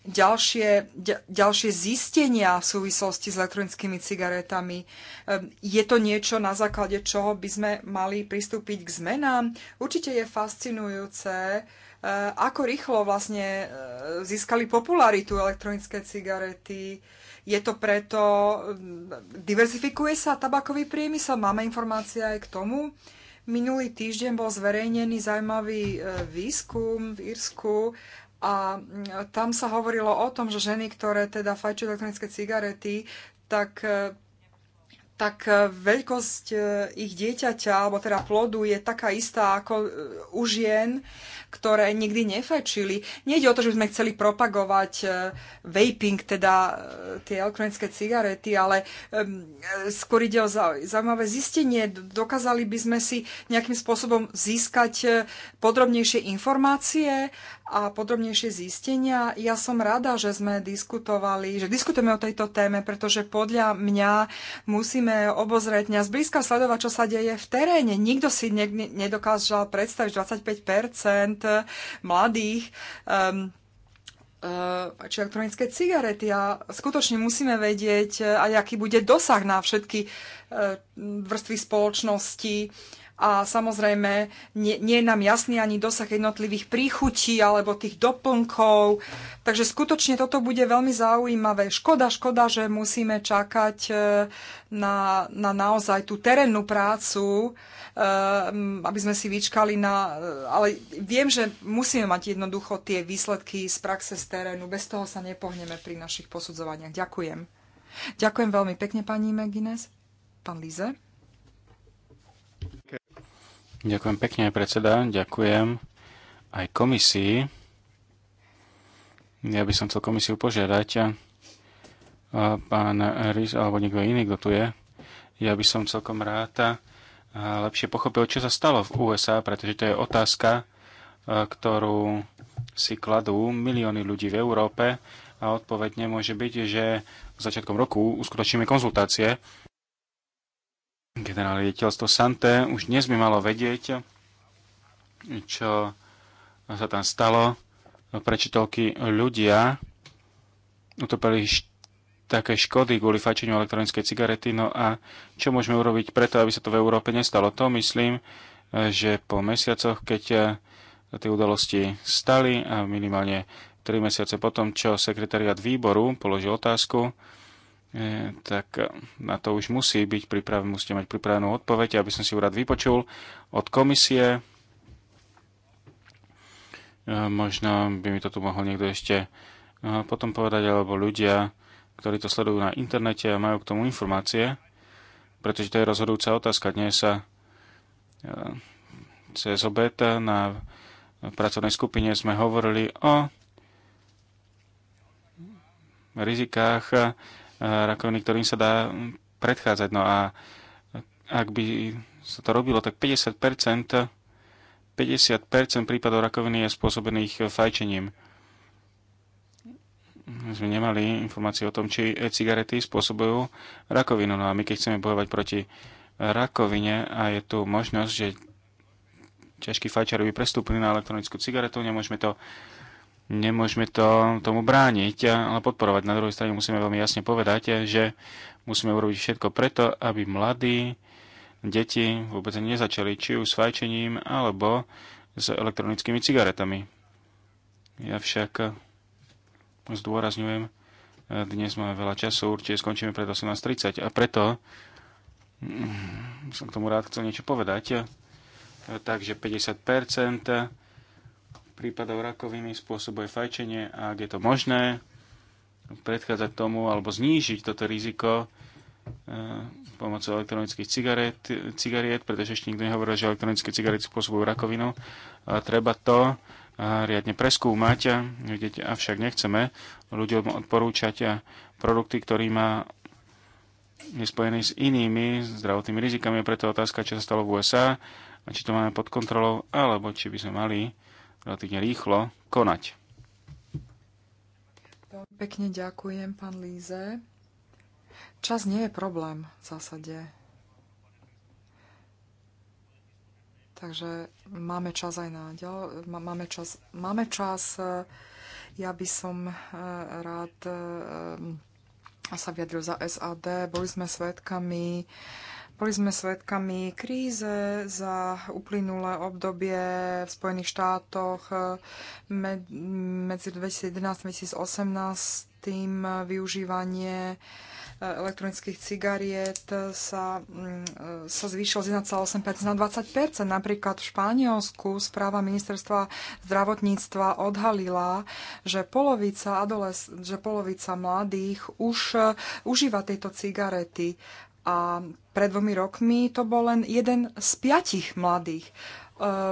ďalšie, ďalšie zistenia v súvislosti s elektronickými cigaretami. Ehm, je to niečo, na základe čoho by sme mali pristúpiť k zmenám? Určite je fascinujúce, ehm, ako rýchlo vlastne ehm, získali popularitu elektronické cigarety. Je to preto, diverzifikuje sa tabakový priemysel, máme informácie aj k tomu. Minulý týždeň bol zverejnený zaujímavý výskum v Írsku a tam sa hovorilo o tom, že ženy, ktoré teda fajčujú elektronické cigarety, tak tak veľkosť eh, ich dieťaťa, alebo teda plodu je taká istá ako eh, u žien ktoré nikdy nefačili. Nejde o to, že by sme chceli propagovať e, vaping, teda e, tie elektronické cigarety, ale e, skôr ide o zaujímavé zistenie. Dokázali by sme si nejakým spôsobom získať podrobnejšie informácie a podrobnejšie zistenia. Ja som rada, že sme diskutovali, že diskutujeme o tejto téme, pretože podľa mňa musíme obozrieť mňa zblízka sledovať, čo sa deje v teréne. Nikto si ne- nedokážal predstaviť 25 Eh, mladých um, či elektronické cigarety a skutočne musíme vedieť eh, aj aký bude dosah na všetky vrstvy spoločnosti a samozrejme nie, nie je nám jasný ani dosah jednotlivých príchutí alebo tých doplnkov. Takže skutočne toto bude veľmi zaujímavé. Škoda, škoda, že musíme čakať e, na, na naozaj tú terénnu prácu, e, aby sme si vyčkali na... E, ale viem, že musíme mať jednoducho tie výsledky z praxe z terénu. Bez toho sa nepohneme pri našich posudzovaniach. Ďakujem. Ďakujem veľmi pekne, pani Megines. Pán Lize. Ďakujem pekne, predseda. Ďakujem aj komisii. Ja by som chcel komisiu požiadať. Pán Rys, alebo niekto iný, kto tu je, ja by som celkom rád lepšie pochopil, čo sa stalo v USA, pretože to je otázka, ktorú si kladú milióny ľudí v Európe a odpovedne môže byť, že začiatkom roku uskutočníme konzultácie generálne Santé už dnes by malo vedieť, čo sa tam stalo. Prečo toľky ľudia utopili také škody kvôli fačeniu elektronickej cigarety. No a čo môžeme urobiť preto, aby sa to v Európe nestalo? To myslím, že po mesiacoch, keď eh, tie udalosti stali a minimálne 3 mesiace potom, čo sekretariat výboru položil otázku, E, tak na to už musí byť pripravený, musíte mať pripravenú odpoveď, aby som si ju rád vypočul od komisie. E, možno by mi to tu mohol niekto ešte e, potom povedať, alebo ľudia, ktorí to sledujú na internete a majú k tomu informácie, pretože to je rozhodujúca otázka. Dnes sa cez obed na pracovnej skupine sme hovorili o rizikách Eh, rakoviny, ktorým sa dá hm, predchádzať. No a ak by sa to robilo, tak 50 50 prípadov rakoviny je spôsobených fajčením. My sme nemali informácie o tom, či e-cigarety spôsobujú rakovinu. No a my keď chceme bojovať proti rakovine a je tu možnosť, že ťažký fajčar by prestúpili na elektronickú cigaretu, nemôžeme to nemôžeme to, tomu brániť, ale podporovať. Na druhej strane musíme veľmi jasne povedať, že musíme urobiť všetko preto, aby mladí deti vôbec nezačali či už s fajčením, alebo s elektronickými cigaretami. Ja však zdôrazňujem, dnes máme veľa času, určite skončíme pred 18.30 a preto mm, som k tomu rád chcel niečo povedať. Takže 50% prípadov rakoviny spôsobuje fajčenie a ak je to možné, predchádzať tomu alebo znížiť toto riziko e, pomocou elektronických cigaret, cigariet, pretože ešte nikto nehovoril, že elektronické cigarety spôsobujú rakovinu. A e, treba to e, riadne preskúmať, a vidieť, avšak nechceme ľuďom odporúčať produkty, ktorý má je spojený s inými zdravotnými rizikami, preto otázka, čo sa stalo v USA a či to máme pod kontrolou, alebo či by sme mali relatívne rýchlo konať. Pekne ďakujem, pán Líze. Čas nie je problém v zásade. Takže máme čas aj na ďal... Máme čas, máme čas. Ja by som eh, rád eh, sa vyjadril za SAD. Boli sme svedkami boli sme svedkami kríze za uplynulé obdobie v Spojených štátoch med, medzi 2011 a 2018 tým využívanie eh, elektronických cigariet sa, mm, eh, sa zvýšilo z 1,8% na 20%. Napríklad v Španielsku správa ministerstva zdravotníctva odhalila, že polovica, adoles, že polovica mladých už eh, užíva tieto cigarety a pred dvomi rokmi to bol len jeden z piatich mladých. E,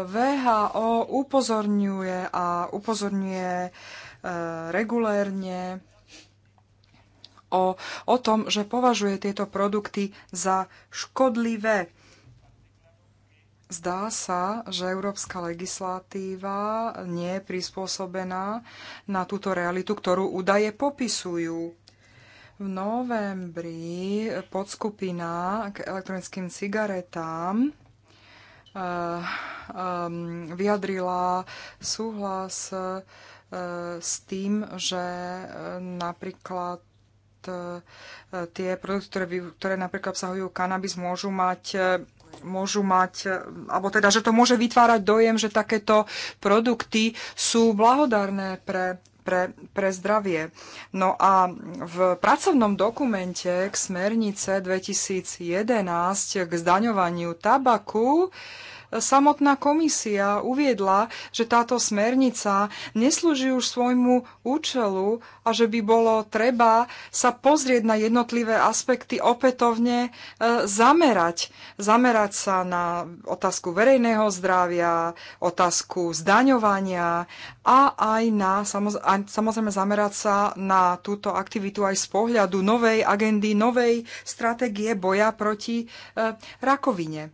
VHO upozorňuje a upozorňuje e, regulérne o, o tom, že považuje tieto produkty za škodlivé. Zdá sa, že európska legislatíva nie je prispôsobená na túto realitu, ktorú údaje popisujú. V novembri podskupina k elektronickým cigaretám eh, vyjadrila súhlas eh, s tým, že eh, napríklad tie produkty, ktoré, ktoré napríklad obsahujú kanabis, môžu mať môžu mať, alebo teda, že to môže vytvárať dojem, že takéto produkty sú blahodárne pre pre, pre zdravie. No a v pracovnom dokumente k smernice 2011 k zdaňovaniu tabaku samotná komisia uviedla, že táto smernica neslúži už svojmu účelu a že by bolo treba sa pozrieť na jednotlivé aspekty opätovne e, zamerať. Zamerať sa na otázku verejného zdravia, otázku zdaňovania a aj na, samozrejme zamerať sa na túto aktivitu aj z pohľadu novej agendy, novej stratégie boja proti e, rakovine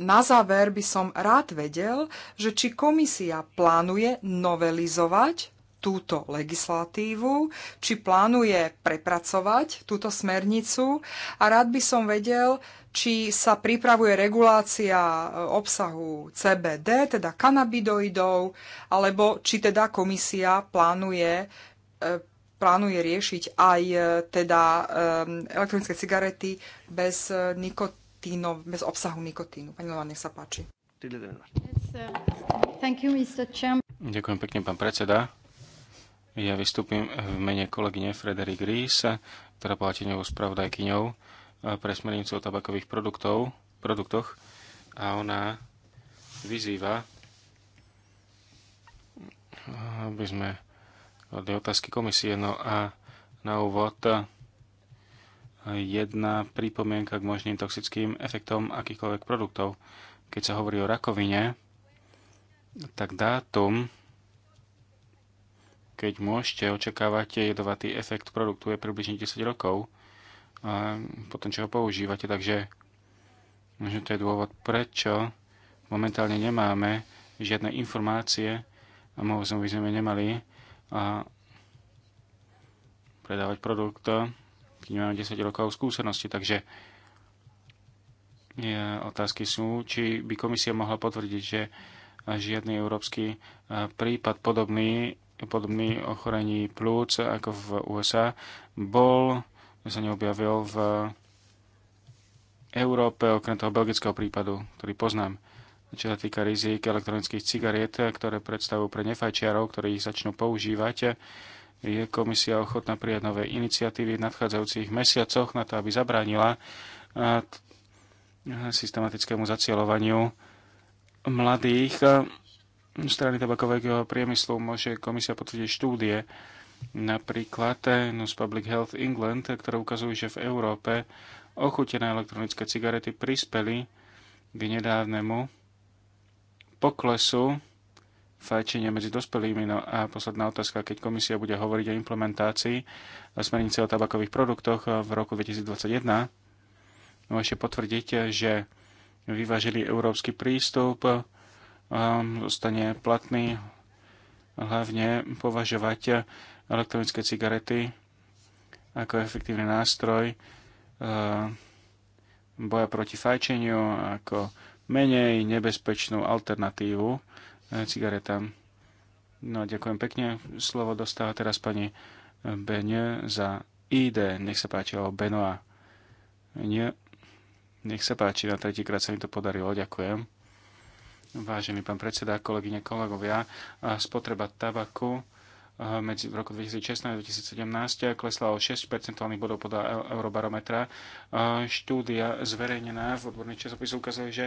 na záver by som rád vedel, že či komisia plánuje novelizovať túto legislatívu, či plánuje prepracovať túto smernicu a rád by som vedel, či sa pripravuje regulácia eh, obsahu CBD, teda kanabidoidov, alebo či teda komisia plánuje eh, plánuje riešiť aj eh, teda elektronické cigarety bez nikot nikotíno, bez obsahu nikotínu. Pani Lová, nech sa páči. Ďakujem pekne, pán predseda. Ja vystúpim v mene kolegyne Frederik Ries, ktorá bola tieňovou spravodajkyňou eh, pre smernicu o tabakových produktov, produktoch a ona vyzýva, eh, aby sme kladli otázky komisie. No a na úvod eh, jedna pripomienka k možným toxickým efektom akýchkoľvek produktov. Keď sa hovorí o rakovine, tak dátum, keď môžete očakávať jedovatý efekt produktu, je približne 10 rokov potom, čo ho používate. Takže možno to je dôvod, prečo momentálne nemáme žiadne informácie a možno by sme nemali a predávať produkt keď máme 10 rokov skúsenosti. Takže otázky sú, či by komisia mohla potvrdiť, že žiadny európsky prípad podobný, podobný ochorení plúc ako v USA bol, sa neobjavil v Európe, okrem toho belgického prípadu, ktorý poznám. Čo sa týka rizik elektronických cigariet, ktoré predstavujú pre nefajčiarov, ktorí ich začnú používať, je komisia ochotná prijať nové iniciatívy v nadchádzajúcich mesiacoch na to, aby zabránila systematickému zacielovaniu mladých strany tabakového priemyslu môže komisia potvrdiť štúdie, napríklad z e, Public Health England, ktoré ukazujú, že v Európe ochutené elektronické cigarety prispeli k nedávnemu poklesu fajčenia medzi dospelými. No a posledná otázka, keď komisia bude hovoriť o implementácii smernice o tabakových produktoch v roku 2021, môžete no potvrdiť, že vyvážili európsky prístup, ehm, zostane platný, hlavne považovať elektronické cigarety ako efektívny nástroj ehm, boja proti fajčeniu, ako menej nebezpečnú alternatívu E, cigaretám. No, ďakujem pekne. Slovo dostáva teraz pani Benio za ID. Nech sa páči, o Benoa. Nie. Nech sa páči, na tretíkrát sa mi to podarilo. Ďakujem. Vážený pán predseda, kolegyne, kolegovia, spotreba tabaku medzi v roku 2016 a 2017 klesla o 6 percentuálnych bodov podľa Eurobarometra. Štúdia zverejnená v odborných časopisoch ukazuje, že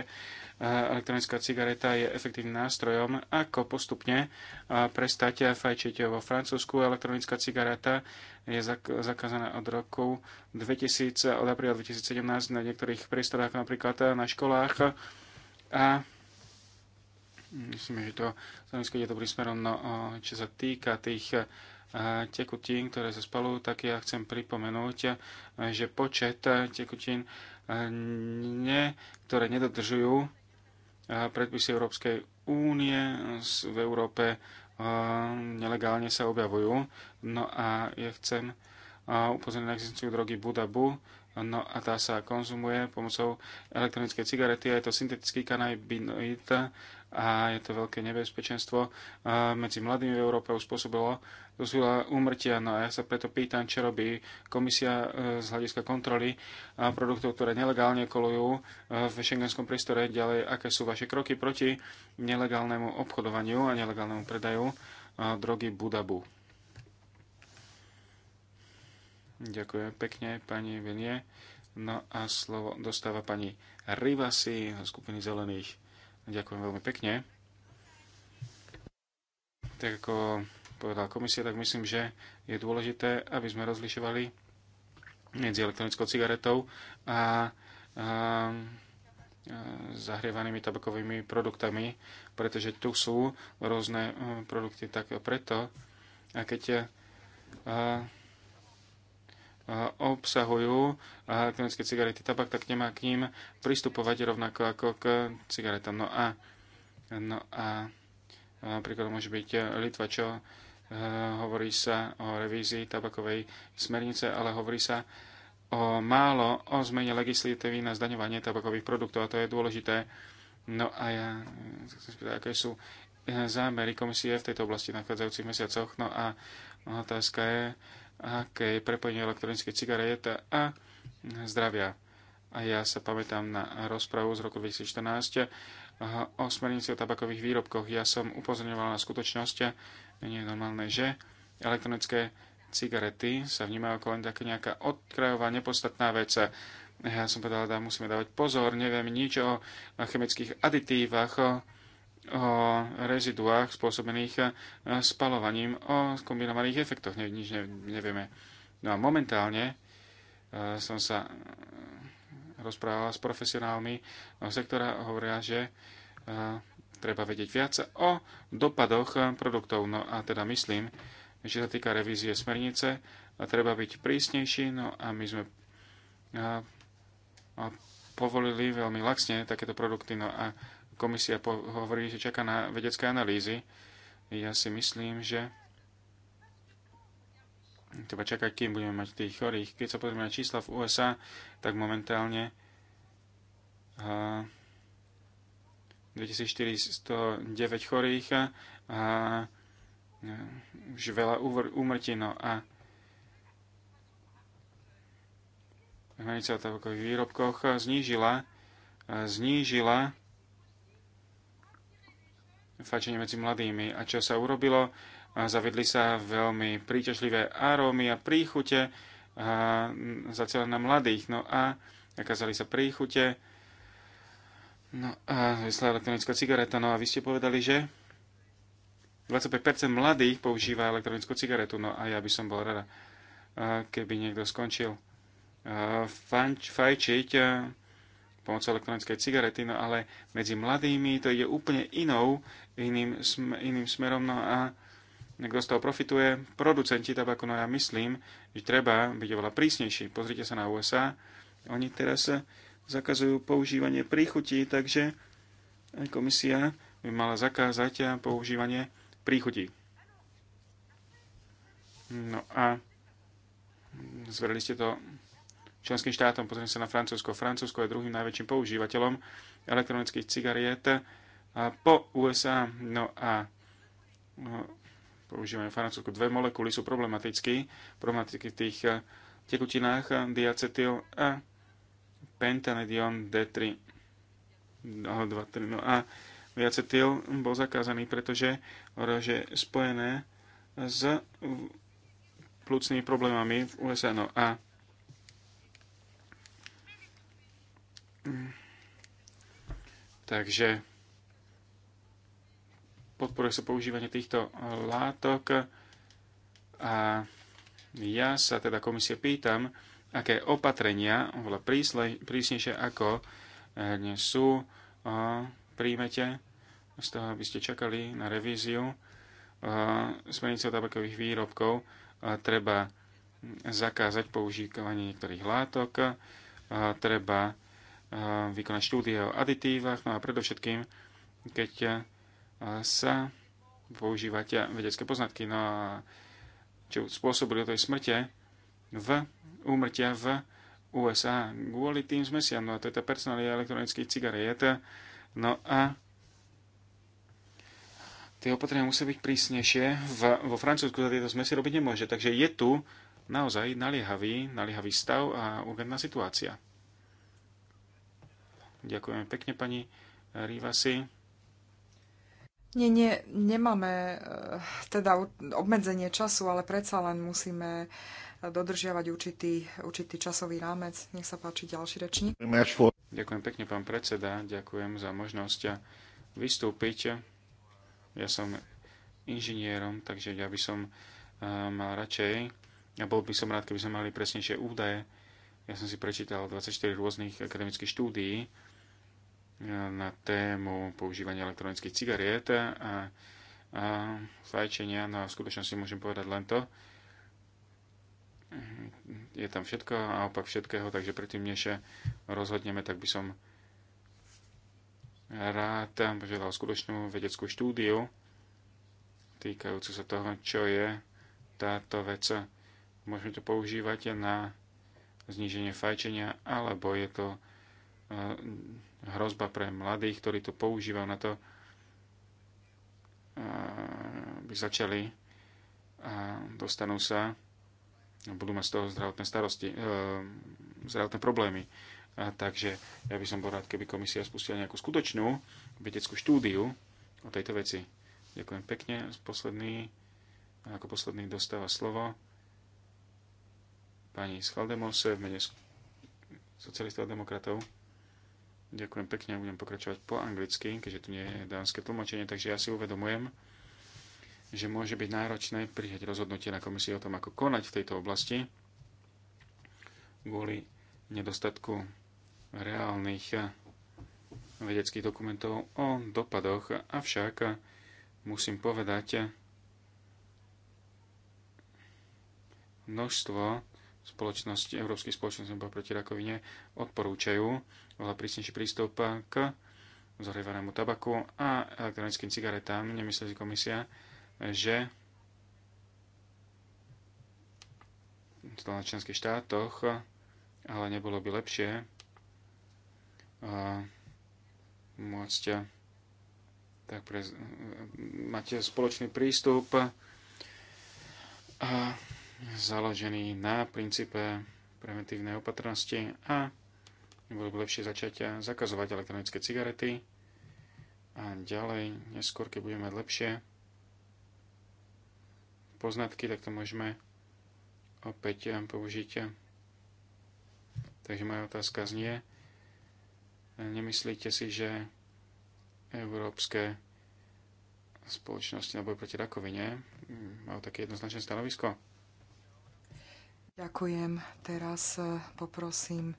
elektronická cigareta je efektívnym nástrojom, ako postupne prestať fajčiť vo Francúzsku. Elektronická cigareta je zakázaná od roku 2000, od apríla 2017 na niektorých priestoroch, napríklad na školách. A Myslím, že to Slovensko ide dobrým smerom. No, čo sa týka tých e, tekutín, ktoré sa spalujú, tak ja chcem pripomenúť, e, že počet e, tekutín, ne, ktoré nedodržujú predpisy Európskej únie v Európe nelegálne sa objavujú. No a ja chcem upozorniť na existenciu drogy Budabu, no a tá sa konzumuje pomocou elektronickej cigarety a je to syntetický kanabinoid, a je to veľké nebezpečenstvo medzi mladými v Európe už spôsobilo dosila úmrtia. No a ja sa preto pýtam, čo robí komisia e, z hľadiska kontroly e, produktov, ktoré nelegálne kolujú e, v šengenskom priestore. Ďalej, aké sú vaše kroky proti nelegálnemu obchodovaniu a nelegálnemu predaju drogy Budabu. Ďakujem pekne, pani Venie. No a slovo dostáva pani Rivasi zo skupiny Zelených. Ďakujem veľmi pekne. Tak ako povedala komisia, tak myslím, že je dôležité, aby sme rozlišovali medzi elektronickou cigaretou a, a, a zahrievanými tabakovými produktami, pretože tu sú rôzne e, produkty, tak preto, a keď a, e, obsahujú elektronické cigarety, tabak, tak nemá k ním pristupovať rovnako ako k cigaretám. No a, no a napríklad môže byť Litva, čo e, hovorí sa o revízii tabakovej smernice, ale hovorí sa o málo o zmene legislatívy na zdaňovanie tabakových produktov a to je dôležité. No a ja e, chcem spýtať, aké sú e, zámery komisie v tejto oblasti v nadchádzajúcich mesiacoch. No a otázka je, aké je prepojenie elektronických cigariet a zdravia. A ja sa pamätám na rozpravu z roku 2014 o smernici o tabakových výrobkoch. Ja som upozorňoval na skutočnosť, nie je normálne, že elektronické cigarety sa vnímajú ako len také nejaká odkrajová, nepodstatná vec. Ja som povedal, že musíme dávať pozor, neviem nič o chemických aditívach, o o reziduách spôsobených e, spalovaním, o skombinovaných efektoch. Ne, nič nevieme. No a momentálne e, som sa e, rozprával s profesionálmi sektora, hovoria, že treba vedieť viac o dopadoch produktov. No a teda myslím, že sa týka revízie smernice, a treba byť prísnejší, no a my sme a, a povolili veľmi laxne takéto produkty, no a komisia hovorí, že čaká na vedecké analýzy. Ja si myslím, že treba čakať, kým budeme mať tých chorých. Keď sa pozrieme na čísla v USA, tak momentálne 2409 chorých a už veľa úmrtí. No a hranica o tabakových výrobkoch znížila, znížila fačenie medzi mladými. A čo sa urobilo? Zavedli sa veľmi príťažlivé arómy a príchute zacielené na mladých. No a nakázali sa príchute. No a vyslá elektronická cigareta. No a vy ste povedali, že 25% mladých používa elektronickú cigaretu. No a ja by som bol rada, keby niekto skončil fajčiť pomocou elektronickej cigarety, no ale medzi mladými to ide úplne inou, iným, iným smerom, no a kto z toho profituje? Producenti tabaku, no ja myslím, že treba byť oveľa prísnejší. Pozrite sa na USA, oni teraz zakazujú používanie príchutí, takže aj komisia by mala zakázať používanie príchutí. No a zverili ste to členským štátom. Pozrieme sa na Francúzsko. Francúzsko je druhým najväčším používateľom elektronických cigariet eh, po USA. No a no, používame v Francúzsko. Dve molekuly sú problematické, problematické v tých eh, tekutinách eh, diacetyl a pentanedion D3. No, 2, 3, no a diacetyl bol zakázaný, pretože je spojené s plúcnými problémami v USA. No a Takže podporuje sa používanie týchto e, látok a ja sa teda komisie pýtam, aké opatrenia, oveľa prísnejšie ako e, dnes sú, e, príjmete z toho, aby ste čakali na revíziu smernice o tabakových výrobkov. Treba zakázať používanie niektorých látok, treba vykonať štúdie o aditívach, no a predovšetkým, keď sa používate vedecké poznatky. No a čo spôsobili tej smrte v úmrtia v USA. Kvôli tým zmesiam, no a to je tá personália elektronických cigariet. No a tie opatrenia musia byť prísnejšie. V, vo Francúzsku sa tieto zmesi robiť nemôže. Takže je tu naozaj naliehavý, naliehavý stav a urgentná situácia. Ďakujem pekne, pani Rivasi. Nie, nie, nemáme eh, teda obmedzenie času, ale predsa len musíme eh, dodržiavať určitý, určitý časový rámec. Nech sa páči ďalší rečník. Ďakujem pekne, pán predseda. Ďakujem za možnosť eh, vystúpiť. Ja som inžinierom, takže ja by som mal radšej, a bol by som rád, keby sme mali presnejšie údaje. Ja som si prečítal 24 rôznych akademických štúdií, na tému používania elektronických cigariet a, a fajčenia, no a v skutočnosti môžem povedať len to, je tam všetko a opak všetkého, takže predtým, než rozhodneme, tak by som rád požiadal skutočnú vedeckú štúdiu týkajúcu sa toho, čo je táto vec. Môžeme to používať na zníženie fajčenia, alebo je to Mm, hrozba pre mladých, ktorí to používajú na to, by začali a dostanú sa, a budú mať z toho zdravotné starosti, e, zdravotné problémy. A takže ja by som bol rád, keby komisia spustila nejakú skutočnú vedeckú štúdiu o tejto veci. Ďakujem pekne. Posledný, ako posledný dostáva slovo pani Schaldemose v mene socialistov a demokratov. Ďakujem pekne, budem pokračovať po anglicky, keďže tu nie je dánske tlmočenie, takže ja si uvedomujem, že môže byť náročné prijať rozhodnutie na komisii o tom, ako konať v tejto oblasti kvôli nedostatku reálnych vedeckých dokumentov o dopadoch, avšak musím povedať, množstvo spoločnosti, európskych spoločností proti rakovine odporúčajú oveľa prísnejší prístup k zohrievanému tabaku a elektronickým cigaretám. Nemyslí si komisia, že v členských štátoch, ale nebolo by lepšie môcť tak pre, mať spoločný prístup a založený na princípe preventívnej opatrnosti a Nebolo by lepšie začať eh, zakazovať elektronické cigarety a ďalej, neskôr, keď budeme mať lepšie poznatky, tak to môžeme opäť eh, použiť. Eh. Takže moja otázka znie, nemyslíte si, že európske spoločnosti na boj proti rakovine hm, majú také jednoznačné stanovisko? Ďakujem. Teraz poprosím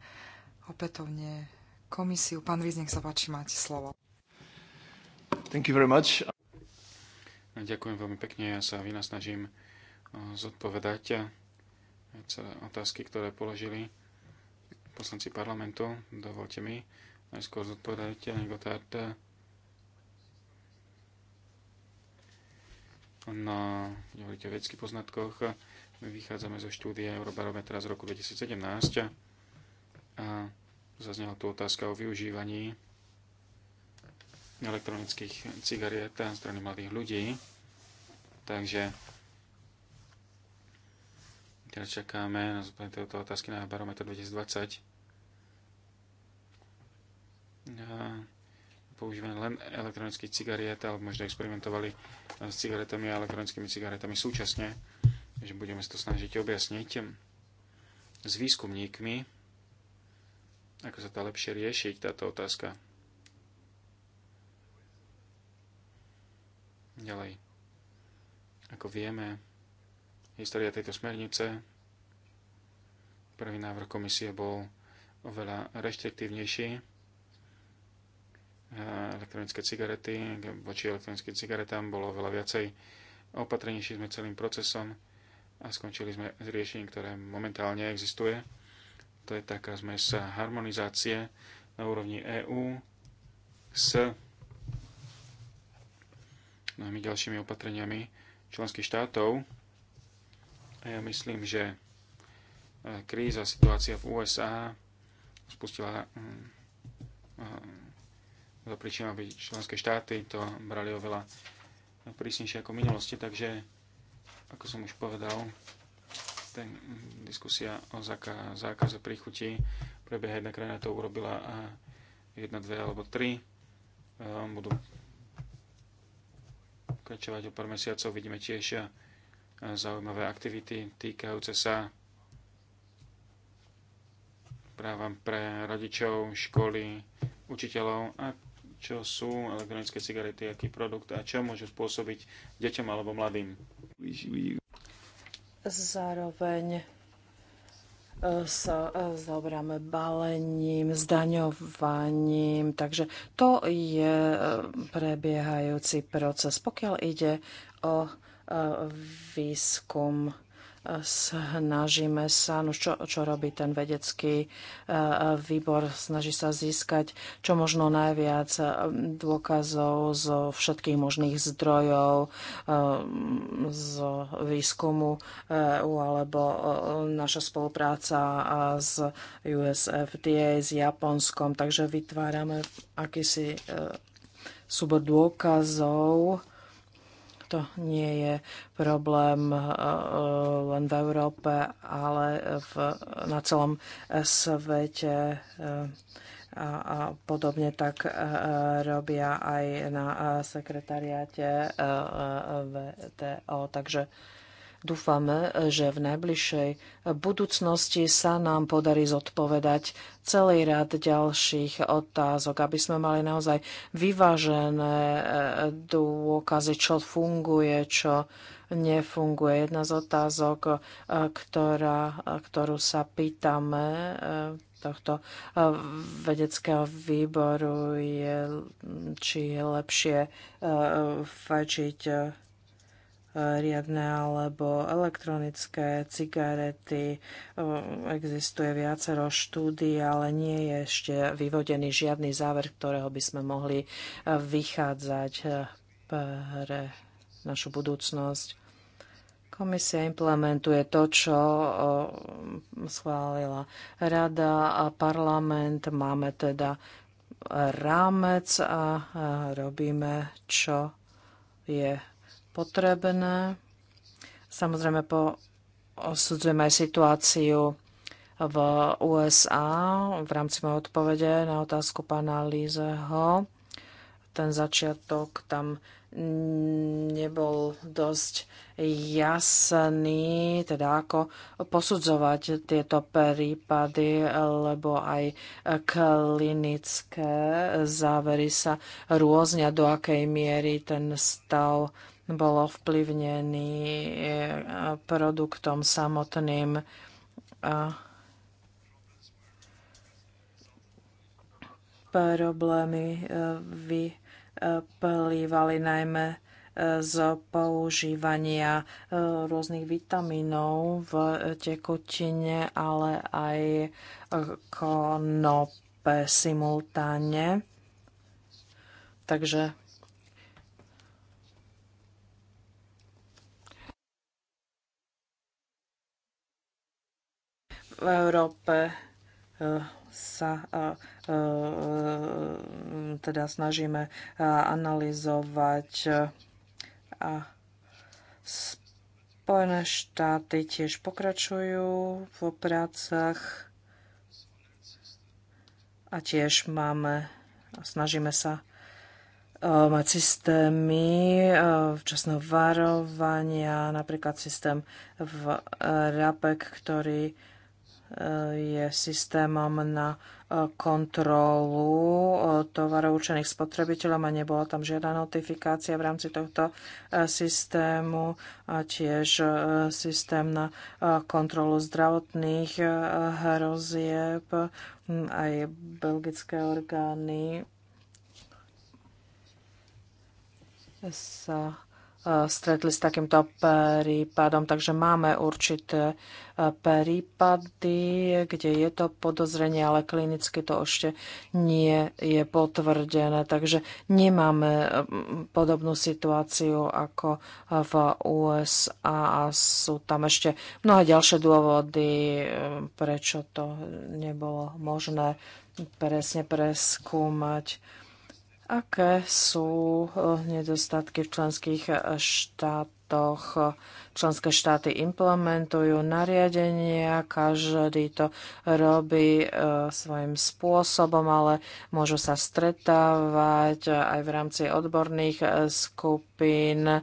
opätovne komisiu. Pán Víz, nech sa páči, máte slovo. Thank you very much. Ďakujem veľmi pekne. Ja sa vynasnažím e, zodpovedať e, otázky, ktoré položili poslanci parlamentu. Dovolte mi najskôr zodpovedať Gotthard. No, hovoríte o vedeckých poznatkoch. My vychádzame zo štúdie Eurobarometra z roku 2017 a zaznela tu otázka o využívaní elektronických cigariet zo strany mladých ľudí. Takže teraz čakáme na zúplne tejto otázky na barometr 2020. A používame len elektronických cigariet, alebo možno experimentovali s cigaretami a elektronickými cigaretami súčasne, že budeme sa to snažiť objasniť s výskumníkmi, ako sa dá lepšie riešiť táto otázka. Ďalej. Ako vieme, história tejto smernice, prvý návrh komisie bol oveľa reštriktívnejší. Elektronické cigarety, voči elektronickým cigaretám bolo oveľa viacej opatrnejší sme celým procesom a skončili sme s riešením, ktoré momentálne existuje. To je taká zmes harmonizácie na úrovni EÚ s mnohými ďalšími opatreniami členských štátov. A ja myslím, že e, kríza, situácia v USA spustila za mm, e, príčinu, aby členské štáty to brali oveľa prísnejšie ako v minulosti, takže ako som už povedal, diskusia o zaka, zákaze príchuti prebieha jedna krajina to urobila a jedna, dve alebo tri ehm, budú pokračovať o pár mesiacov. Vidíme tiež eh, zaujímavé aktivity týkajúce sa právam pre rodičov, školy, učiteľov a čo sú elektronické cigarety, aký produkt a čo môžu spôsobiť deťom alebo mladým. Zároveň e, sa e, zaoberáme balením, zdaňovaním, takže to je e, prebiehajúci proces. Pokiaľ ide o výskum, snažíme sa, no čo, čo robí ten vedecký e, výbor, snaží sa získať čo možno najviac e, dôkazov zo všetkých možných zdrojov, e, z výskumu EU alebo naša spolupráca s USFDA, s Japonskom, takže vytvárame akýsi súbor dôkazov, to nie je problém e, len v Európe, ale v, na celom svete e, a podobne tak e, robia aj na sekretariáte VTO. Takže Dúfame, že v najbližšej budúcnosti sa nám podarí zodpovedať celý rád ďalších otázok, aby sme mali naozaj vyvážené eh, dôkazy, čo funguje, čo nefunguje. Jedna z otázok, eh, ktorá, eh, ktorú sa pýtame tohto vedeckého výboru je, či je lepšie fajčiť riadne alebo elektronické cigarety. Ehm, existuje viacero štúdí, ale nie je ešte vyvodený žiadny záver, ktorého by sme mohli eh, vychádzať eh, pre našu budúcnosť. Komisia implementuje to, čo eh, schválila rada a parlament. Máme teda rámec a robíme, čo je potrebné. Samozrejme po osudzujem aj situáciu v USA v rámci mojej odpovede na otázku pána Lízeho. Ten začiatok tam nebol dosť jasný, teda ako posudzovať tieto prípady, lebo aj klinické závery sa rôznia, do akej miery ten stav bol ovplyvnený e, produktom samotným. Problémy e, vyplývali najmä e, z používania rôznych vitamínov v tekutine, ale aj konope simultáne. Takže v Európe eh, sa eh, eh, teda snažíme analyzovať a Spojené štáty tiež pokračujú v prácach a tiež máme, a snažíme sa mať systémy včasného varovania, napríklad systém v RAPEC, ktorý je systémom na e, kontrolu e, tovarov určených spotrebiteľom a nebola tam žiadna notifikácia v rámci tohto e, systému a tiež systém na kontrolu zdravotných hrozieb hm, aj belgické orgány sa stretli s takýmto prípadom, takže máme určité e, prípady, kde je to podozrenie, ale klinicky to ešte nie je potvrdené. Takže nemáme e, podobnú situáciu ako v USA a sú tam ešte mnohé ďalšie dôvody, e, prečo to nebolo možné presne preskúmať aké sú eh, nedostatky v členských štátoch štátoch. Členské štáty implementujú nariadenia, každý to robí e, svojim spôsobom, ale môžu sa stretávať aj v rámci odborných e, skupín, e,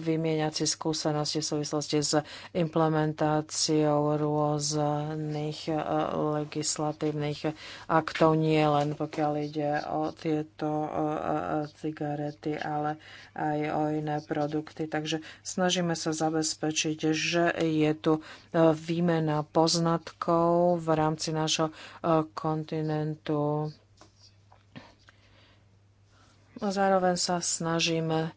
vymieňať si skúsenosti v súvislosti s implementáciou rôznych legislatívnych aktov, nie len pokiaľ ide o tieto cigarety, ale aj o iné produkty kontakty. Takže snažíme sa zabezpečiť, že je tu e, výmena poznatkov v rámci nášho e, kontinentu. A zároveň sa snažíme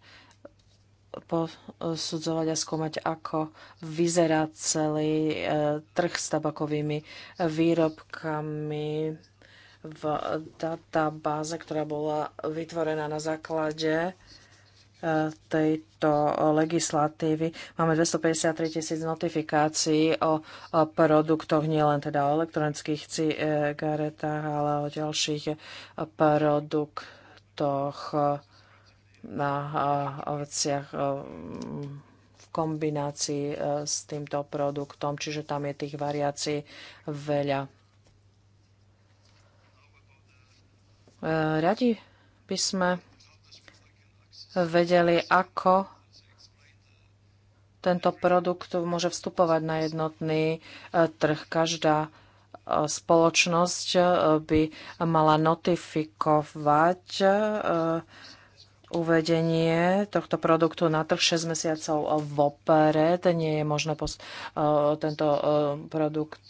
posudzovať a skúmať, ako vyzerá celý e, trh s tabakovými výrobkami v databáze, ktorá bola vytvorená na základe tejto legislatívy. Máme 253 tisíc notifikácií o produktoch, nielen teda o elektronických cigaretách, ale o ďalších produktoch na oveciach v kombinácii e, s týmto produktom, čiže tam je tých variácií veľa. E, radi by sme vedeli, ako tento produkt môže vstupovať na jednotný e, trh. Každá e, spoločnosť e, by mala notifikovať uvedenie tohto produktu na trh 6 mesiacov vopred. Nie je možné tento produkt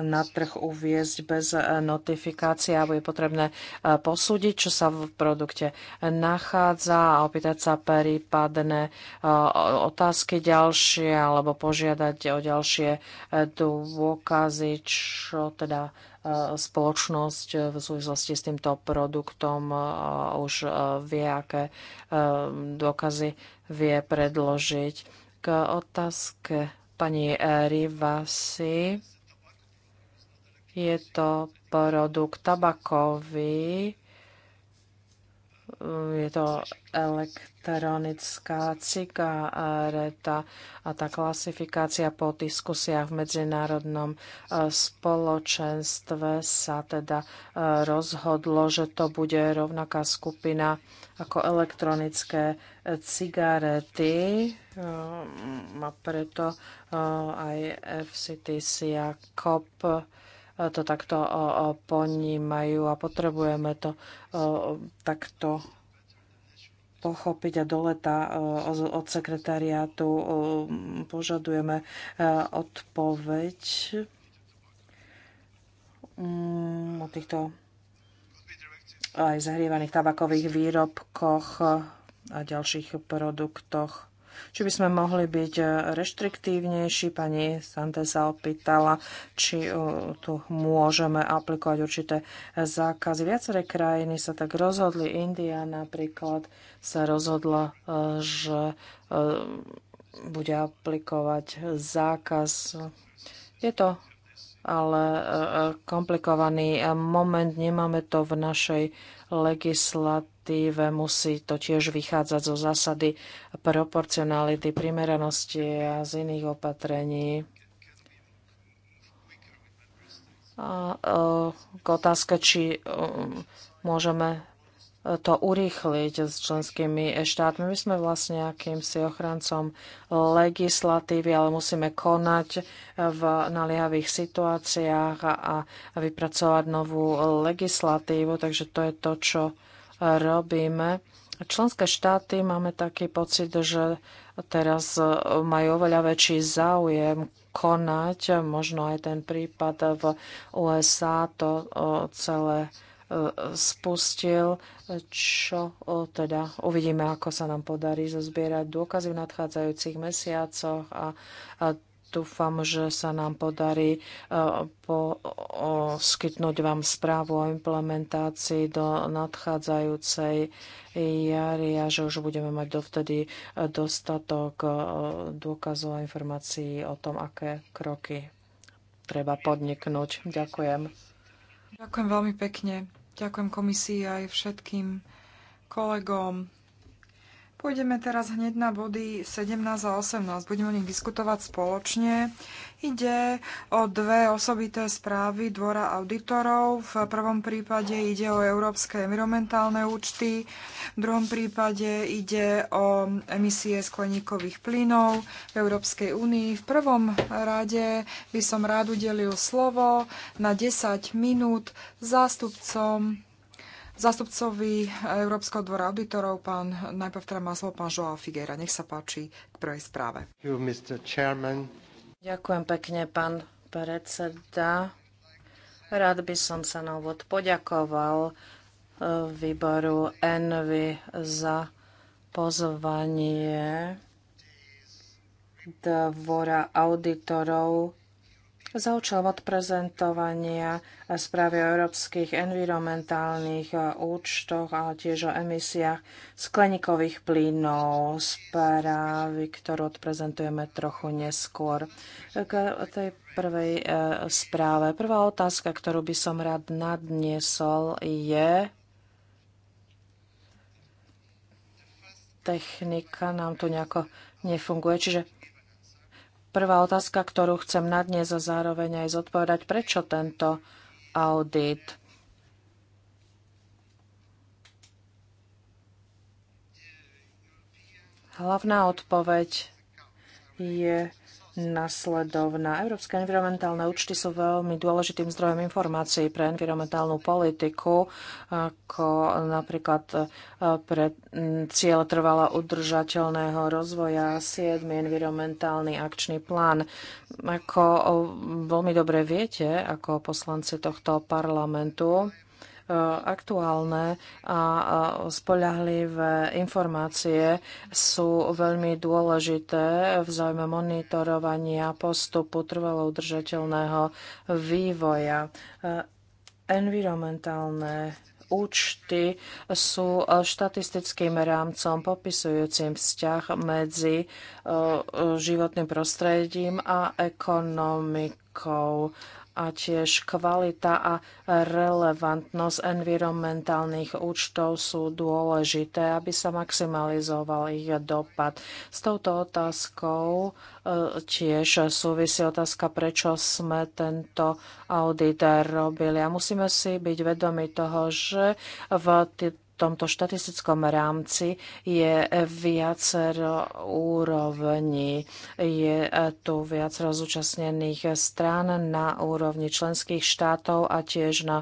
na trh uviezť bez e, notifikácie a bude potrebné e, posúdiť, čo sa v produkte nachádza a opýtať sa prípadné e, otázky ďalšie alebo požiadať o ďalšie dôkazy, čo teda spoločnosť v súvislosti s týmto produktom už vie, aké dôkazy vie predložiť. K otázke pani Rivasi je to produkt tabakový, je to elektronická cigareta a tá klasifikácia po diskusiách v medzinárodnom e, spoločenstve sa teda e, rozhodlo, že to bude rovnaká skupina ako elektronické e, cigarety a preto aj FCTC a COP E, to takto e, e, ponímajú a potrebujeme to takto pochopiť a do leta od sekretariátu požadujeme odpoveď mm, o týchto aj zahrievaných tabakových výrobkoch a ďalších produktoch či by sme mohli byť eh, reštriktívnejší. Pani Sante sa opýtala, či eh, tu môžeme aplikovať určité eh, zákazy. Viaceré krajiny sa tak rozhodli. India napríklad sa rozhodla, že bude aplikovať zákaz. Je to ale komplikovaný moment. Nemáme to v našej legislatí legislatíve musí to tiež vychádzať zo zásady proporcionality, primeranosti a z iných opatrení. A, e, k otázke, či e, môžeme to urýchliť s členskými štátmi. My sme vlastne akýmsi ochrancom legislatívy, ale musíme konať v naliehavých situáciách a, a vypracovať novú legislatívu. Takže to je to, čo robíme. Členské štáty máme taký pocit, že teraz majú oveľa väčší záujem konať. Možno aj ten prípad v USA to celé e, spustil, čo teda uvidíme, ako sa nám podarí zozbierať dôkazy v nadchádzajúcich mesiacoch a, dúfam, že sa nám podarí e, poskytnúť vám správu o implementácii do nadchádzajúcej jary a že už budeme mať dovtedy dostatok e, dôkazov a informácií o tom, aké kroky treba podniknúť. Ďakujem. Ďakujem veľmi pekne. Ďakujem komisii aj všetkým kolegom, Pôjdeme teraz hneď na body 17 a 18. Budeme o nich diskutovať spoločne. Ide o dve osobité správy Dvora auditorov. V prvom prípade ide o európske environmentálne účty, v druhom prípade ide o emisie skleníkových plynov v Európskej únii. V prvom rade by som rád udelil slovo na 10 minút zástupcom Zastupcovi eh, Európskeho dvora auditorov, pán, najprv teda má slovo pán Joao Figueira. Nech sa páči k prvej správe. You, Ďakujem pekne, pán predseda. Rád by som sa na úvod poďakoval eh, výboru Envy za pozvanie dvora auditorov za účelom odprezentovania správy o európskych environmentálnych e, účtoch a tiež o emisiách skleníkových plynov, správy, ktorú odprezentujeme trochu neskôr. K tej prvej e, správe. Prvá otázka, ktorú by som rád nadniesol, je technika nám tu nejako nefunguje. Čiže Prvá otázka, ktorú chcem nadnes a zároveň aj zodpovedať, prečo tento audit? Hlavná odpoveď je nasledovná. Európske environmentálne účty sú veľmi dôležitým zdrojom informácií pre environmentálnu politiku, ako napríklad e, pre cieľ trvalo udržateľného rozvoja 7. environmentálny akčný plán. Ako e, veľmi dobre viete, ako poslanci tohto parlamentu, E, aktuálne a spolahlivé informácie sú veľmi dôležité v záujme monitorovania postupu trvalo udržateľného vývoja. E, environmentálne účty sú štatistickým rámcom popisujúcim vzťah medzi e, životným prostredím a ekonomikou rokov a tiež kvalita a relevantnosť environmentálnych účtov sú dôležité, aby sa maximalizoval ich dopad. S touto otázkou e, tiež súvisí otázka, prečo sme tento audit robili. A musíme si byť vedomi toho, že v tomto štatistickom rámci je viacero úrovni Je tu viacero zúčastnených strán na úrovni členských štátov a tiež na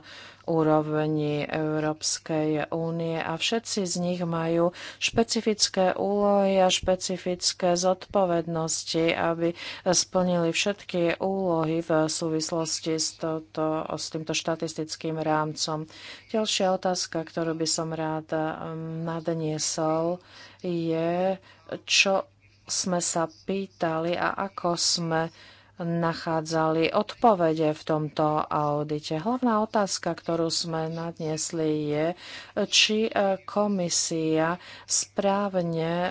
úrovni Európskej únie a všetci z nich majú špecifické úlohy a špecifické zodpovednosti, aby splnili všetky úlohy v súvislosti s, toto, s týmto štatistickým rámcom. Ďalšia otázka, ktorú by som rád um, nadniesol, je, čo sme sa pýtali a ako sme nachádzali odpovede v tomto audite. Hlavná otázka, ktorú sme nadnesli, je, či e, komisia správne e,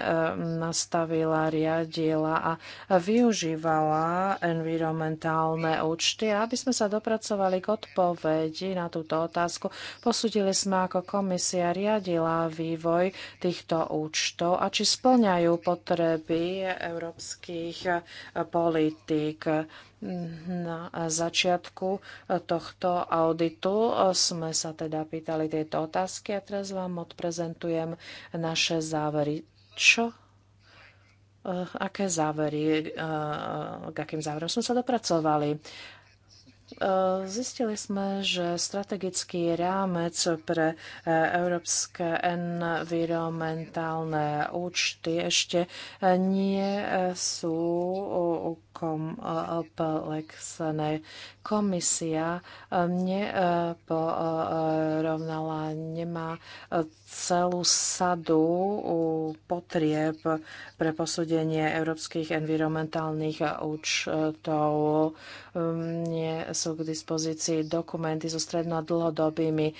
nastavila, riadila a využívala environmentálne účty. Aby sme sa dopracovali k odpovedi na túto otázku, posudili sme, ako komisia riadila vývoj týchto účtov a či splňajú potreby európskych politík na začiatku tohto auditu sme sa teda pýtali tieto otázky a teraz vám odprezentujem naše závery. Čo eh, aké závery, eh, k akým záverom sme sa dopracovali. Eh, zistili sme, že strategický rámec pre európske environmentálne účty ešte nie sú komplexné. Komisia eh, neporovnala, eh, nemá eh, celú sadu potrieb pre posúdenie európskych environmentálnych účtov. Nie sú k dispozícii dokumenty so stredno dlhodobými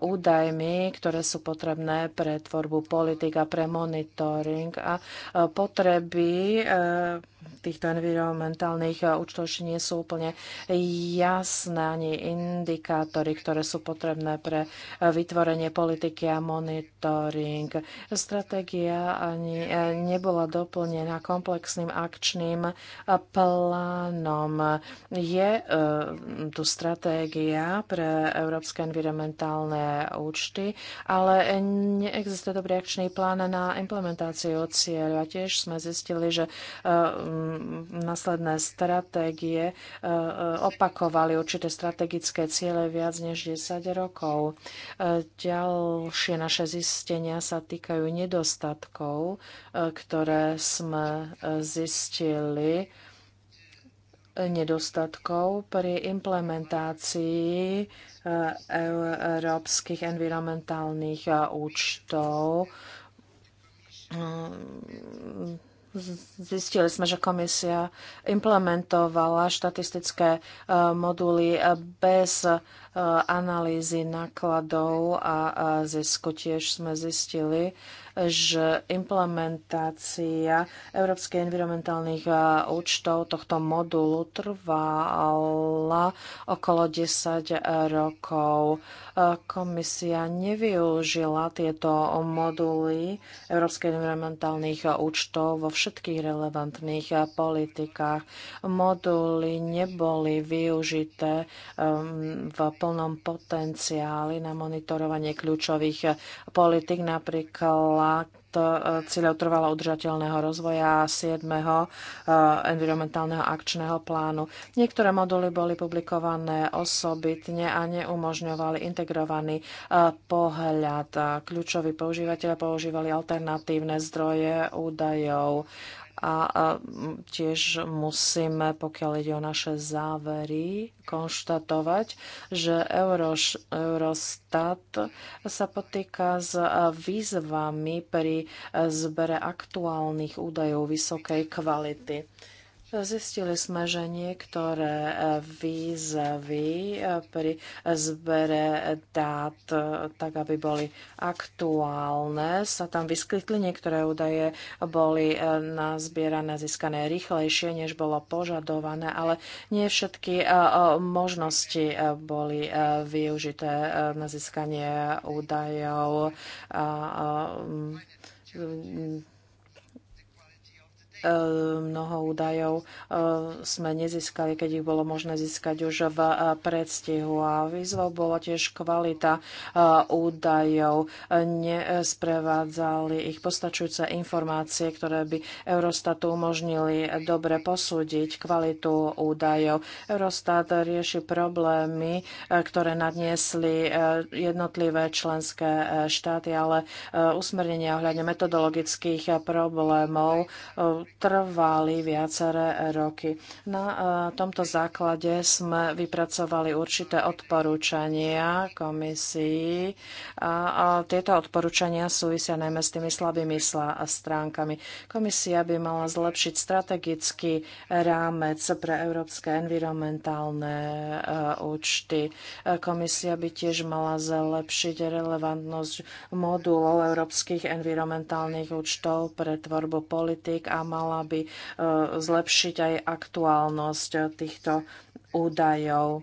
údajmi, ktoré sú potrebné pre tvorbu politik a pre monitoring a potreby týchto environmentálnych environmentálnych účtov ešte nie sú úplne jasné ani indikátory, ktoré sú potrebné pre vytvorenie politiky a monitoring. Stratégia ani e, nebola doplnená komplexným akčným plánom. Je e, tu stratégia pre európske environmentálne účty, ale neexistuje dobrý akčný plán na implementáciu cieľ. A tiež sme zistili, že e, na posledné stratégie e, e, opakovali určité strategické ciele viac než 10 rokov. E, ďalšie naše zistenia sa týkajú nedostatkov, ktoré sme zistili nedostatkov pri implementácii európskych environmentálnych účtov mm, Zistili sme, že komisia implementovala štatistické e, moduly e, bez e, analýzy nákladov a zisku. Tiež sme zistili, že implementácia európskej environmentálnych eh, účtov tohto modulu trvala okolo 10 eh, rokov. Eh, komisia nevyužila tieto moduly európskej environmentálnych účtov vo všetkých relevantných politikách. Moduly neboli využité ehm, v plnom potenciáli na monitorovanie kľúčových politik, napríklad dohovola e, cieľov trvalo udržateľného rozvoja 7. E, environmentálneho akčného plánu. Niektoré moduly boli publikované osobitne a neumožňovali integrovaný e, pohľad. Kľúčoví používateľe používali alternatívne zdroje údajov. A tiež musíme, pokiaľ ide o naše závery, konštatovať, že Eurostat sa potýka s e, výzvami pri e, zbere aktuálnych údajov vysokej kvality. Zistili sme, že niektoré e, výzvy e, pri zbere dát, e, tak aby boli aktuálne, sa tam vyskytli. Niektoré údaje boli nazbierané, získané rýchlejšie, než bolo požadované, ale nie všetky možnosti boli využité na získanie údajov Eh, mnoho údajov eh, sme nezískali, keď ich bolo možné získať už v eh, predstihu. A výzvou bola tiež kvalita údajov. Nesprevádzali ich postačujúce informácie, ktoré by Eurostatu umožnili dobre posúdiť kvalitu údajov. Eurostat rieši problémy, ktoré nadniesli jednotlivé členské štáty, ale usmernenia ohľadne metodologických problémov trvali viaceré roky. Na e, tomto základe sme vypracovali určité odporúčania komisii a tieto odporúčania súvisia najmä s tými slabými stránkami. Komisia by mala zlepšiť strategický rámec pre európske environmentálne e, účty. E, komisia by tiež mala zlepšiť relevantnosť modulov európskych environmentálnych účtov pre tvorbu politik a mala mala by e, zlepšiť aj aktuálnosť týchto údajov e,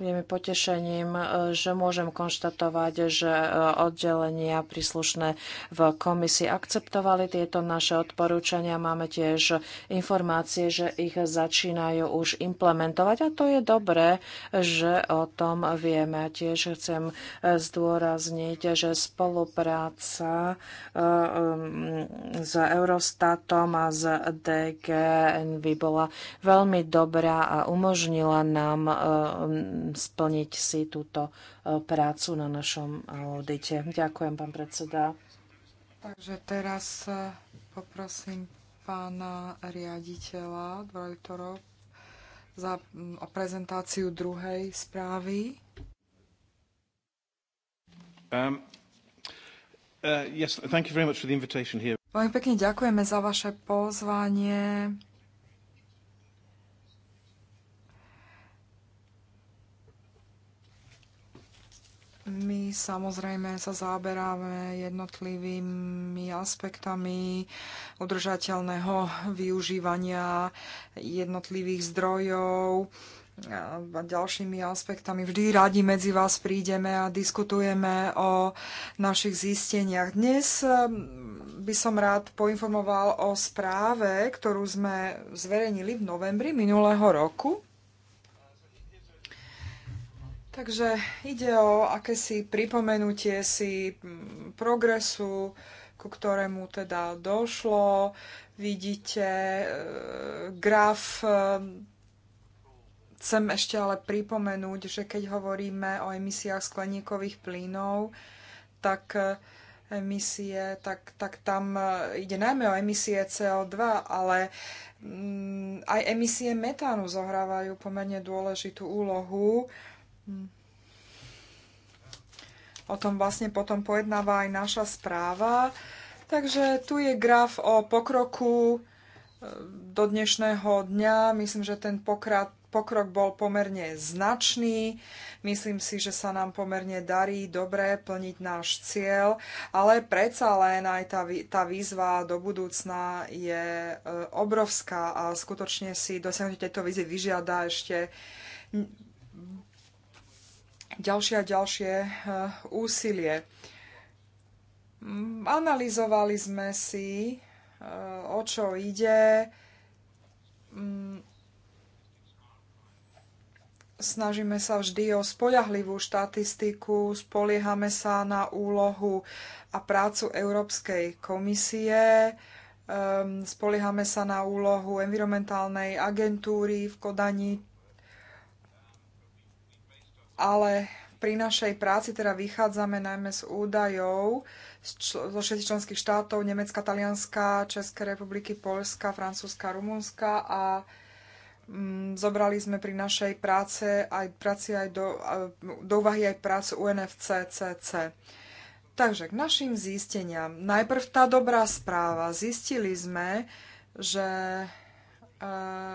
je mi potešením, e, že môžem konštatovať, že e, oddelenia príslušné v komisii akceptovali tieto naše odporúčania. Máme tiež informácie, že ich začínajú už implementovať a to je dobré, že o tom vieme. A tiež chcem e, zdôrazniť, že spolupráca s Eurostatom a s by bola veľmi dobrá a umožnila nám splniť si túto e, prácu na našom e, audite. Ďakujem, pán predseda. Takže teraz e, poprosím pána riaditeľa dvojtorov za, o prezentáciu druhej správy. Um, uh, yes, Veľmi pekne ďakujeme za vaše pozvanie. My samozrejme sa zaoberáme jednotlivými aspektami udržateľného využívania jednotlivých zdrojov a ďalšími aspektami. Vždy radi medzi vás prídeme a diskutujeme o našich zisteniach. Dnes um, by som rád poinformoval o správe, ktorú sme zverejnili v novembri minulého roku Takže ide o akési pripomenutie si mm, progresu, ku ktorému teda došlo. Vidíte e, graf. E, chcem ešte ale pripomenúť, že keď hovoríme o emisiách skleníkových plynov, tak e, emisie, tak, tak tam e, ide najmä o emisie CO2, ale mm, aj emisie metánu zohrávajú pomerne dôležitú úlohu Hm. O tom vlastne potom pojednáva aj naša správa. Takže tu je graf o pokroku eh, do dnešného dňa. Myslím, že ten pokrat, pokrok bol pomerne značný. Myslím si, že sa nám pomerne darí dobre plniť náš cieľ, ale predsa len aj tá, tá výzva do budúcna je eh, obrovská a skutočne si dosiahnutie tejto výzvy vyžiada ešte ďalšie a ďalšie eh, úsilie. Mm, Analizovali sme si, eh, o čo ide. Mm, snažíme sa vždy o spoľahlivú štatistiku, spoliehame sa na úlohu a prácu Európskej komisie, ehm, spoliehame sa na úlohu environmentálnej agentúry v Kodani, ale pri našej práci teda vychádzame najmä z údajov zo šesti členských štátov Nemecka, Talianska, Českej republiky, Polska, Francúzska, Rumunska a mm, zobrali sme pri našej práce aj, práci aj do, do úvahy aj prácu UNFCCC. Takže k našim zisteniam. Najprv tá dobrá správa. Zistili sme, že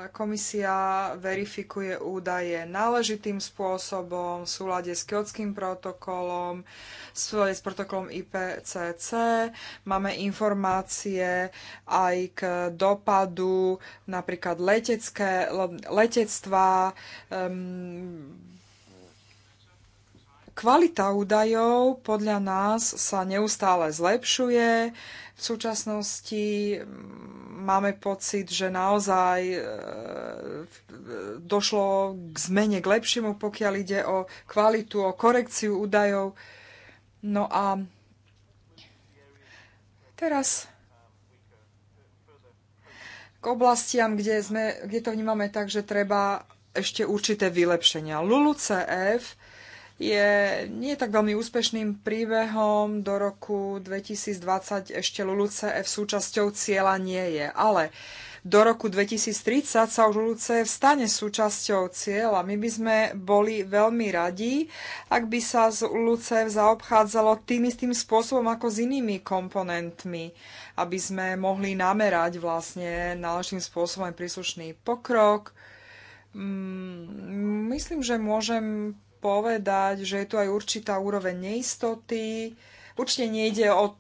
komisia verifikuje údaje náležitým spôsobom v súlade s kiotským protokolom, v súlade s protokolom IPCC. Máme informácie aj k dopadu napríklad letecké, letectva, um, Kvalita údajov podľa nás sa neustále zlepšuje v súčasnosti mm, máme pocit, že naozaj e, došlo k zmene, k lepšiemu, pokiaľ ide o kvalitu, o korekciu údajov. No a teraz k oblastiam, kde, sme, kde to vnímame tak, že treba ešte určité vylepšenia. LULUCF je nie tak veľmi úspešným príbehom. Do roku 2020 ešte CF súčasťou cieľa nie je. Ale do roku 2030 sa už LULUCF stane súčasťou cieľa. My by sme boli veľmi radi, ak by sa z LULUCF zaobchádzalo tým istým spôsobom ako s inými komponentmi, aby sme mohli namerať vlastne náležitým spôsobom príslušný pokrok. Mm, myslím, že môžem povedať, že je tu aj určitá úroveň neistoty. Určite nejde o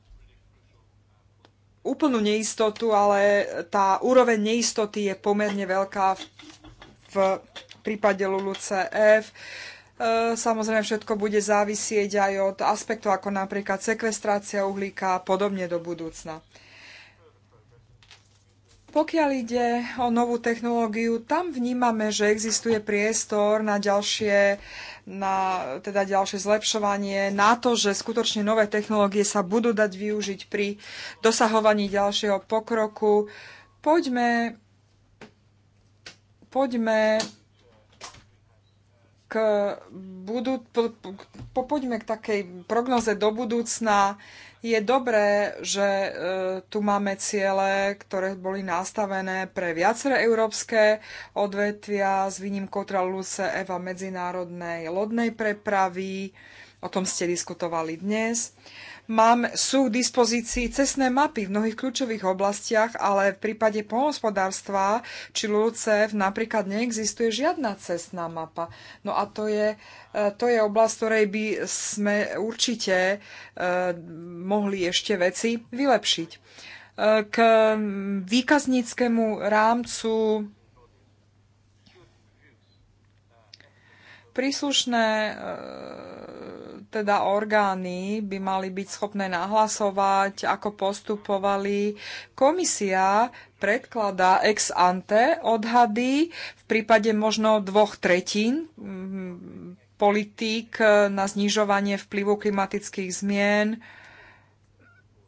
úplnú neistotu, ale tá úroveň neistoty je pomerne veľká v prípade CF. E, samozrejme, všetko bude závisieť aj od aspektov ako napríklad sekvestrácia uhlíka a podobne do budúcna. Pokiaľ ide o novú technológiu, tam vnímame, že existuje priestor na ďalšie, na, teda ďalšie zlepšovanie, na to, že skutočne nové technológie sa budú dať využiť pri dosahovaní ďalšieho pokroku. Poďme, poďme k budú, po, po, poďme k takej prognoze do budúcna. Je dobré, že e, tu máme ciele, ktoré boli nastavené pre viaceré európske odvetvia s výnimkou Traluce teda Eva medzinárodnej lodnej prepravy. O tom ste diskutovali dnes. E, Mám, sú k dispozícii cestné mapy v mnohých kľúčových oblastiach, ale v prípade pohospodárstva či LULCEF napríklad neexistuje žiadna cestná mapa. No a to je, e, to je oblasť, ktorej by sme určite e, mohli ešte veci vylepšiť. E, k výkazníckému rámcu Príslušné e, teda orgány by mali byť schopné nahlasovať, ako postupovali. Komisia predkladá ex ante odhady v prípade možno dvoch tretín mm, politík na znižovanie vplyvu klimatických zmien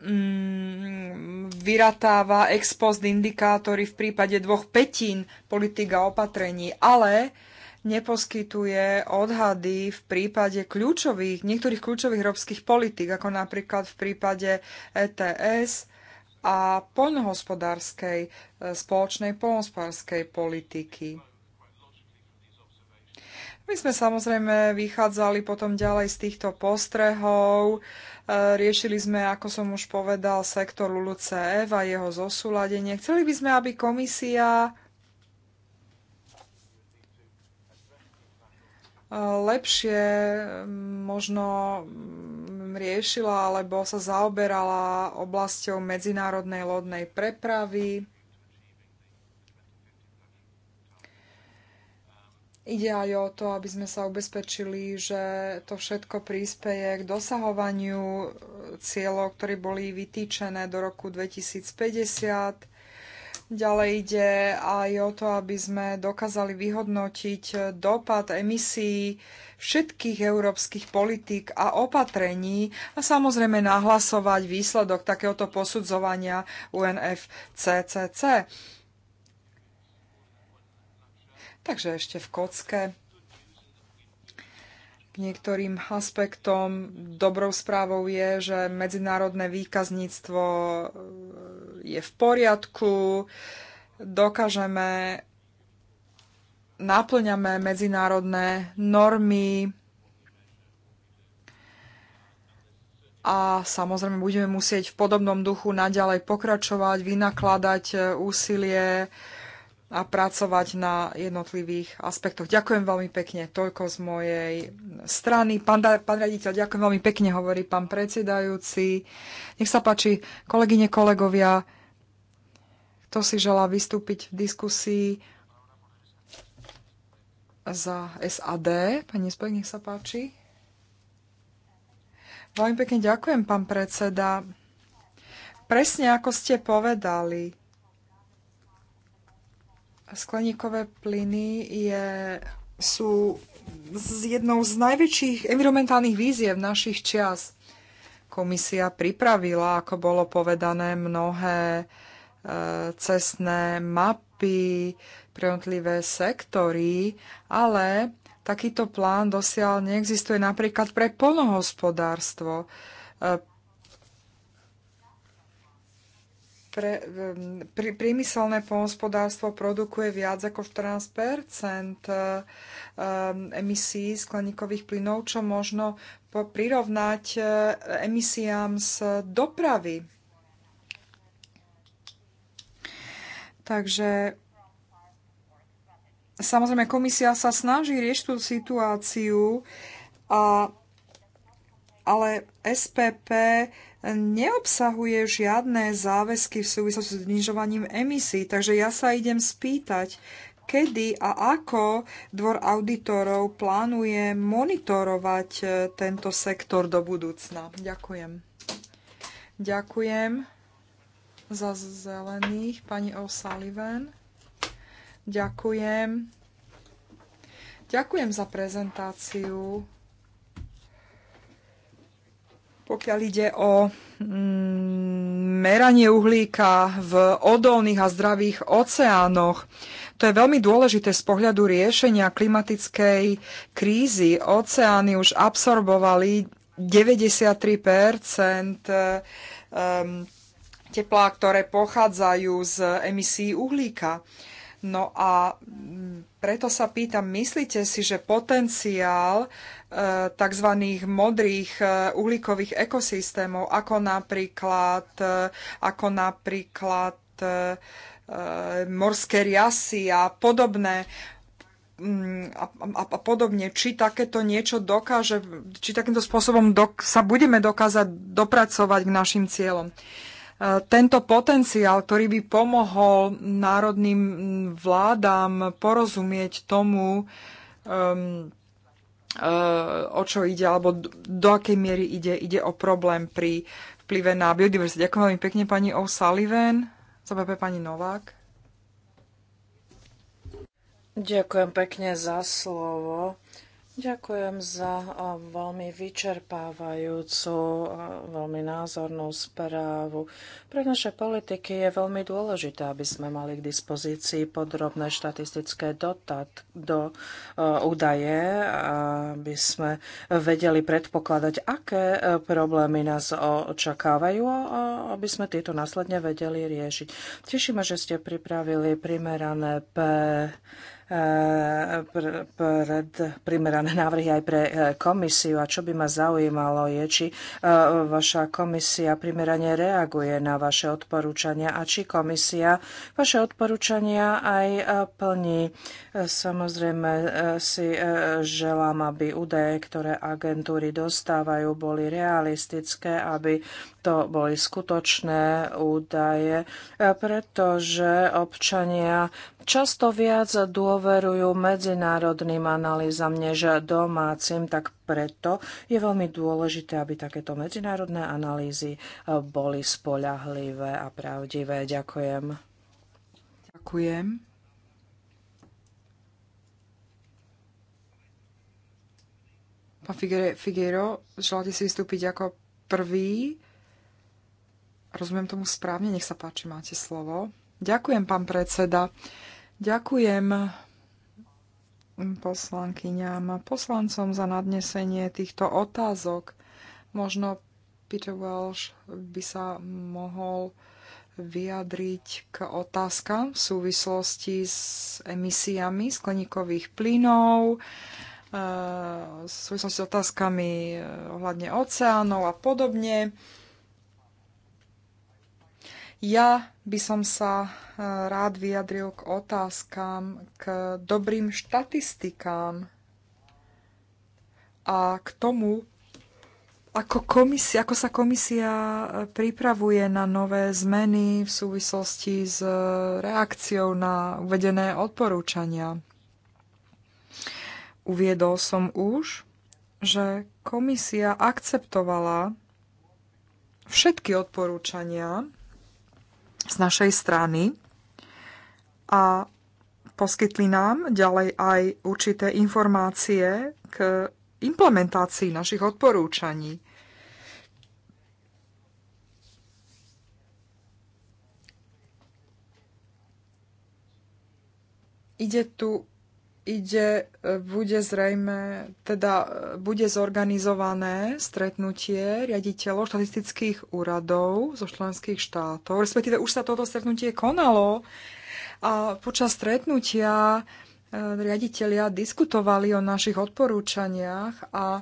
mm, vyratáva ex post indikátory v prípade dvoch petín politik a opatrení, ale neposkytuje odhady v prípade kľúčových, niektorých kľúčových európskych politik, ako napríklad v prípade ETS a poľnohospodárskej e, spoločnej poľnohospodárskej politiky. My sme samozrejme vychádzali potom ďalej z týchto postrehov. E, riešili sme, ako som už povedal, sektor LULUCF e a jeho zosúladenie. Chceli by sme, aby komisia lepšie možno riešila alebo sa zaoberala oblasťou medzinárodnej lodnej prepravy. Ide aj o to, aby sme sa ubezpečili, že to všetko príspeje k dosahovaniu cieľov, ktoré boli vytýčené do roku 2050 Ďalej ide aj o to, aby sme dokázali vyhodnotiť dopad emisí všetkých európskych politík a opatrení a samozrejme nahlasovať výsledok takéhoto posudzovania UNFCCC. Takže ešte v kocke niektorým aspektom. Dobrou správou je, že medzinárodné výkazníctvo e, je v poriadku, dokážeme, naplňame medzinárodné normy a samozrejme budeme musieť v podobnom duchu naďalej pokračovať, vynakladať e, úsilie a pracovať na jednotlivých aspektoch. Ďakujem veľmi pekne, toľko z mojej strany. Pán, pán raditeľ, ďakujem veľmi pekne, hovorí pán predsedajúci. Nech sa páči, kolegyne, kolegovia, kto si želá vystúpiť v diskusii za SAD? Pani Spek, nech sa páči. Veľmi pekne ďakujem, pán predseda. Presne ako ste povedali, skleníkové plyny je, sú z jednou z najväčších environmentálnych víziev našich čias. Komisia pripravila, ako bolo povedané, mnohé e, cestné mapy pre jednotlivé sektory, ale takýto plán dosiaľ neexistuje napríklad pre polnohospodárstvo. E, pre, um, pri, priemyselné pohospodárstvo produkuje viac ako 14 uh, um, emisí skleníkových plynov, čo možno prirovnať uh, emisiám z dopravy. Takže samozrejme komisia sa snaží riešiť tú situáciu, a, ale SPP neobsahuje žiadne záväzky v súvislosti s znižovaním emisí. Takže ja sa idem spýtať, kedy a ako dvor auditorov plánuje monitorovať e, tento sektor do budúcna. Ďakujem. Ďakujem za zelených, pani O'Sullivan. Ďakujem. Ďakujem za prezentáciu pokiaľ ide o mm, meranie uhlíka v odolných a zdravých oceánoch. To je veľmi dôležité z pohľadu riešenia klimatickej krízy. Oceány už absorbovali 93 ehm, teplá, ktoré pochádzajú z emisí uhlíka. No a mm, preto sa pýtam, myslíte si, že potenciál e, tzv. modrých e, uhlíkových ekosystémov, ako napríklad, e, ako napríklad morské riasy a podobné, mm, a, a, a podobne, či takéto niečo dokáže, či takýmto spôsobom dok- sa budeme dokázať dopracovať k našim cieľom. Uh, tento potenciál, ktorý by pomohol národným vládám porozumieť tomu, um, uh, o čo ide, alebo do akej miery ide, ide o problém pri vplyve na biodiverzitu. Ďakujem veľmi pekne pani O'Sullivan, za PP pani Novák. Ďakujem pekne za slovo. Ďakujem za veľmi vyčerpávajúcu, veľmi názornú správu. Pre naše politiky je veľmi dôležité, aby sme mali k dispozícii podrobné štatistické dotat, do údaje, aby sme vedeli predpokladať, aké e, problémy nás očakávajú a aby sme tieto následne vedeli riešiť. Tešíme, že ste pripravili primerané P Eh, pred primerané návrhy aj pre eh, komisiu. A čo by ma zaujímalo je, či eh, vaša komisia primerane reaguje na vaše odporúčania a či komisia vaše odporúčania aj plní. Samozrejme si želám, aby údaje, ktoré agentúry dostávajú, boli realistické, aby to boli skutočné údaje, pretože občania často viac dôverujú medzinárodným analýzam než domácim, tak preto je veľmi dôležité, aby takéto medzinárodné analýzy boli spoľahlivé a pravdivé. Ďakujem. Ďakujem. Pán Figuero, želáte si vystúpiť ako prvý? Rozumiem tomu správne, nech sa páči, máte slovo. Ďakujem, pán predseda. Ďakujem poslankyňam a poslancom za nadnesenie týchto otázok. Možno Peter Welsh by sa mohol vyjadriť k otázkam v súvislosti s emisiami skleníkových plynov, e, v súvislosti s otázkami e, ohľadne oceánov a podobne. Ja by som sa e, rád vyjadril k otázkam, k dobrým štatistikám a k tomu, ako, komisia, ako sa komisia e, pripravuje na nové zmeny v súvislosti s e, reakciou na uvedené odporúčania. Uviedol som už, že komisia akceptovala všetky odporúčania z našej strany a poskytli nám ďalej aj určité informácie k implementácii našich odporúčaní. Ide tu ide, e, bude zrejme, teda e, bude zorganizované stretnutie riaditeľov štatistických úradov zo členských štátov, respektíve už sa toto stretnutie konalo a počas stretnutia e, riaditeľia diskutovali o našich odporúčaniach a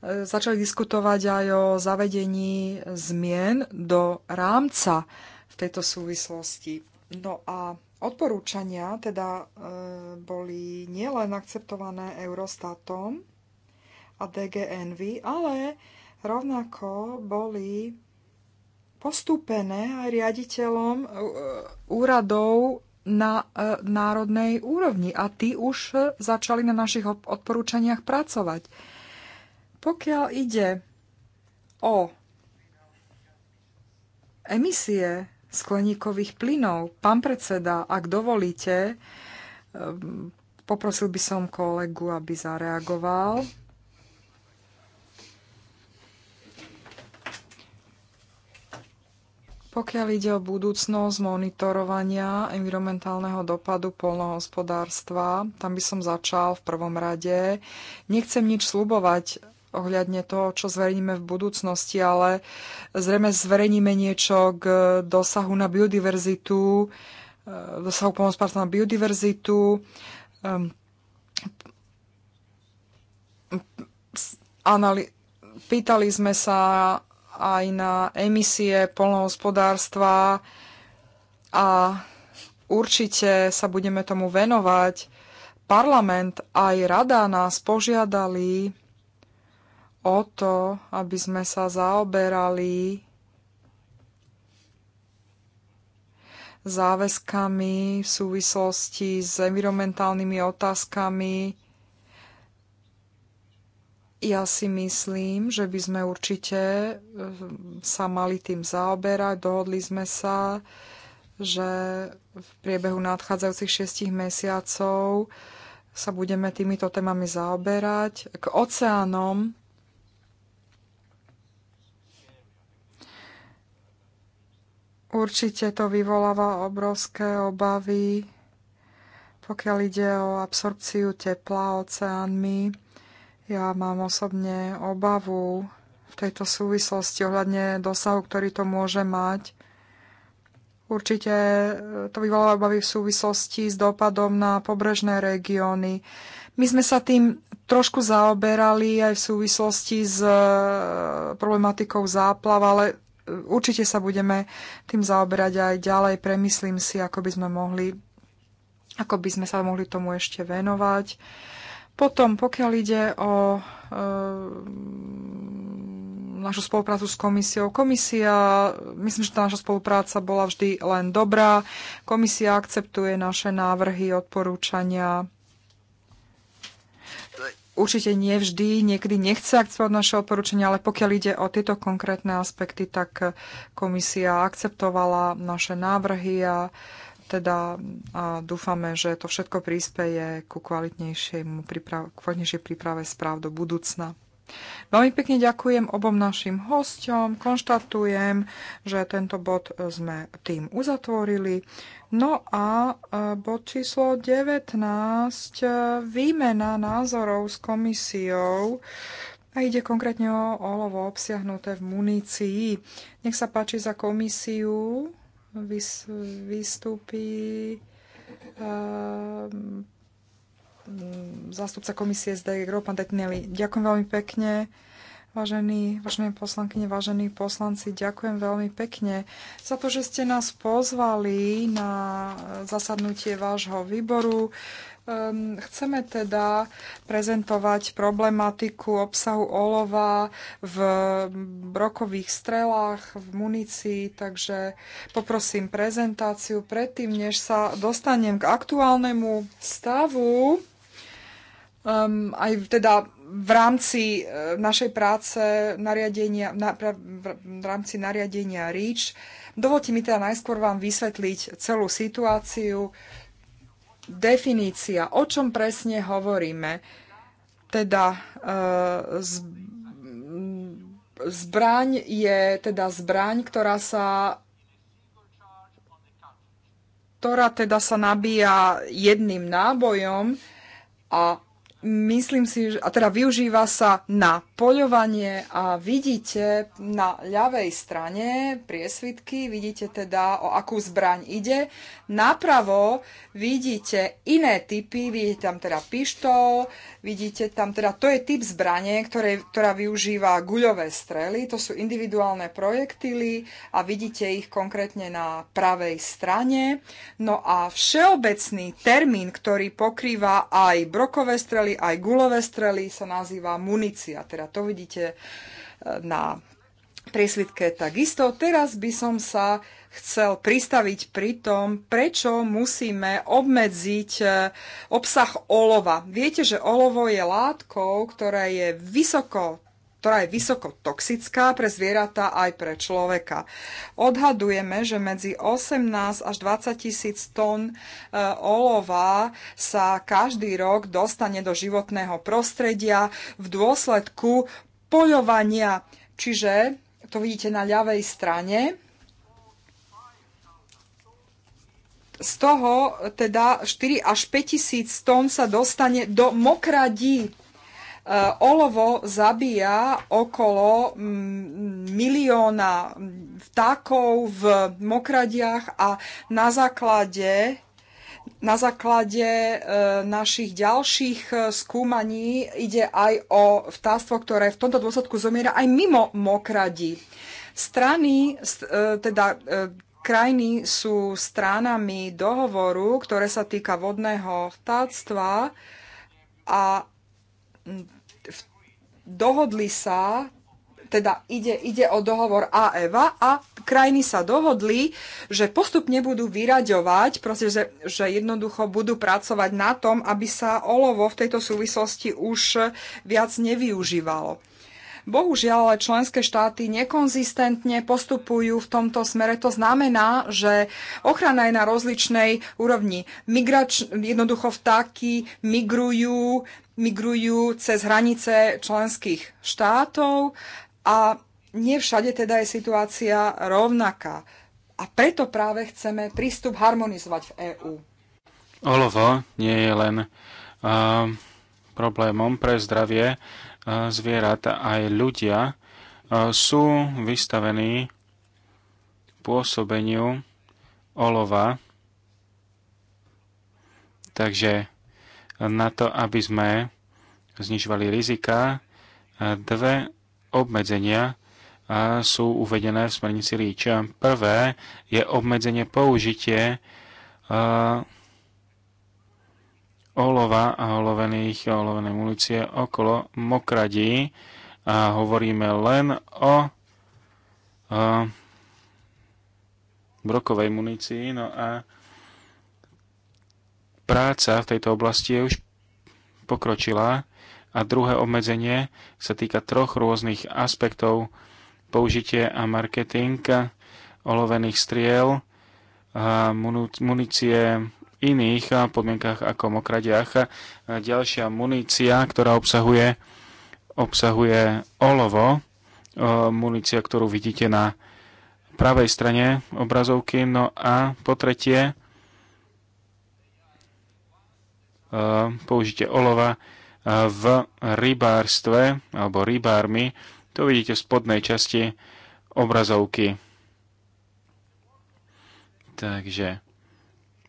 začali diskutovať aj o zavedení zmien do rámca v tejto súvislosti. No a odporúčania teda e, boli nielen akceptované Eurostatom a DGNV, ale rovnako boli postúpené aj riaditeľom e, úradov na e, národnej úrovni a tí už e, začali na našich odporúčaniach pracovať. Pokiaľ ide o emisie skleníkových plynov. Pán predseda, ak dovolíte, eh, poprosil by som kolegu, aby zareagoval. Pokiaľ ide o budúcnosť monitorovania environmentálneho dopadu polnohospodárstva, tam by som začal v prvom rade. Nechcem nič slubovať, ohľadne toho, čo zverejníme v budúcnosti, ale zrejme zverejníme niečo k dosahu na biodiverzitu, e, dosahu pomospárstva na biodiverzitu. Ehm, anali- pýtali sme sa aj na emisie polnohospodárstva a určite sa budeme tomu venovať. Parlament aj rada nás požiadali o to, aby sme sa zaoberali záväzkami v súvislosti s environmentálnymi otázkami. Ja si myslím, že by sme určite eh, sa mali tým zaoberať. Dohodli sme sa, že v priebehu nadchádzajúcich šiestich mesiacov sa budeme týmito témami zaoberať. K oceánom Určite to vyvoláva obrovské obavy, pokiaľ ide o absorpciu tepla oceánmi. Ja mám osobne obavu v tejto súvislosti ohľadne dosahu, ktorý to môže mať. Určite e, to vyvoláva obavy v súvislosti s dopadom na pobrežné regióny. My sme sa tým trošku zaoberali aj v súvislosti s e, problematikou záplav, ale určite sa budeme tým zaoberať aj ďalej. Premyslím si, ako by sme mohli ako by sme sa mohli tomu ešte venovať. Potom, pokiaľ ide o e, našu spoluprácu s komisiou, komisia, myslím, že tá naša spolupráca bola vždy len dobrá. Komisia akceptuje naše návrhy, odporúčania určite nie vždy, niekedy nechce akceptovať naše odporúčania, ale pokiaľ ide o tieto konkrétne aspekty, tak komisia akceptovala naše návrhy a teda a dúfame, že to všetko príspeje ku kvalitnejšej príprave správ do budúcna. Veľmi pekne ďakujem obom našim hosťom, konštatujem, že tento bod sme tým uzatvorili. No a e, bod číslo 19, e, výmena názorov s komisiou a ide konkrétne o olovo obsiahnuté v munícii. Nech sa páči za komisiu, vystúpi e, Mm, zástupca komisie z DG pán Detneli. Ďakujem veľmi pekne. Vážení, vážené poslankyne, vážení poslanci, ďakujem veľmi pekne za to, že ste nás pozvali na zasadnutie vášho výboru. Ehm, chceme teda prezentovať problematiku obsahu olova v brokových strelách, v munícii, takže poprosím prezentáciu. Predtým, než sa dostanem k aktuálnemu stavu, um, aj teda v rámci e, našej práce nariadenia, na, pra, v rámci nariadenia REACH. Dovolte mi teda najskôr vám vysvetliť celú situáciu. Definícia, o čom presne hovoríme, teda uh, z, zbraň je teda zbraň, ktorá sa ktorá teda sa nabíja jedným nábojom a myslím si, a teda využíva sa na poľovanie a vidíte na ľavej strane priesvitky, vidíte teda, o akú zbraň ide. Napravo vidíte iné typy, vidíte tam teda pištol, vidíte tam teda, to je typ zbranie, ktoré, ktorá využíva guľové strely, to sú individuálne projektily a vidíte ich konkrétne na pravej strane. No a všeobecný termín, ktorý pokrýva aj brokové strely, aj guľové strely, sa nazýva munícia, teda to vidíte e, na priesvitke takisto. Teraz by som sa chcel pristaviť pri tom, prečo musíme obmedziť e, obsah olova. Viete, že olovo je látkou, ktorá je vysoko ktorá je vysoko toxická pre zvieratá aj pre človeka. Odhadujeme, že medzi 18 až 20 tisíc tón e, olova sa každý rok dostane do životného prostredia v dôsledku poľovania. Čiže to vidíte na ľavej strane, z toho teda 4 až 5 tisíc tón sa dostane do mokradí. Eh, olovo zabíja okolo mm, milióna vtákov v mokradiach a na základe na základe eh, našich ďalších eh, skúmaní ide aj o vtáctvo, ktoré v tomto dôsledku zomiera aj mimo mokradi. Strany, teda krajiny sú stranami dohovoru, ktoré sa týka vodného vtáctva a mm, dohodli sa, teda ide, ide o dohovor AEVA a krajiny sa dohodli, že postupne budú vyraďovať, proste, že, že jednoducho budú pracovať na tom, aby sa olovo v tejto súvislosti už viac nevyužívalo. Bohužiaľ, ale členské štáty nekonzistentne postupujú v tomto smere. To znamená, že ochrana je na rozličnej úrovni. Migrač, jednoducho vtáky migrujú, migrujú cez hranice členských štátov a nie všade teda je situácia rovnaká. A preto práve chceme prístup harmonizovať v EÚ. Olovo nie je len uh, problémom pre zdravie zvierat aj ľudia e, sú vystavení pôsobeniu olova. Takže na to, aby sme znižovali rizika, e, dve obmedzenia e, sú uvedené v smernici REACH. Prvé je obmedzenie použitie olova a olovených a olovené munície okolo mokradí a hovoríme len o a, brokovej munícii. No a práca v tejto oblasti je už pokročila a druhé obmedzenie sa týka troch rôznych aspektov použitie a marketing olovených striel, a munície iných eh, podmienkách ako mokradiach. Eh, ďalšia munícia, ktorá obsahuje, obsahuje olovo, eh, munícia, ktorú vidíte na pravej strane obrazovky. No a po tretie, použite olova v rybárstve alebo rybármi. To vidíte v spodnej časti obrazovky. Takže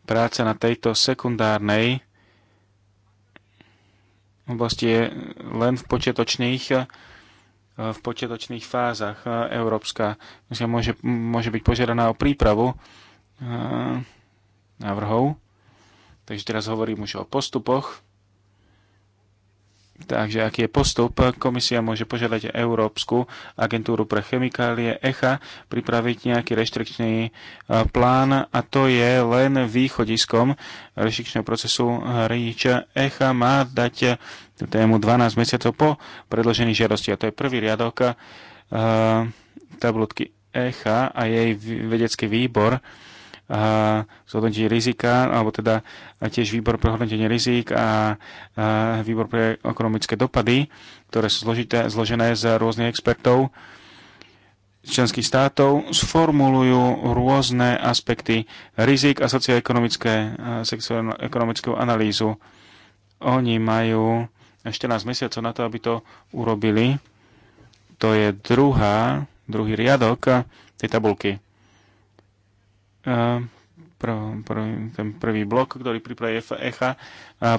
Práca na tejto sekundárnej oblasti je len v počiatočných eh, v počiatočných fázach eh, Európska môže, môže byť požiadaná o prípravu eh, návrhov. Takže teraz hovorím už o postupoch. Takže aký je postup? Komisia môže požiadať Európsku agentúru pre chemikálie ECHA pripraviť nejaký reštrikčný e, plán a to je len východiskom reštrikčného procesu REACH. ECHA má dať tému 12 mesiacov po predložení žiadosti a to je prvý riadok e, e, tabulky ECHA a jej vedecký výbor zhodnotenie rizika, alebo teda tiež výbor pre hodnotenie rizik a, výbor pre ekonomické dopady, ktoré sú zložité, zložené z rôznych expertov členských štátov, sformulujú rôzne aspekty rizik a socioekonomické, ekonomickú analýzu. Oni majú 14 mesiacov na to, aby to urobili. To je druhá, druhý riadok tej tabulky. Pro, prv, ten prvý blok, ktorý pripraví ECHA,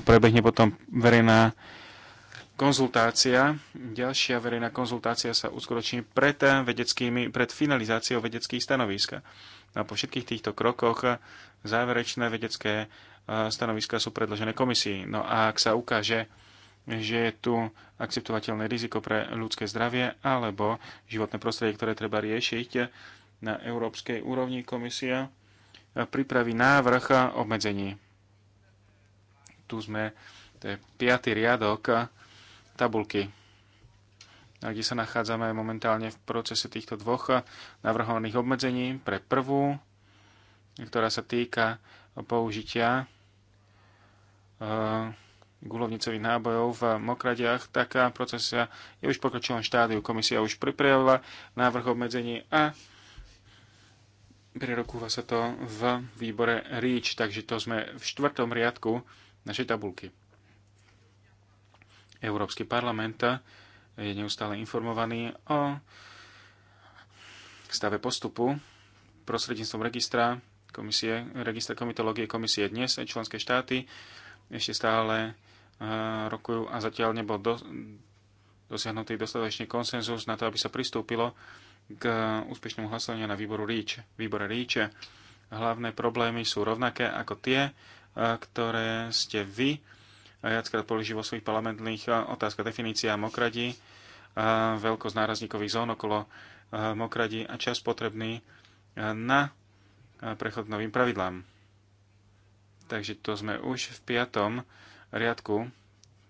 prebehne potom verejná konzultácia. Ďalšia verejná konzultácia sa uskutoční pred, vedeckými, pred finalizáciou vedeckých stanovisk. A po všetkých týchto krokoch záverečné vedecké stanoviska sú predložené komisii. No a ak sa ukáže, že je tu akceptovateľné riziko pre ľudské zdravie alebo životné prostredie, ktoré treba riešiť, na európskej úrovni komisia pripraví návrh obmedzení. Tu sme, to je piatý riadok tabulky, kde sa nachádzame momentálne v procese týchto dvoch navrhovaných obmedzení. Pre prvú, ktorá sa týka použitia e, guľovnicových nábojov v mokradiach, Taká procesia je už pokročilom štádiu. Komisia už pripravila návrh obmedzení a prerokúva sa to v výbore REACH, takže to sme v štvrtom riadku našej tabulky. Európsky parlament je neustále informovaný o stave postupu prostredníctvom registra komisie, registra komitológie komisie dnes. Členské štáty ešte stále e, rokujú a zatiaľ nebol do, dosiahnutý dostatočný konsenzus na to, aby sa pristúpilo k úspešnému hlasovaniu na výboru REACH, výbore REACH. Hlavné problémy sú rovnaké ako tie, e, ktoré ste vy viackrát položili vo svojich parlamentných e, otázka, Definícia mokradí, e, veľkosť nárazníkových zón okolo mokradí a čas potrebný na prechod k novým pravidlám. Takže to sme už v piatom riadku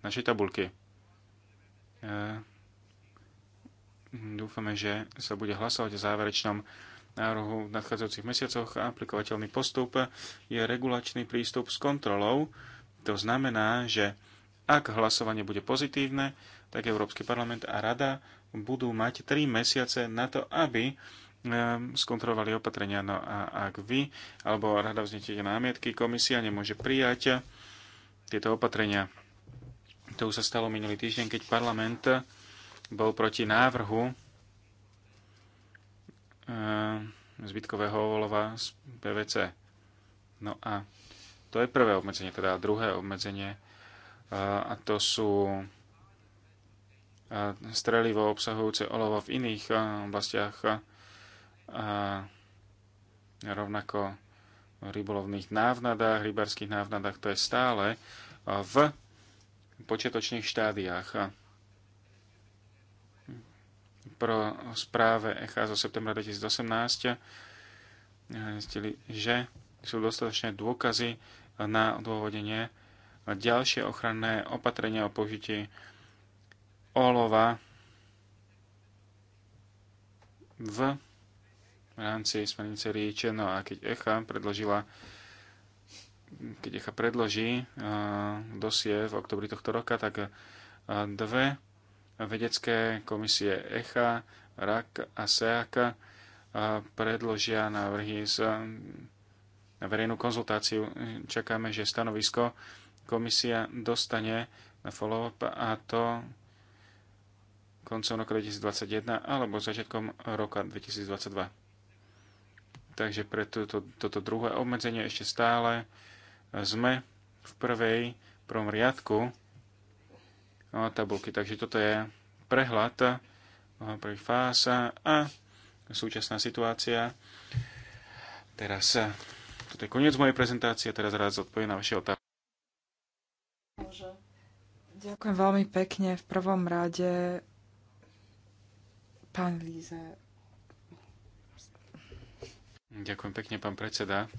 našej tabulky Mhm, dúfame, že sa bude hlasovať o záverečnom nárohu v nadchádzajúcich mesiacoch. Aplikovateľný postup je regulačný prístup s kontrolou. To znamená, že ak hlasovanie bude pozitívne, tak Európsky parlament a Rada budú mať 3 mesiace na to, aby ehm, skontrolovali opatrenia. No a ak vy alebo rada vznetiete námietky, komisia nemôže prijať tieto opatrenia. To už sa stalo minulý týždeň, keď parlament bol proti návrhu eh, zbytkového olova z PVC. No a to je prvé obmedzenie, teda druhé obmedzenie eh, a to sú eh, strelivo obsahujúce olovo v iných oblastiach a rovnako v rybolovných návnadách, rybarských návnadách, to je stále v počiatočných štádiách pro správe ECHA zo septembra 2018 eh, zistili, že sú dostatočné dôkazy na odôvodenie ďalšie ochranné opatrenia o použití olova v rámci smernice REACH. No a keď ECHA predložila keď ECHA predloží eh, dosie v oktobri tohto roka, tak eh, dve vedecké komisie ECHA, RAK a SEAK e predložia návrhy z, na verejnú konzultáciu. Čakáme, že stanovisko komisia dostane na follow-up a to koncom roka 2021 alebo začiatkom roka 2022. Takže pre toto, toto druhé obmedzenie ešte stále sme v prvej, prvom riadku No, tabulky. Takže toto je prehľad eh, prvých fáz a súčasná situácia. Teraz, eh, toto je koniec mojej prezentácie, teraz rád zodpoviem na vaše otázky. Ďakujem veľmi pekne. V prvom rade pán Líze. Ďakujem pekne, pán predseda.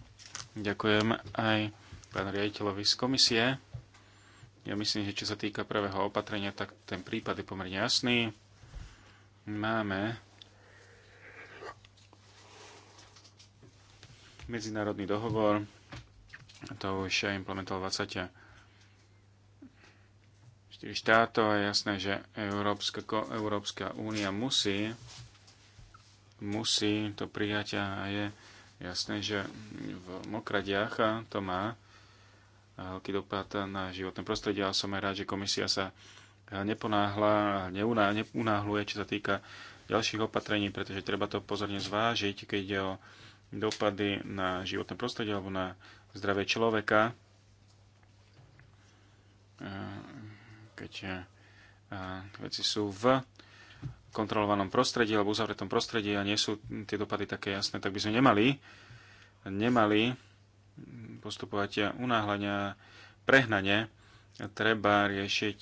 Ďakujem aj pán riaditeľovi z komisie ja myslím, že čo sa týka prvého opatrenia, tak ten prípad je pomerne jasný. Máme medzinárodný dohovor, to už implementoval 20 4 štátov. Je jasné, že Európska, Európska únia musí, musí to prijať a je jasné, že v mokradiach to má veľký dopad na životné prostredie a som aj rád, že komisia sa eh, neponáhla, neunáhluje, čo sa týka ďalších opatrení, pretože treba to pozorne zvážiť, keď ide o dopady na životné prostredie alebo na zdravie človeka. Eh, keď eh, veci sú v kontrolovanom prostredí alebo uzavretom prostredí a nie sú tie dopady také jasné, tak by sme nemali, nemali postupovať unáhlenia, prehnane. Treba riešiť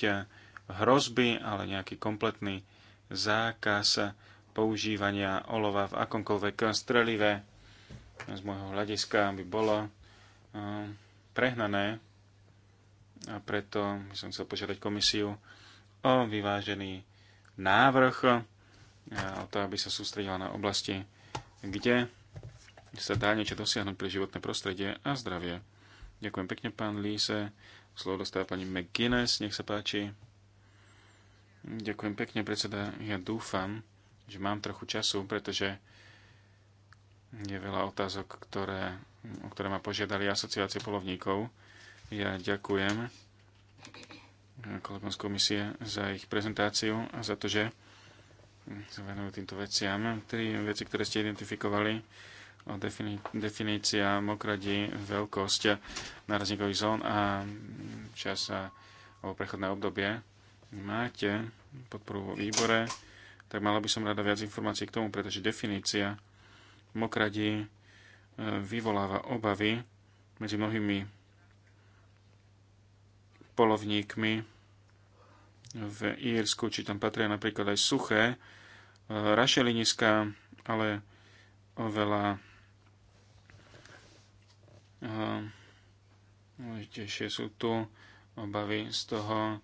hrozby, ale nejaký kompletný zákaz používania olova v akomkoľvek strelive z môjho hľadiska by bolo ehm, prehnané a preto by som chcel požiadať komisiu o vyvážený návrh o to, aby sa sústredila na oblasti, kde kde sa dá niečo dosiahnuť pre životné prostredie a zdravie. Ďakujem pekne, pán Líse. Slovo dostáva pani McGuinness, nech sa páči. Ďakujem pekne, predseda. Ja dúfam, že mám trochu času, pretože je veľa otázok, ktoré, o ktoré ma požiadali asociácie polovníkov. Ja ďakujem kolegom z komisie za ich prezentáciu a za to, že sa venujú týmto veciam. Tri veci, ktoré ste identifikovali, defini- definícia mokradí, veľkosť nárazníkových zón a čas alebo prechodné obdobie. Máte podporu vo výbore, tak mala by som rada viac informácií k tomu, pretože definícia mokradí e, vyvoláva obavy medzi mnohými polovníkmi v Írsku, či tam patria napríklad aj suché e, rašeliniska, ale oveľa Dôležitejšie sú tu obavy z toho,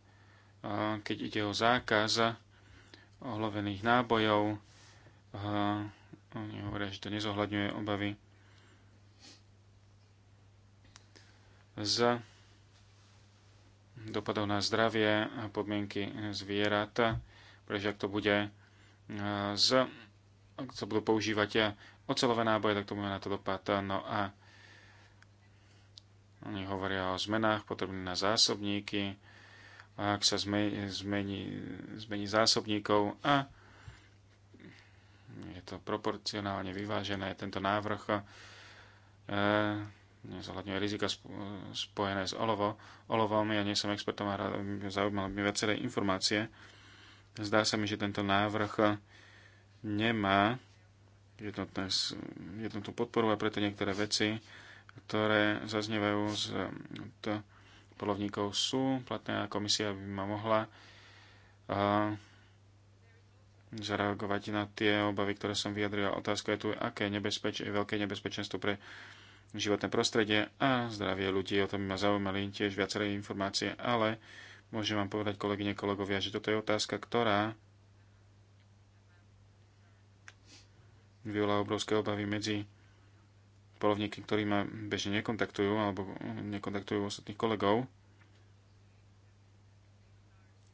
keď ide o zákaz ohlovených nábojov. Oni hovoria, že to nezohľadňuje obavy z dopadov na zdravie a podmienky zvierat, pretože ak to bude z, ak sa budú používať ocelové náboje, tak to bude na to dopad. No a oni hovoria o zmenách potrebných na zásobníky, a ak sa zmení zmení zásobníkov a je to proporcionálne vyvážené. Tento návrh e, nezohľadňuje rizika spojené s olovo, olovom. Ja nie som expertom a zaujímalo mi viaceré informácie. Zdá sa mi, že tento návrh nemá jednotnú podporu a preto niektoré veci ktoré zaznievajú z um, polovníkov sú platné a komisia by ma mohla a, zareagovať na tie obavy, ktoré som vyjadrila. Otázka je tu, aké nebezpeč- veľké nebezpečenstvo pre životné prostredie a zdravie ľudí. O tom by ma zaujímali tiež viaceré informácie, ale môžem vám povedať, kolegyne, kolegovia, že toto je otázka, ktorá vyvolá obrovské obavy medzi polovníky, ktorí ma bežne nekontaktujú alebo nekontaktujú ostatných kolegov.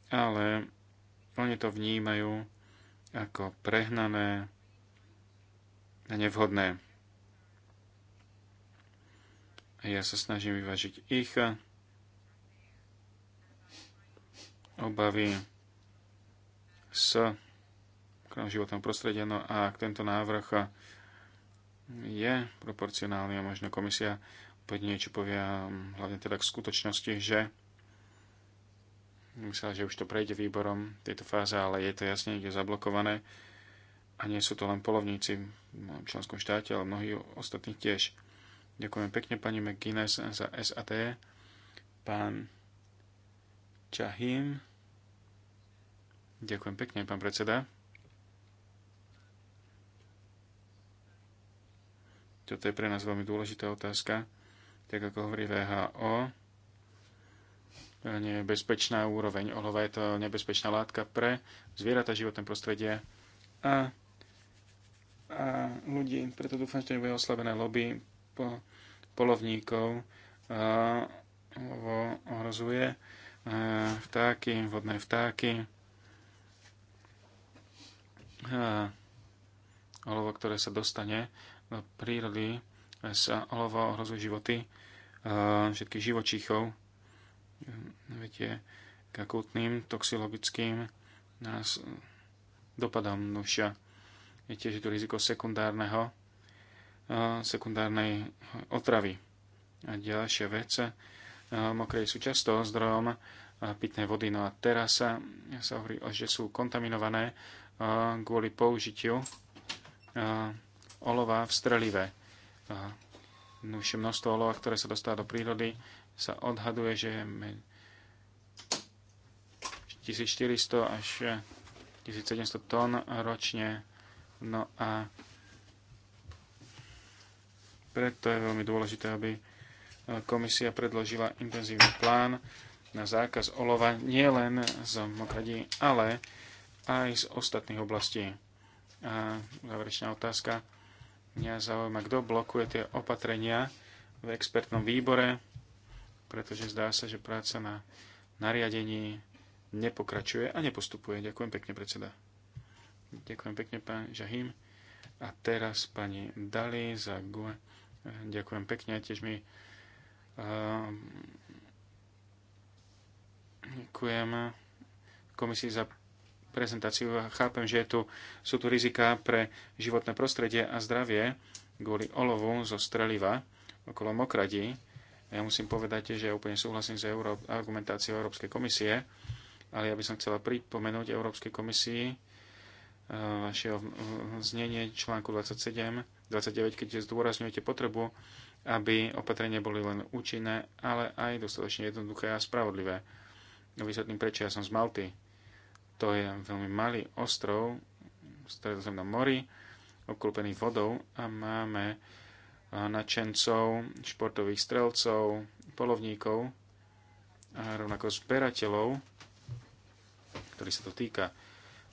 Ale oni to vnímajú ako prehnané a nevhodné. A ja sa snažím vyvážiť ich obavy s životného prostredia. No a ak tento návrh je proporcionálny a možno komisia opäť niečo povie, um, hlavne teda k skutočnosti, že myslela, že už to prejde výborom tejto fáze, ale je to jasne niekde zablokované a nie sú to len polovníci v členskom štáte, ale mnohí ostatní tiež. Ďakujem pekne pani McGuinness za SAT, pán Čahim. Ďakujem pekne, pán predseda. Toto je pre nás veľmi dôležitá otázka. Tak ako hovorí VHO, nebezpečná úroveň olova je to nebezpečná látka pre zvieratá, životné prostredie a, a ľudí. Preto dúfam, že to nebude oslabené lobby po, polovníkov. A, lovo ohrozuje a, vtáky, vodné vtáky. A, olovo, ktoré sa dostane prírody eh, sa olovo ohrozuje životy eh, všetkých živočíchov. Eh, viete, k akútnym toxilologickým nás dopadom nuša. Je tiež to riziko sekundárneho, sekundárnej otravy. A ďalšia vec, Mokré sú často zdrojom pitnej vody. No a teraz sa, sa hovorí, že sú kontaminované kvôli použitiu olova v strelive. A množstvo olova, ktoré sa dostáva do prírody, sa odhaduje, že je 1400 až 1700 e, tón ročne. No a preto je veľmi dôležité, aby e, komisia predložila intenzívny plán na zákaz olova nielen z mokradí, ale aj z ostatných oblastí. A záverečná otázka. Mňa zaujíma, kto blokuje tie opatrenia v expertnom výbore, pretože zdá sa, že práca na nariadení nepokračuje a nepostupuje. Ďakujem pekne, predseda. Ďakujem pekne, pán Žahim. A teraz pani Dali za GUE. Ďakujem pekne, tiež mi ehm, ďakujem komisii za prezentáciu. Chápem, že tu, sú tu rizika pre životné prostredie a zdravie kvôli olovu zo streliva okolo mokradí. Ja musím povedať, že ja úplne súhlasím s Euró- argumentáciou Európskej komisie, ale ja by som chcela pripomenúť Európskej komisii eh, vašeho znenie článku 27, 29, keď zdôrazňujete potrebu, aby opatrenia boli len účinné, ale aj dostatočne jednoduché a spravodlivé. No, vysvetlím, prečo ja som z Malty to je veľmi malý ostrov v stredozemnom mori, obklopený vodou a máme načencov, športových strelcov, polovníkov a rovnako zberateľov, ktorý sa to týka.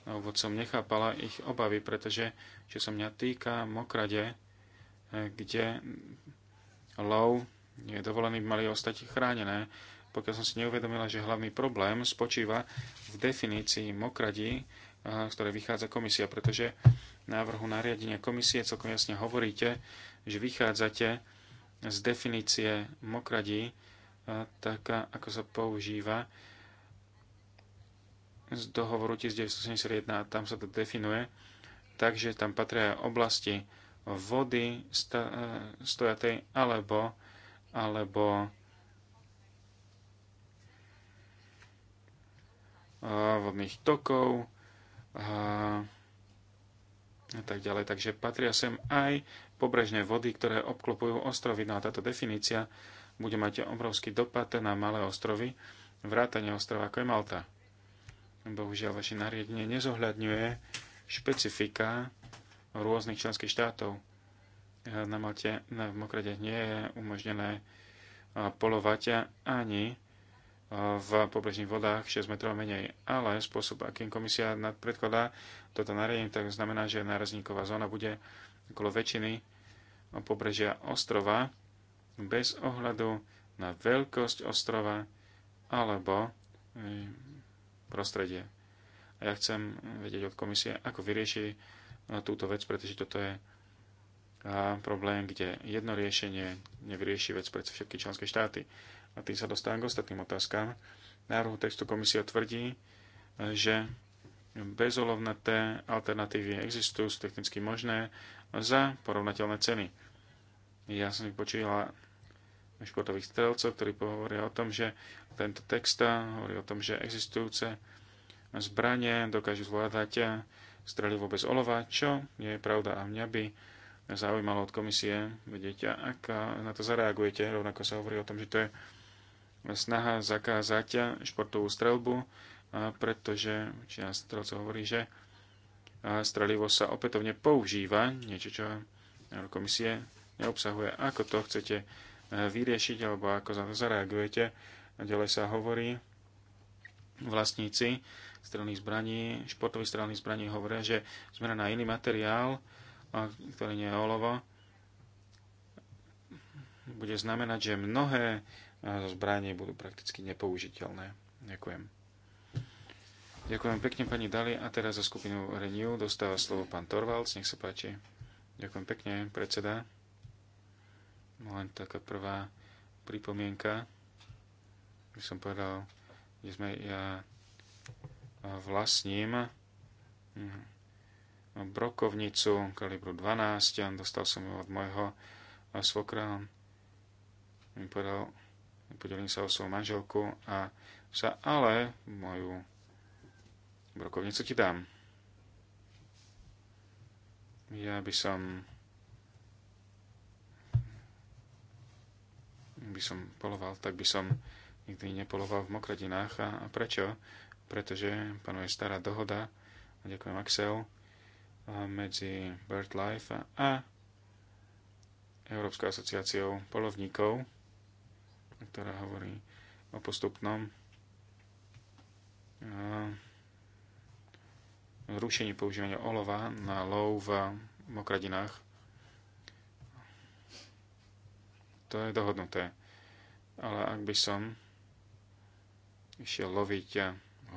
Na no, som nechápala ich obavy, pretože čo sa mňa týka mokrade, e, kde lov je dovolený, mali ostať chránené pokiaľ som si neuvedomila, že hlavný problém spočíva v definícii mokradí, eh, z ktorej vychádza komisia, pretože návrhu nariadenia komisie celkom jasne hovoríte, že vychádzate z definície mokradí, eh, tak eh, ako sa používa z dohovoru 1971 a tam sa to definuje, takže tam patria oblasti vody stojatej alebo, alebo vodných tokov a tak ďalej. Takže patria sem aj pobrežné vody, ktoré obklopujú ostrovy. No a táto definícia bude mať obrovský dopad na malé ostrovy, vrátane ostrova ako je Malta. Bohužiaľ, vaše nariadenie nezohľadňuje špecifika rôznych členských štátov. Na Malte, na Mokrade nie je umožnené polovať ani v pobrežných vodách 6 metrov menej. Ale spôsob, akým komisia predkladá toto nariadenie, tak znamená, že nárazníková zóna bude okolo väčšiny pobrežia ostrova bez ohľadu na veľkosť ostrova alebo hm, prostredie. A ja chcem vedieť od komisie, ako vyrieši no, túto vec, pretože toto je problém, kde jedno riešenie nevyrieši vec pre všetky členské štáty a tým sa dostávam k ostatným otázkam. Návrhu textu komisia tvrdí, že bezolovnaté alternatívy existujú, sú technicky možné za porovnateľné ceny. Ja som vypočívala športových strelcov, ktorí hovoria o tom, že tento text hovorí o tom, že existujúce zbranie dokážu zvládať strelivo bez olova, čo nie je pravda a mňa by zaujímalo od komisie vedieť, ak na to zareagujete. Rovnako sa hovorí o tom, že to je snaha zakázať športovú strelbu, pretože väčšina strelcov hovorí, že strelivo sa opätovne používa, niečo, čo komisie neobsahuje. Ako to chcete e, vyriešiť, alebo ako za to zareagujete? A ďalej sa hovorí, vlastníci strelných zbraní, športových strelných zbraní hovoria, že zmena na iný materiál, ktorý nie je olovo, bude znamenať, že mnohé zbranie zbraní budú prakticky nepoužiteľné. Ďakujem. Ďakujem pekne pani Dali a teraz za skupinu Renew dostáva slovo pán Torvalds, nech sa páči. Ďakujem pekne, predseda. No, len taká prvá pripomienka. Už som povedal, že sme ja vlastním mhm, brokovnicu kalibru 12 dostal som ju od môjho svokra. On mi povedal, podelím sa o svoju manželku a sa ale moju brokovnicu ti dám. Ja by som by som poloval, tak by som nikdy nepoloval v mokradinách. A, a prečo? Pretože panuje stará dohoda, a ďakujem Axel, a medzi BirdLife a, a Európskou asociáciou polovníkov, ktorá hovorí o postupnom zrušení používania olova na lov v mokradinách. To je dohodnuté. Ale ak by som išiel loviť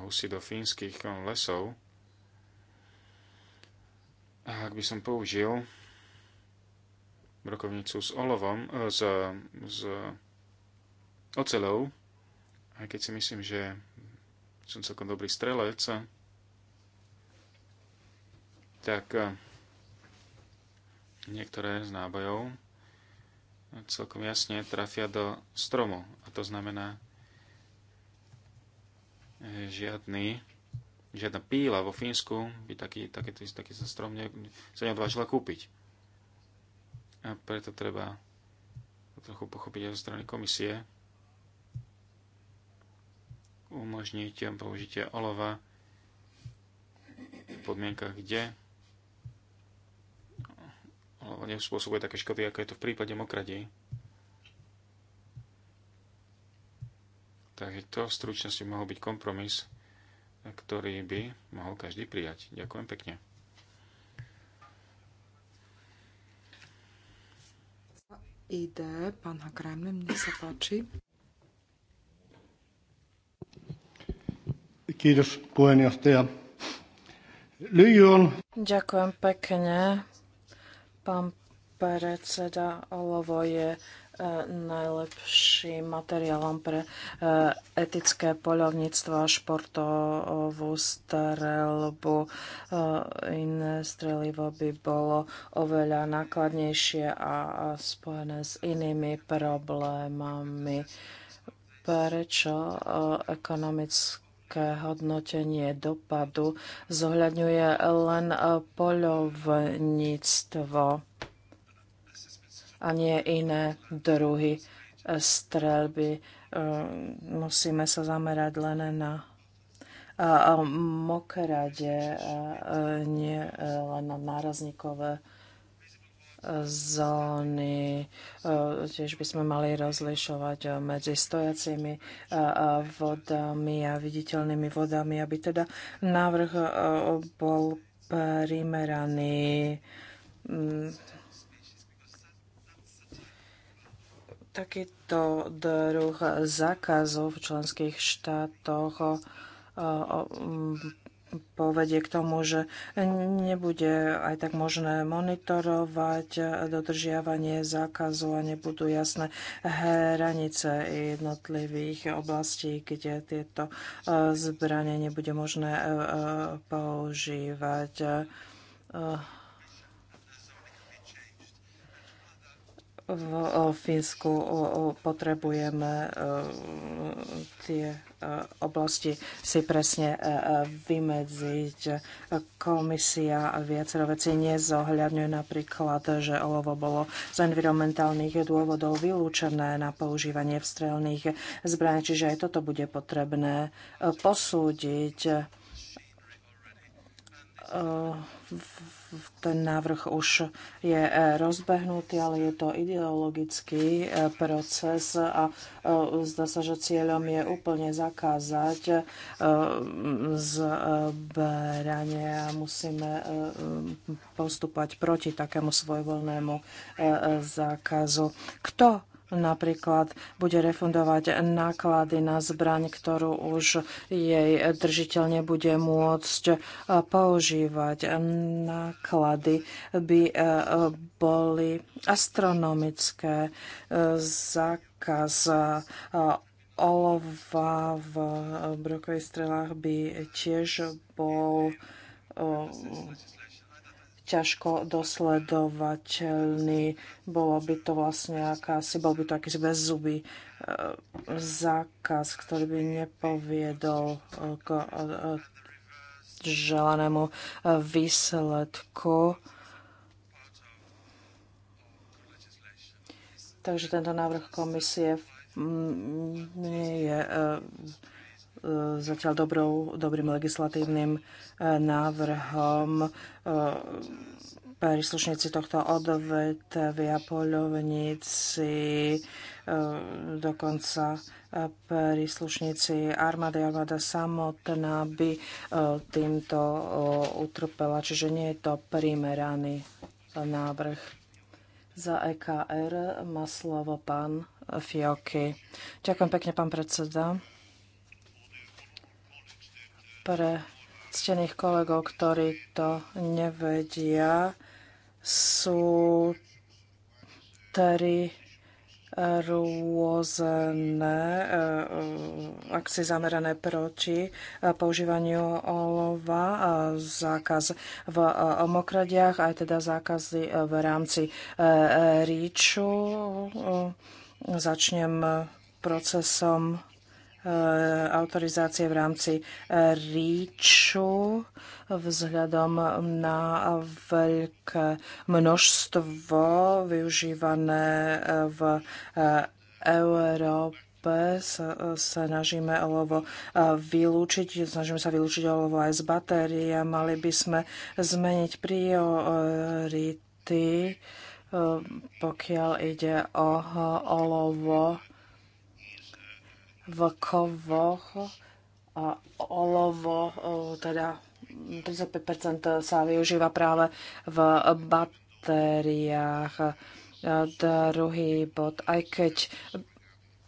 husy do fínskych lesov, a ak by som použil brokovnicu s olovom, e, s, s oceľov, aj keď si myslím, že som celkom dobrý strelec, tak eh, niektoré z nábojov celkom jasne trafia do stromu. A to znamená, eh, žiadny, žiadna píla vo Fínsku by taký, taký, taký sa strom ne, sa neodvážila kúpiť. A preto treba trochu pochopiť aj zo strany komisie, umožniť použitie olova v podmienkach, kde olovo nespôsobuje také škody, ako je to v prípade mokradí. Takže to v stručnosti mohol byť kompromis, ktorý by mohol každý prijať. Ďakujem pekne. Ide, pán Hakrajme, mne sa páči. Ďakujem pekne. Pán predseda Olovo je e, najlepším materiálom pre e, etické poľovníctvo a športovú strelbu. E, iné strelivo by bolo oveľa nákladnejšie a spojené s inými problémami. Prečo ekonomické také hodnotenie dopadu zohľadňuje len e, poľovníctvo a nie iné druhy e, strelby. E, musíme sa zamerať len na mokrade, nie len na nárazníkové zóny. E, tiež by sme mali rozlišovať e, medzi stojacimi e, vodami a viditeľnými vodami, aby teda návrh bol primeraný mm. takýto druh zákazov v členských štátoch povedie k tomu, že nebude aj tak možné monitorovať dodržiavanie zákazu a nebudú jasné hranice jednotlivých oblastí, kde tieto e, zbranie nebude možné e, e, používať. v eh, Fínsku eh, potrebujeme eh, tie oblasti si presne vymedziť. Komisia viacero vecí nezohľadňuje napríklad, že olovo bolo z environmentálnych dôvodov vylúčené na používanie vstrelných zbraní, čiže aj toto bude potrebné posúdiť v ten návrh už je e, rozbehnutý, ale je to ideologický e, proces a e, zdá sa, že cieľom je úplne zakázať zbranie a musíme postupovať proti takému svojvoľnému zákazu. Kto napríklad bude refundovať náklady na zbraň, ktorú už jej držiteľ nebude môcť e, používať. Náklady by e, boli astronomické. E, zákaz olova v brokových strelách by tiež bol ťažko dosledovateľný. Bolo by to vlastne akási, bol by to akýsi bezzubý e, zákaz, ktorý by nepoviedol e, k e, želanému výsledku. Takže tento návrh komisie nie je zatiaľ dobrou, dobrým legislatívnym e, návrhom e, príslušníci tohto odvetvia, poľovníci, e, dokonca príslušníci armády, armáda samotná by týmto utrpela, čiže nie je to primeraný návrh. Za EKR má slovo pán Fioky. Ďakujem pekne, pán predseda pre ctených kolegov, ktorí to nevedia, sú tri rôzne eh, akcie zamerané proti eh, používaniu olova, eh, zákaz v mokradiach, aj teda zákazy v rámci ríču. Začnem procesom Eh, autorizácie v rámci ríču vzhľadom na veľké množstvo využívané eh, v eh, Európe sa snažíme olovo vylúčiť, snažíme sa vylúčiť olovo aj z batérií a mali by sme zmeniť priority, pokiaľ ide o olovo v a olovo, e, teda 35% sa využíva práve v batériách. E, druhý bod, aj keď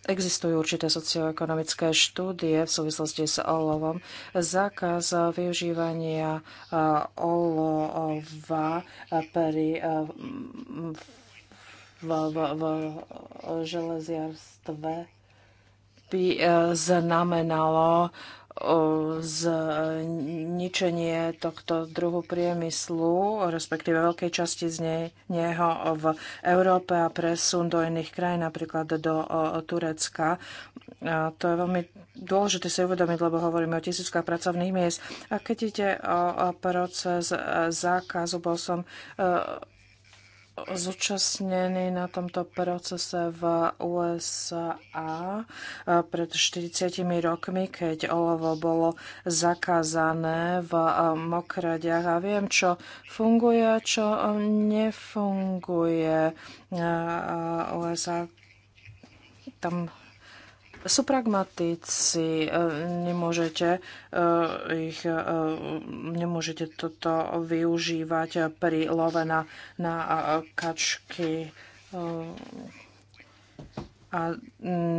Existujú určité socioekonomické štúdie v súvislosti s olovom. Zákaz využívania e, olova pri v, v, v železiarstve by e, znamenalo zničenie tohto druhu priemyslu, respektíve veľkej časti z nej, neho v Európe a presun do iných krajín, napríklad do Turecka. A e, to je veľmi dôležité si uvedomiť, lebo hovoríme o tisíckach pracovných miest. A keď ide o proces e, zákazu, bol som zúčastnení na tomto procese v USA pred 40 rokmi, keď olovo bolo zakázané v mokraďach a viem, čo funguje a čo nefunguje. USA tam sú pragmatici, e, nemôžete e, ich e, nemôžete toto využívať pri love na, na kačky. A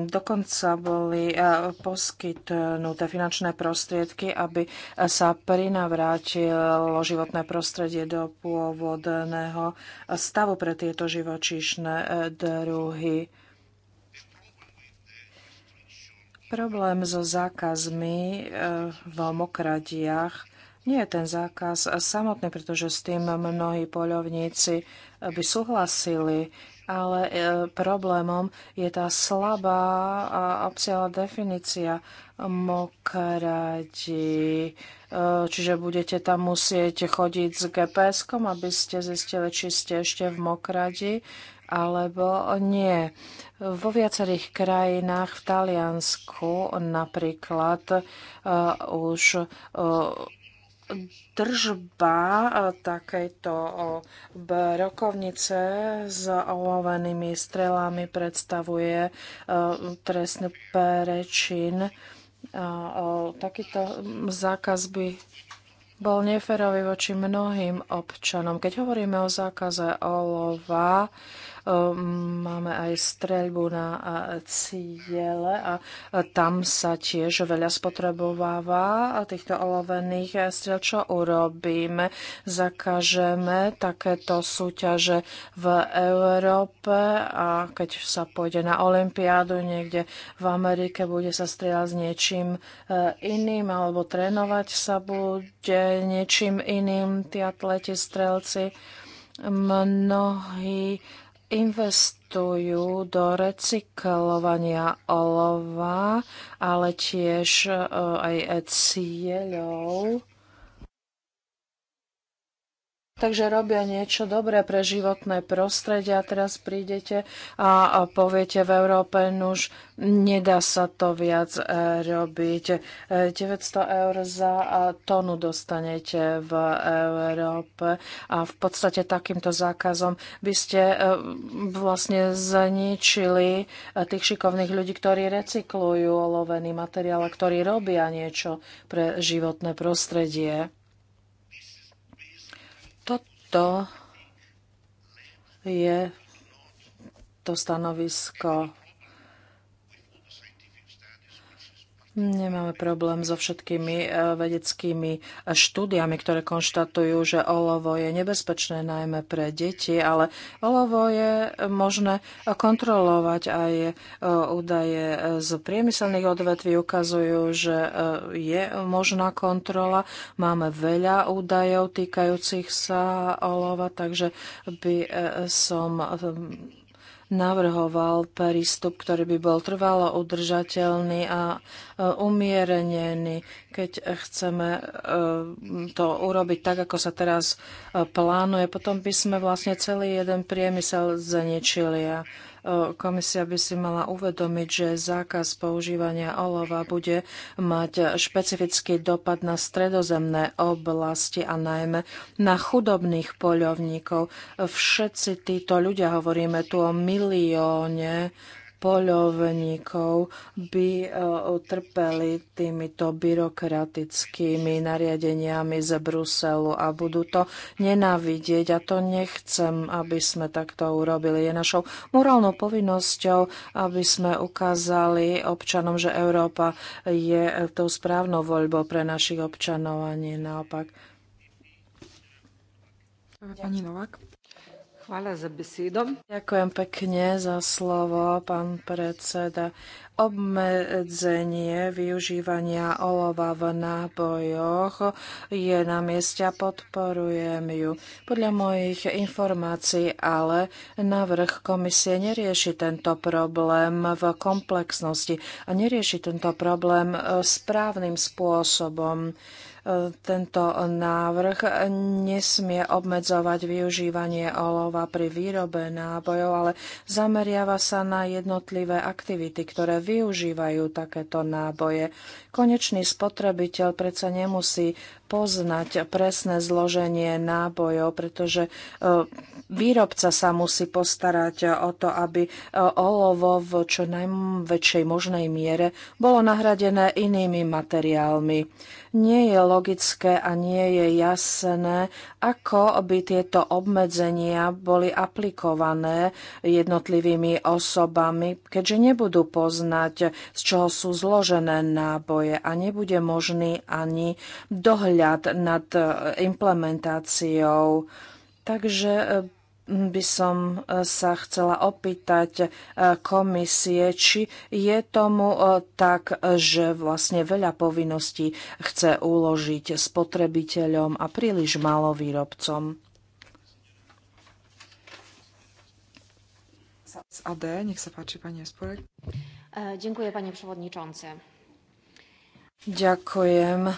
dokonca boli poskytnuté finančné prostriedky, aby sa prinavrátilo životné prostredie do pôvodného stavu pre tieto živočíšne druhy. Problém so zákazmi eh, v mokradiach nie je ten zákaz samotný, pretože s tým mnohí poľovníci eh, by súhlasili, ale eh, problémom je tá slabá a obsiahla definícia mokradi. Čiže budete tam musieť chodiť s gps aby ste zistili, či ste ešte v mokradi alebo nie. Vo viacerých krajinách, v Taliansku napríklad, e, už e, držba e, takejto rokovnice s olovenými strelami predstavuje trestný perečin. Takýto zákaz by bol neferový voči mnohým občanom. Keď hovoríme o zákaze olova, Ehm, máme aj streľbu na ciele a tam sa tiež veľa spotrebováva týchto olovených e, strel. Čo urobíme? Zakažeme takéto súťaže v Európe a keď sa pôjde na Olympiádu niekde v Amerike, bude sa strieľať s niečím e, iným alebo trénovať sa bude niečím iným tí atleti, strelci mnohí investujú do recyklovania olova, ale tiež e, aj e, cieľov takže robia niečo dobré pre životné prostredie a teraz prídete a, poviete v Európe, už nedá sa to viac e, robiť. 900 e, eur za e, tonu dostanete v Európe a v podstate takýmto zákazom by ste vlastne zničili tých šikovných ľudí, ktorí recyklujú olovený materiál a ktorí robia niečo pre životné prostredie to je to stanovisko Nemáme problém so všetkými e, vedeckými štúdiami, ktoré konštatujú, že olovo je nebezpečné najmä pre deti, ale olovo je možné kontrolovať aj e, údaje z priemyselných odvetví ukazujú, že e, je možná kontrola. Máme veľa údajov týkajúcich sa olova, takže by som navrhoval prístup, ktorý by bol trvalo udržateľný a e, umierenený, keď chceme e, to urobiť tak, ako sa teraz e, plánuje. Potom by sme vlastne celý jeden priemysel zaničili. A Komisia by si mala uvedomiť, že zákaz používania olova bude mať špecifický dopad na stredozemné oblasti a najmä na chudobných poľovníkov. Všetci títo ľudia, hovoríme tu o milióne polovníkov by e, trpeli týmito byrokratickými nariadeniami z Bruselu a budú to nenávidieť a to nechcem, aby sme takto urobili. Je našou morálnou povinnosťou, aby sme ukázali občanom, že Európa je e, tou správnou voľbou pre našich občanov a nie naopak. Pani Hvala za besedo. Ďakujem pekne za slovo, pán predseda. Obmedzenie využívania olova v nábojoch je na mieste a podporujem ju. Podľa mojich informácií ale návrh komisie nerieši tento problém v komplexnosti a nerieši tento problém správnym spôsobom tento návrh nesmie obmedzovať využívanie olova pri výrobe nábojov, ale zameriava sa na jednotlivé aktivity, ktoré využívajú takéto náboje. Konečný spotrebiteľ predsa nemusí poznať presné zloženie nábojov, pretože e, výrobca sa musí postarať o to, aby e, olovo v čo najväčšej možnej miere bolo nahradené inými materiálmi. Nie je logické a nie je jasné, ako by tieto obmedzenia boli aplikované jednotlivými osobami, keďže nebudú poznať, z čoho sú zložené náboje zdroje a nebude možný ani dohľad nad e, implementáciou. Takže e, by som e, sa chcela opýtať komisie, či je tomu tak, že vlastne veľa povinností chce uložiť spotrebiteľom a príliš málo výrobcom. Ďakujem, AD, nech sa páči, pani Esporek. panie przewodniczący. Ďakujem,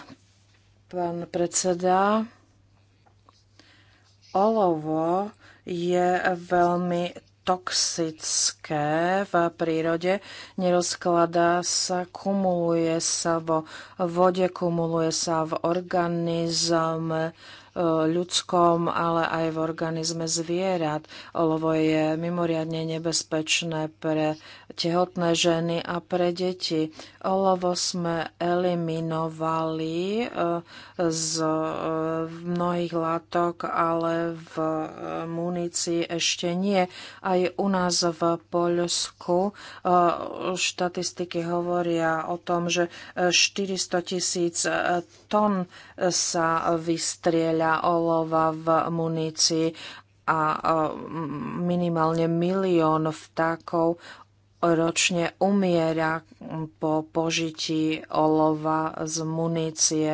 pán predseda. Olovo je veľmi toxické v prírode, nerozkladá sa, kumuluje sa vo vode, kumuluje sa v organizme, ľudskom, ale aj v organizme zvierat. Olovo je mimoriadne nebezpečné pre tehotné ženy a pre deti. Olovo sme eliminovali eh, z eh, mnohých látok, ale v eh, munícii ešte nie. Aj u nás v Poľsku štatistiky hovoria o tom, že 400 tisíc tón sa vystrieľa veľa olova v munícii a minimálne milión vtákov ročne umiera po požití olova z munície.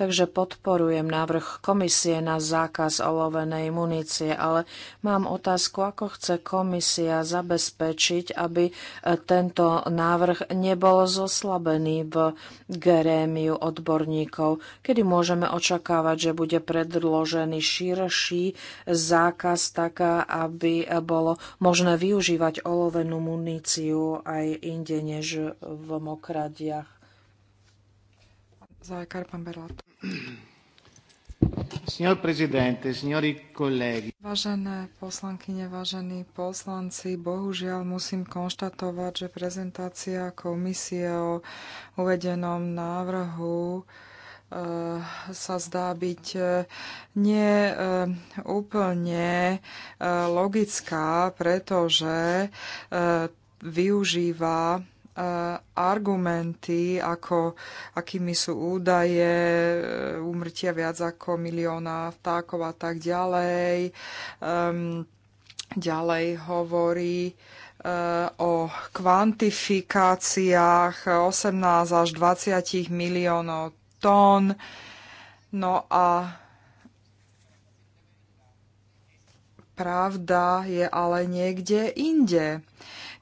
Takže podporujem návrh komisie na zákaz olovenej munície, ale mám otázku, ako chce komisia zabezpečiť, aby tento návrh nebol zoslabený v gerémiu odborníkov, kedy môžeme očakávať, že bude predložený širší zákaz tak, aby bolo možné využívať olovenú muníciu žijú aj inde než v mokradiach. Signor Presidente, signori colleghi. Vážené poslankyne, vážení poslanci, bohužiaľ musím konštatovať, že prezentácia komisie o uvedenom návrhu eh, sa zdá byť eh, nie eh, úplne logická, pretože využíva e, argumenty, ako akými sú údaje, e, umrtia viac ako milióna vtákov a tak ďalej. Um, ďalej hovorí uh, o kvantifikáciách 18 až 20 miliónov tón. No a pravda je ale niekde inde. Uh,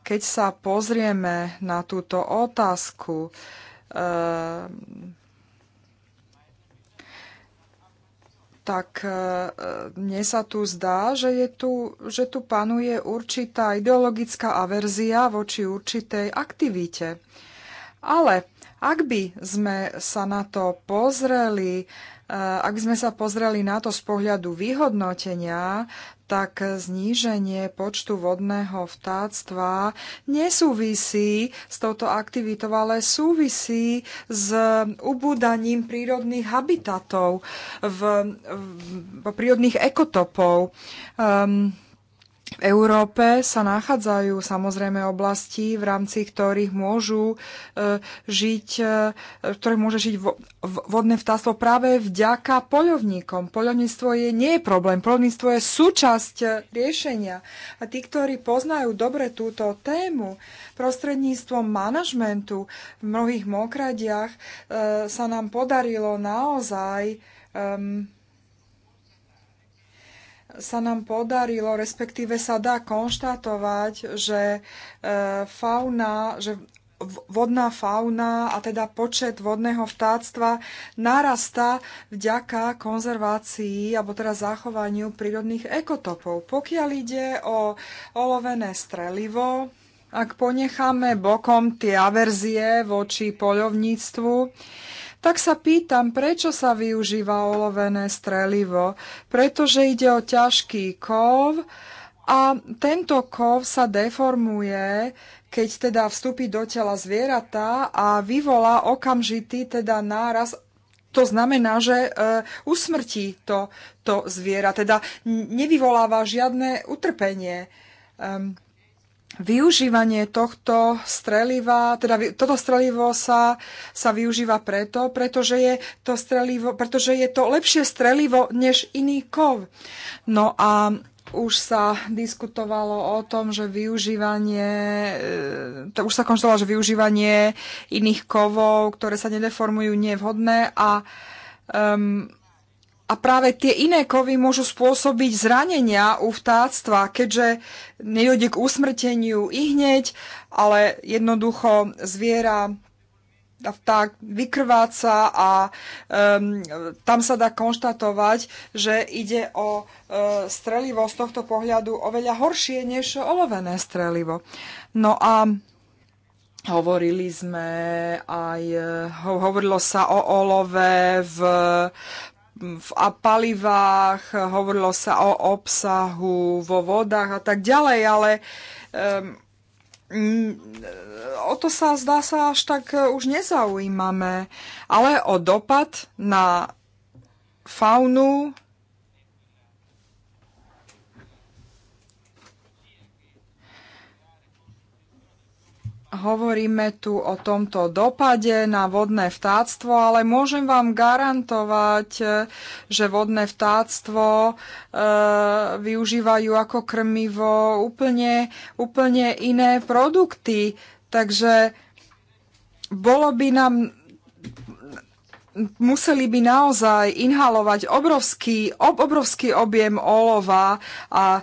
keď sa pozrieme na túto otázku, ehm, tak ehm, mne sa tu zdá, že, je tu, že tu panuje určitá ideologická averzia voči určitej aktivite. Ale ak by sme sa na to pozreli, ehm, ak by sme sa pozreli na to z pohľadu vyhodnotenia, tak zníženie počtu vodného vtáctva nesúvisí s touto aktivitou, ale súvisí s ubúdaním prírodných habitatov, v, v, prírodných ekotopov. Um, v Európe sa nachádzajú samozrejme oblasti, v rámci ktorých môžu e, žiť, e, ktoré môže žiť vodné vtáctvo práve vďaka poľovníkom. Poľovníctvo je, nie je problém, poľovníctvo je súčasť riešenia. A tí, ktorí poznajú dobre túto tému, prostredníctvom manažmentu v mnohých mokradiach e, sa nám podarilo naozaj um, sa nám podarilo, respektíve sa dá konštatovať, že e, fauna, že vodná fauna a teda počet vodného vtáctva narastá vďaka konzervácii alebo teda zachovaniu prírodných ekotopov. Pokiaľ ide o olovené strelivo, ak ponecháme bokom tie averzie voči poľovníctvu, tak sa pýtam, prečo sa využíva olovené strelivo. Pretože ide o ťažký kov a tento kov sa deformuje, keď teda vstúpi do tela zvieratá a vyvolá okamžitý teda náraz to znamená, že e, usmrtí to, to zviera, teda nevyvoláva žiadne utrpenie. Um, Využívanie tohto streliva, teda toto strelivo sa, sa využíva preto, pretože je, to strelivo, pretože je to lepšie strelivo než iný kov. No a už sa diskutovalo o tom, že využívanie, e, to už sa konštatovalo, že využívanie iných kovov, ktoré sa nedeformujú, nie je vhodné a um, a práve tie iné kovy môžu spôsobiť zranenia u vtáctva, keďže nedojde k usmrteniu i hneď, ale jednoducho zviera a vták vykrváca a um, tam sa dá konštatovať, že ide o uh, strelivo z tohto pohľadu oveľa horšie než olovené strelivo. No a Hovorili sme aj, hovorilo sa o olove v v palivách, hovorilo sa o obsahu vo vodách a tak ďalej, ale o to sa zdá sa až tak e, už nezaujímame, ale o dopad na faunu, Hovoríme tu o tomto dopade na vodné vtáctvo, ale môžem vám garantovať, že vodné vtáctvo e, využívajú ako krmivo úplne, úplne iné produkty. Takže bolo by nám museli by naozaj inhalovať obrovský, ob, obrovský objem olova a e,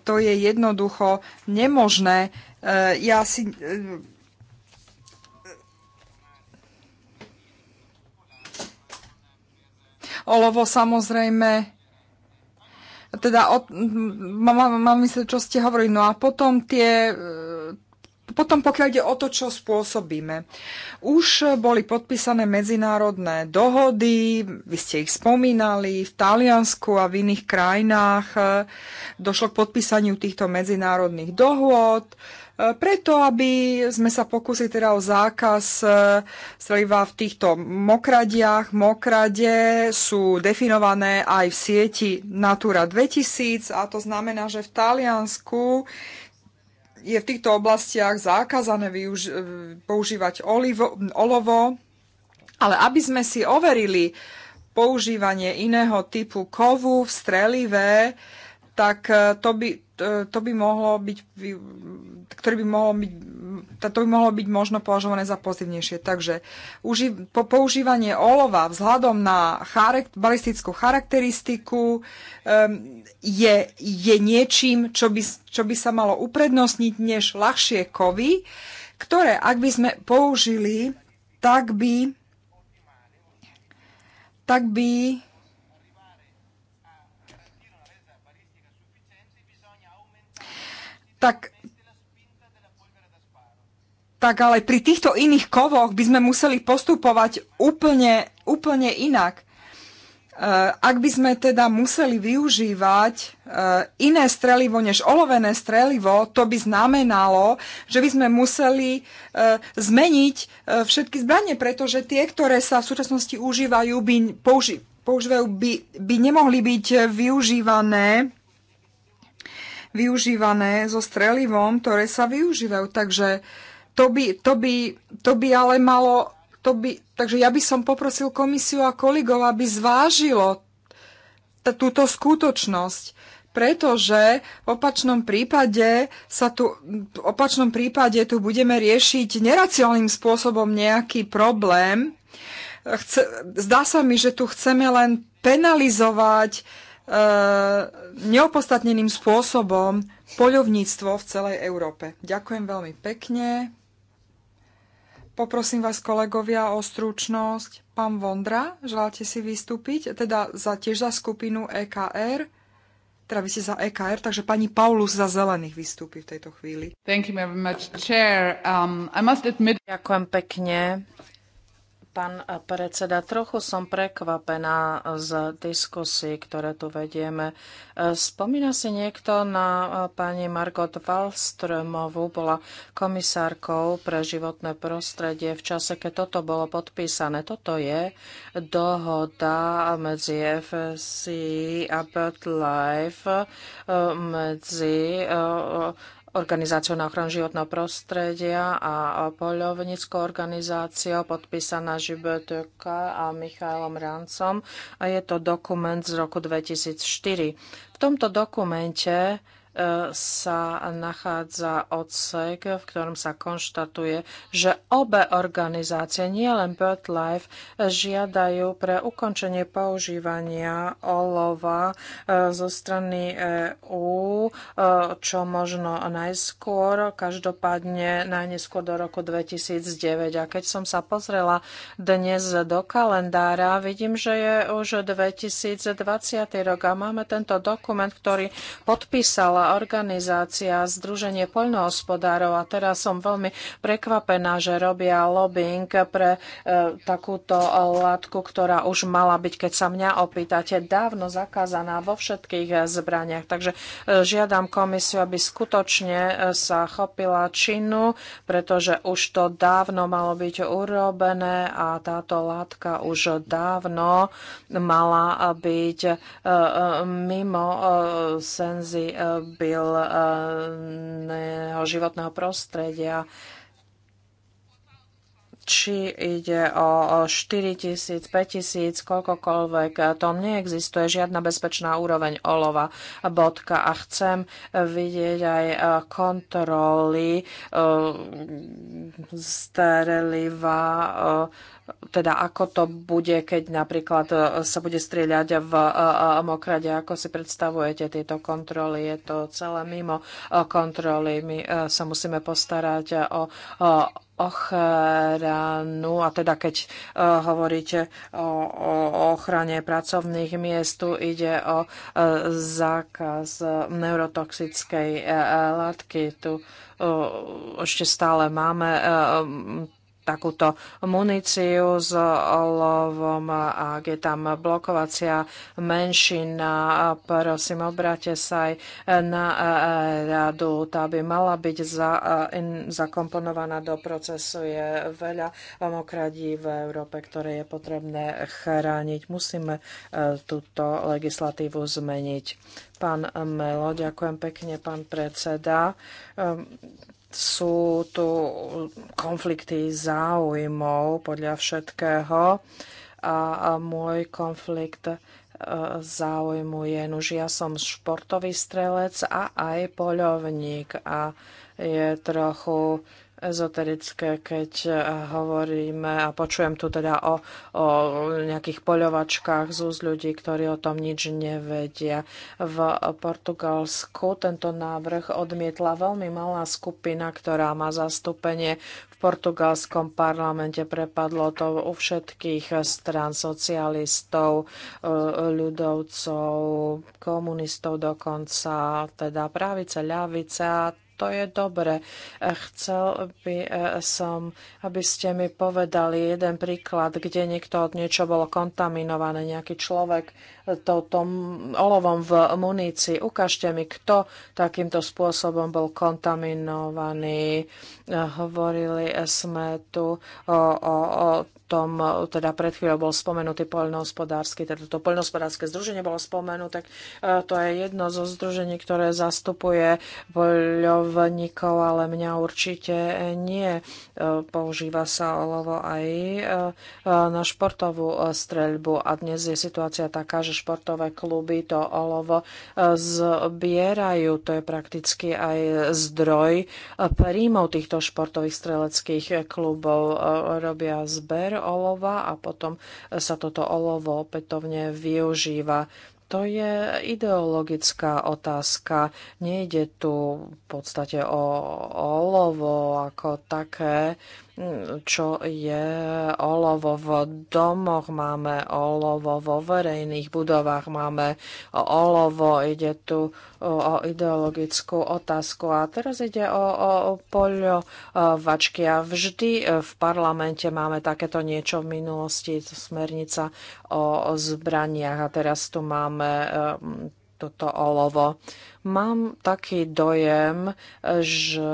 to je jednoducho nemožné. E, ja si e, Olovo samozrejme, teda od, mám, mám mysleť, čo ste hovorili. No a potom tie, e, potom pokiaľ ide o to, čo spôsobíme. Už boli podpísané medzinárodné dohody, vy ste ich spomínali, v Taliansku a v iných krajinách e, došlo k podpísaniu týchto medzinárodných dohôd. E, preto, aby sme sa pokúsili teda o zákaz e, streliva v týchto mokradiach. Mokrade sú definované aj v sieti Natura 2000 a to znamená, že v Taliansku je v týchto oblastiach zákazané e, používať olivo, olovo, ale aby sme si overili používanie iného typu kovu v strelive, tak to by, to by mohlo byť ktorý by mohol byť, to by mohlo byť možno považované za pozitívnejšie. Takže uži, po používanie olova vzhľadom na charakt, balistickú charakteristiku um, je, je niečím, čo by, čo by sa malo uprednostniť než ľahšie kovy, ktoré ak by sme použili, tak by tak by tak tak ale pri týchto iných kovoch by sme museli postupovať úplne, úplne inak. E, ak by sme teda museli využívať e, iné strelivo než olovené strelivo, to by znamenalo, že by sme museli e, zmeniť všetky zbranie, pretože tie, ktoré sa v súčasnosti užívajú, by, použi- používajú, by, by nemohli byť využívané využívané so strelivom, ktoré sa využívajú. Takže uh, to by, to by, to by ale malo... To by, takže ja by som poprosil komisiu a kolegov, aby zvážilo túto skutočnosť pretože v opačnom prípade sa tu, v opačnom prípade tu budeme riešiť neracionálnym spôsobom nejaký problém. Chce, zdá sa mi, že tu chceme len penalizovať e, neopostatneným spôsobom poľovníctvo v celej Európe. Ďakujem veľmi pekne. Poprosím vás, kolegovia, o stručnosť. Pán Vondra, želáte si vystúpiť? Teda za, tiež za skupinu EKR. Teda vy ste za EKR, takže pani Paulus za zelených vystúpi v tejto chvíli. Thank you very much, Chair. Um, I must admit... Ďakujem pekne. Pán eh, predseda, trochu som prekvapená z diskusí, ktoré tu vedieme. Eh, spomína si niekto na eh, pani Margot Wallströmovú, bola komisárkou pre životné prostredie v čase, keď toto bolo podpísané. Toto je dohoda medzi FSC a BirdLife, medzi organizáciou na ochranu životného prostredia a poľovníckou organizáciou podpísaná ŽBTK a Michailom Rancom a je to dokument z roku 2004. V tomto dokumente sa nachádza odsek, v ktorom sa konštatuje, že obe organizácie, nielen BirdLife, žiadajú pre ukončenie používania olova e, zo strany EÚ, e, čo možno najskôr, každopádne najneskôr do roku 2009. A keď som sa pozrela dnes do kalendára, vidím, že je už 2020 rok a máme tento dokument, ktorý podpísala organizácia Združenie poľnohospodárov a teraz som veľmi prekvapená, že robia lobbying pre e, takúto látku, ktorá už mala byť, keď sa mňa opýtate, dávno zakázaná vo všetkých e, zbraniach. Takže e, žiadam komisiu, aby skutočne sa chopila činu, pretože už to dávno malo byť urobené a táto látka už dávno mala byť mimo senzy stabilného životného prostredia či ide o 4 tisíc, 5 tisíc, koľkokoľvek, tom neexistuje žiadna bezpečná úroveň olova bodka a chcem vidieť aj e, kontroly uh, e, steriliva uh, e, teda ako to bude, keď napríklad e, sa bude strieľať v e, e, mokrade, ako si predstavujete tieto kontroly, je to celé mimo kontroly, my sa musíme postarať o ochranu, a teda keď hovoríte o, ochrane pracovných miest, tu ide o zákaz neurotoxickej látky. Tu ešte stále máme takúto muníciu s olovom, ak je tam blokovacia menšina, prosím, obráte sa aj na e, e, radu. Tá by mala byť za, e, in, zakomponovaná do procesu. Je veľa mokradí v Európe, ktoré je potrebné chrániť. Musíme túto legislatívu zmeniť. Pán Melo, ďakujem pekne, pán predseda ehm, sú tu konflikty záujmov podľa všetkého a môj konflikt e, záujmu je, nuž ja som športový strelec a aj poľovník a je trochu ezoterické, keď e, hovoríme a počujem tu teda o, o nejakých poľovačkách z úz ľudí, ktorí o tom nič nevedia. V Portugalsku tento návrh odmietla veľmi malá skupina, ktorá má zastúpenie v portugalskom parlamente. Prepadlo to u všetkých strán socialistov, e, ľudovcov, komunistov dokonca, teda pravice, ľavice a to je dobre. E, chcel by e, som, aby ste mi povedali jeden príklad, kde niekto od niečo bolo kontaminované, nejaký človek e, touto olovom v munícii. Ukážte mi, kto takýmto spôsobom bol kontaminovaný. Hovorili sme tu o, o, o potom e, teda pred chvíľou bol spomenutý poľnohospodársky, teda to poľnohospodárske združenie bolo spomenuté, tak e, to je jedno zo združení, ktoré zastupuje poľovníkov, ale mňa určite nie. E, používa sa olovo aj na športovú streľbu a dnes je situácia taká, že športové kluby to olovo zbierajú. To je prakticky aj zdroj príjmov týchto športových streleckých klubov. Robia zber olova a potom sa toto olovo opätovne využíva. To je ideologická otázka. Nejde tu v podstate o olovo ako také čo je olovo v domoch, máme olovo vo verejných budovách, máme olovo, ide tu o ideologickú otázku. A teraz ide o, o, o poľovačky. A vždy v parlamente máme takéto niečo v minulosti, smernica o zbraniach. A teraz tu máme toto olovo. Mám taký dojem, že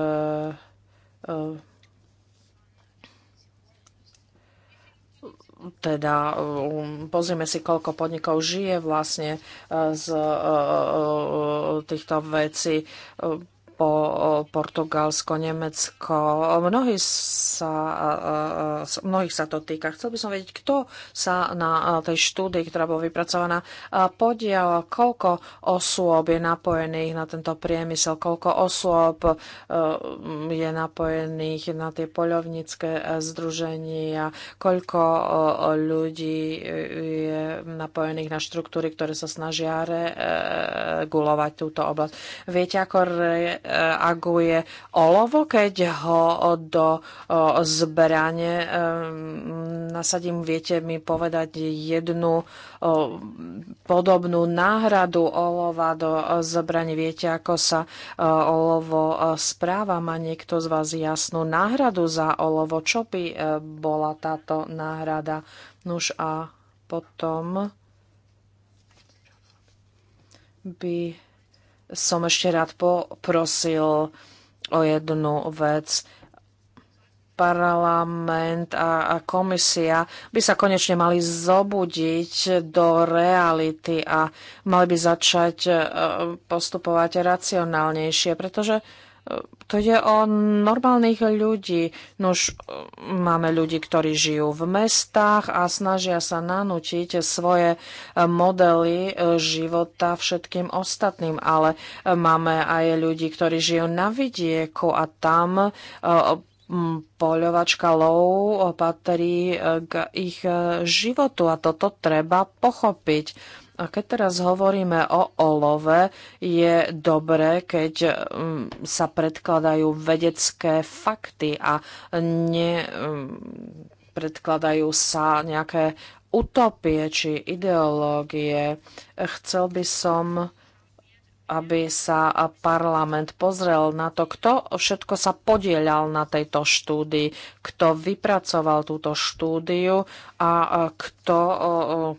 teda um, pozrieme si, koľko podnikov žije vlastne eh, z eh, eh, týchto vecí o Portugalsko, Nemecko. Mnohí sa, e, e, mnohých sa to týka. Chcel by som vedieť, kto sa na e, tej štúdii, ktorá bola vypracovaná, podiel, koľko osôb je napojených na tento priemysel, koľko osôb je napojených na tie poľovnícke združenia, koľko ľudí je napojených na štruktúry, ktoré sa snažia regulovať túto oblasť. Viete, ako re- aguje olovo, keď ho do zbrane nasadím. Viete mi povedať jednu podobnú náhradu olova do zbrane. Viete, ako sa olovo správa? Má niekto z vás jasnú náhradu za olovo? Čo by e, bola táto náhrada? Nuž a potom by som ešte rád poprosil o jednu vec parlament a, komisia by sa konečne mali zobudiť do reality a mali by začať e, postupovať racionálnejšie, pretože to je o normálnych ľudí. Nož máme ľudí, ktorí žijú v mestách a snažia sa nanútiť svoje modely života všetkým ostatným, ale máme aj ľudí, ktorí žijú na vidieku a tam eh, poľovačka lov patrí k ich životu a toto treba pochopiť a keď teraz hovoríme o olove, je dobré, keď mm, sa predkladajú vedecké fakty a ne mm, predkladajú sa nejaké utopie či ideológie. Chcel by som aby sa parlament pozrel na to, kto všetko sa podielal na tejto štúdii, kto vypracoval túto štúdiu a kto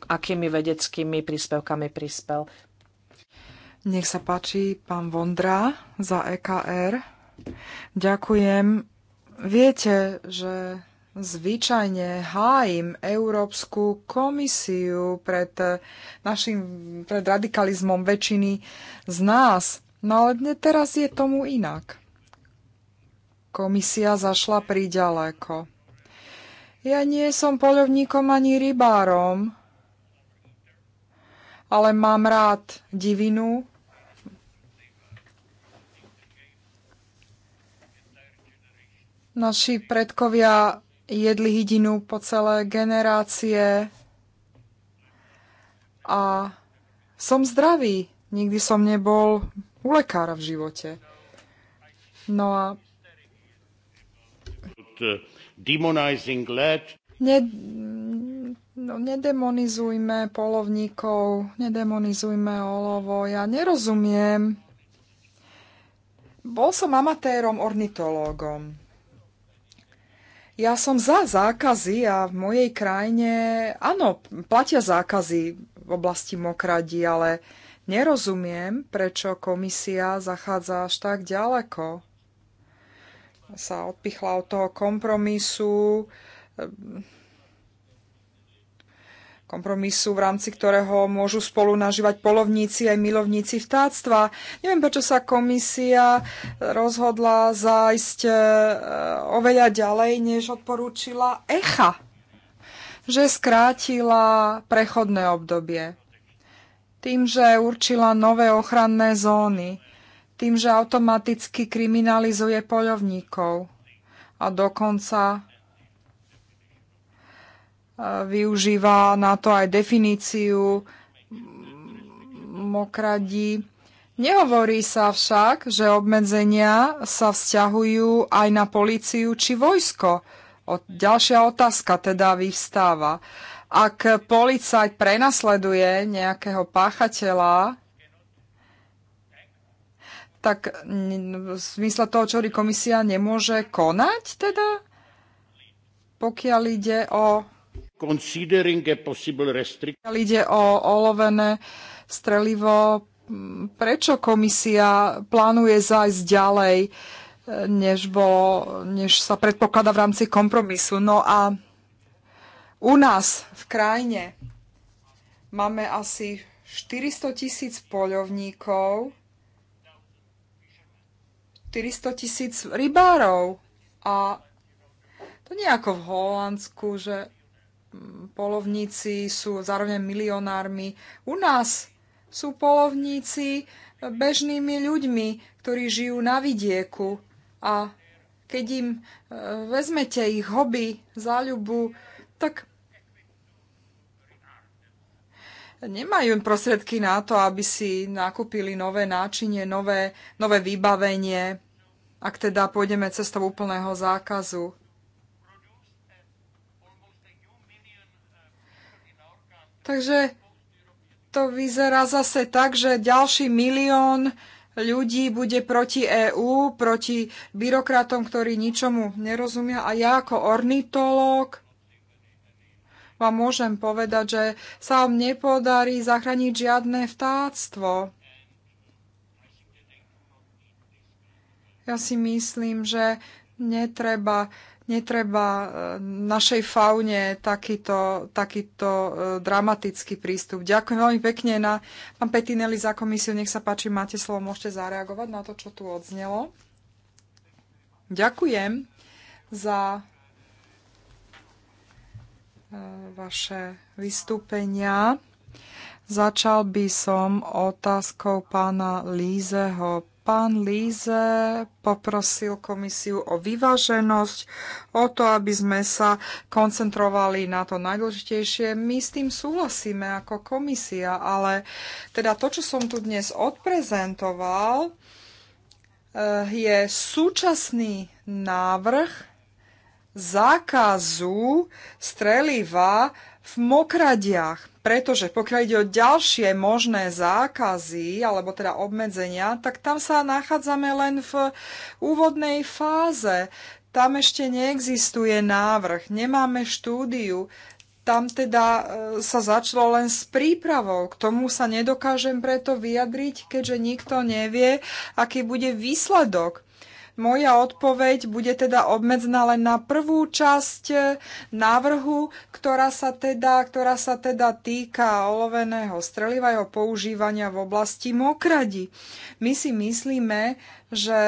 akými vedeckými príspevkami prispel. Nech sa páči pán Vondra za EKR. Ďakujem. Viete, že zvyčajne hájim Európsku komisiu pred, eh, našim, pred radikalizmom väčšiny z nás. No ale teraz je tomu inak. Komisia zašla priďaleko. Ja nie som poľovníkom ani rybárom, ale mám rád divinu. Naši predkovia jedli hydinu po celé generácie a som zdravý. Nikdy som nebol u lekára v živote. No a ne, no, nedemonizujme polovníkov, nedemonizujme olovo. Ja nerozumiem. Bol som amatérom ornitológom. Ja som za zákazy a v mojej krajine, áno, platia zákazy v oblasti mokradí, ale nerozumiem, prečo komisia zachádza až tak ďaleko. Sa odpichla od toho kompromisu, kompromisu, v rámci ktorého môžu spolu nažívať polovníci aj milovníci vtáctva. Neviem, prečo sa komisia rozhodla zájsť e, oveľa ďalej, než odporúčila ECHA, že skrátila prechodné obdobie tým, že určila nové ochranné zóny, tým, že automaticky kriminalizuje poľovníkov a dokonca využíva na to aj definíciu mokradí. Nehovorí sa však, že obmedzenia sa vzťahujú aj na políciu či vojsko. ďalšia otázka teda vyvstáva. Ak policajt prenasleduje nejakého páchateľa, tak v zmysle toho, čo hovorí komisia, nemôže konať teda, pokiaľ ide o considering a possible restriction. Ide o olovené strelivo. Prečo komisia plánuje zájsť ďalej, e, než, bo, než sa predpokladá v rámci kompromisu? No a u nás v krajine máme asi 400 tisíc poľovníkov, 400 tisíc rybárov a to nie ako v Holandsku, že polovníci sú zároveň milionármi. U nás sú polovníci bežnými ľuďmi, ktorí žijú na vidieku a keď im e, vezmete ich hobby, záľubu, tak nemajú prostriedky na to, aby si nakúpili nové náčinie, nové, nové vybavenie, ak teda pôjdeme cestou úplného zákazu. Takže to vyzerá zase tak, že ďalší milión ľudí bude proti EÚ, proti byrokratom, ktorí ničomu nerozumia. A ja ako ornitológ vám môžem povedať, že sa vám nepodarí zachrániť žiadne vtáctvo. Ja si myslím, že netreba netreba e, našej faune takýto, takýto e, dramatický prístup. Ďakujem veľmi pekne na pán Petinelli za komisiu. Nech sa páči, máte slovo, môžete zareagovať na to, čo tu odznelo. Ďakujem za e, vaše vystúpenia. Začal by som otázkou pána Lízeho, Pán Líze poprosil komisiu o vyváženosť, o to, aby sme sa koncentrovali na to najdôležitejšie. My s tým súhlasíme ako komisia, ale teda to, čo som tu dnes odprezentoval, eh, je súčasný návrh zákazu streliva v mokradiach, pretože pokiaľ ide o ďalšie možné zákazy alebo teda obmedzenia, tak tam sa nachádzame len v úvodnej fáze. Tam ešte neexistuje návrh, nemáme štúdiu, tam teda e, sa začalo len s prípravou. K tomu sa nedokážem preto vyjadriť, keďže nikto nevie, aký bude výsledok. Moja odpoveď bude teda obmedzená len na prvú časť eh, návrhu, ktorá sa teda, ktorá sa teda týka oloveného streliva jeho používania v oblasti mokradi. My si myslíme, že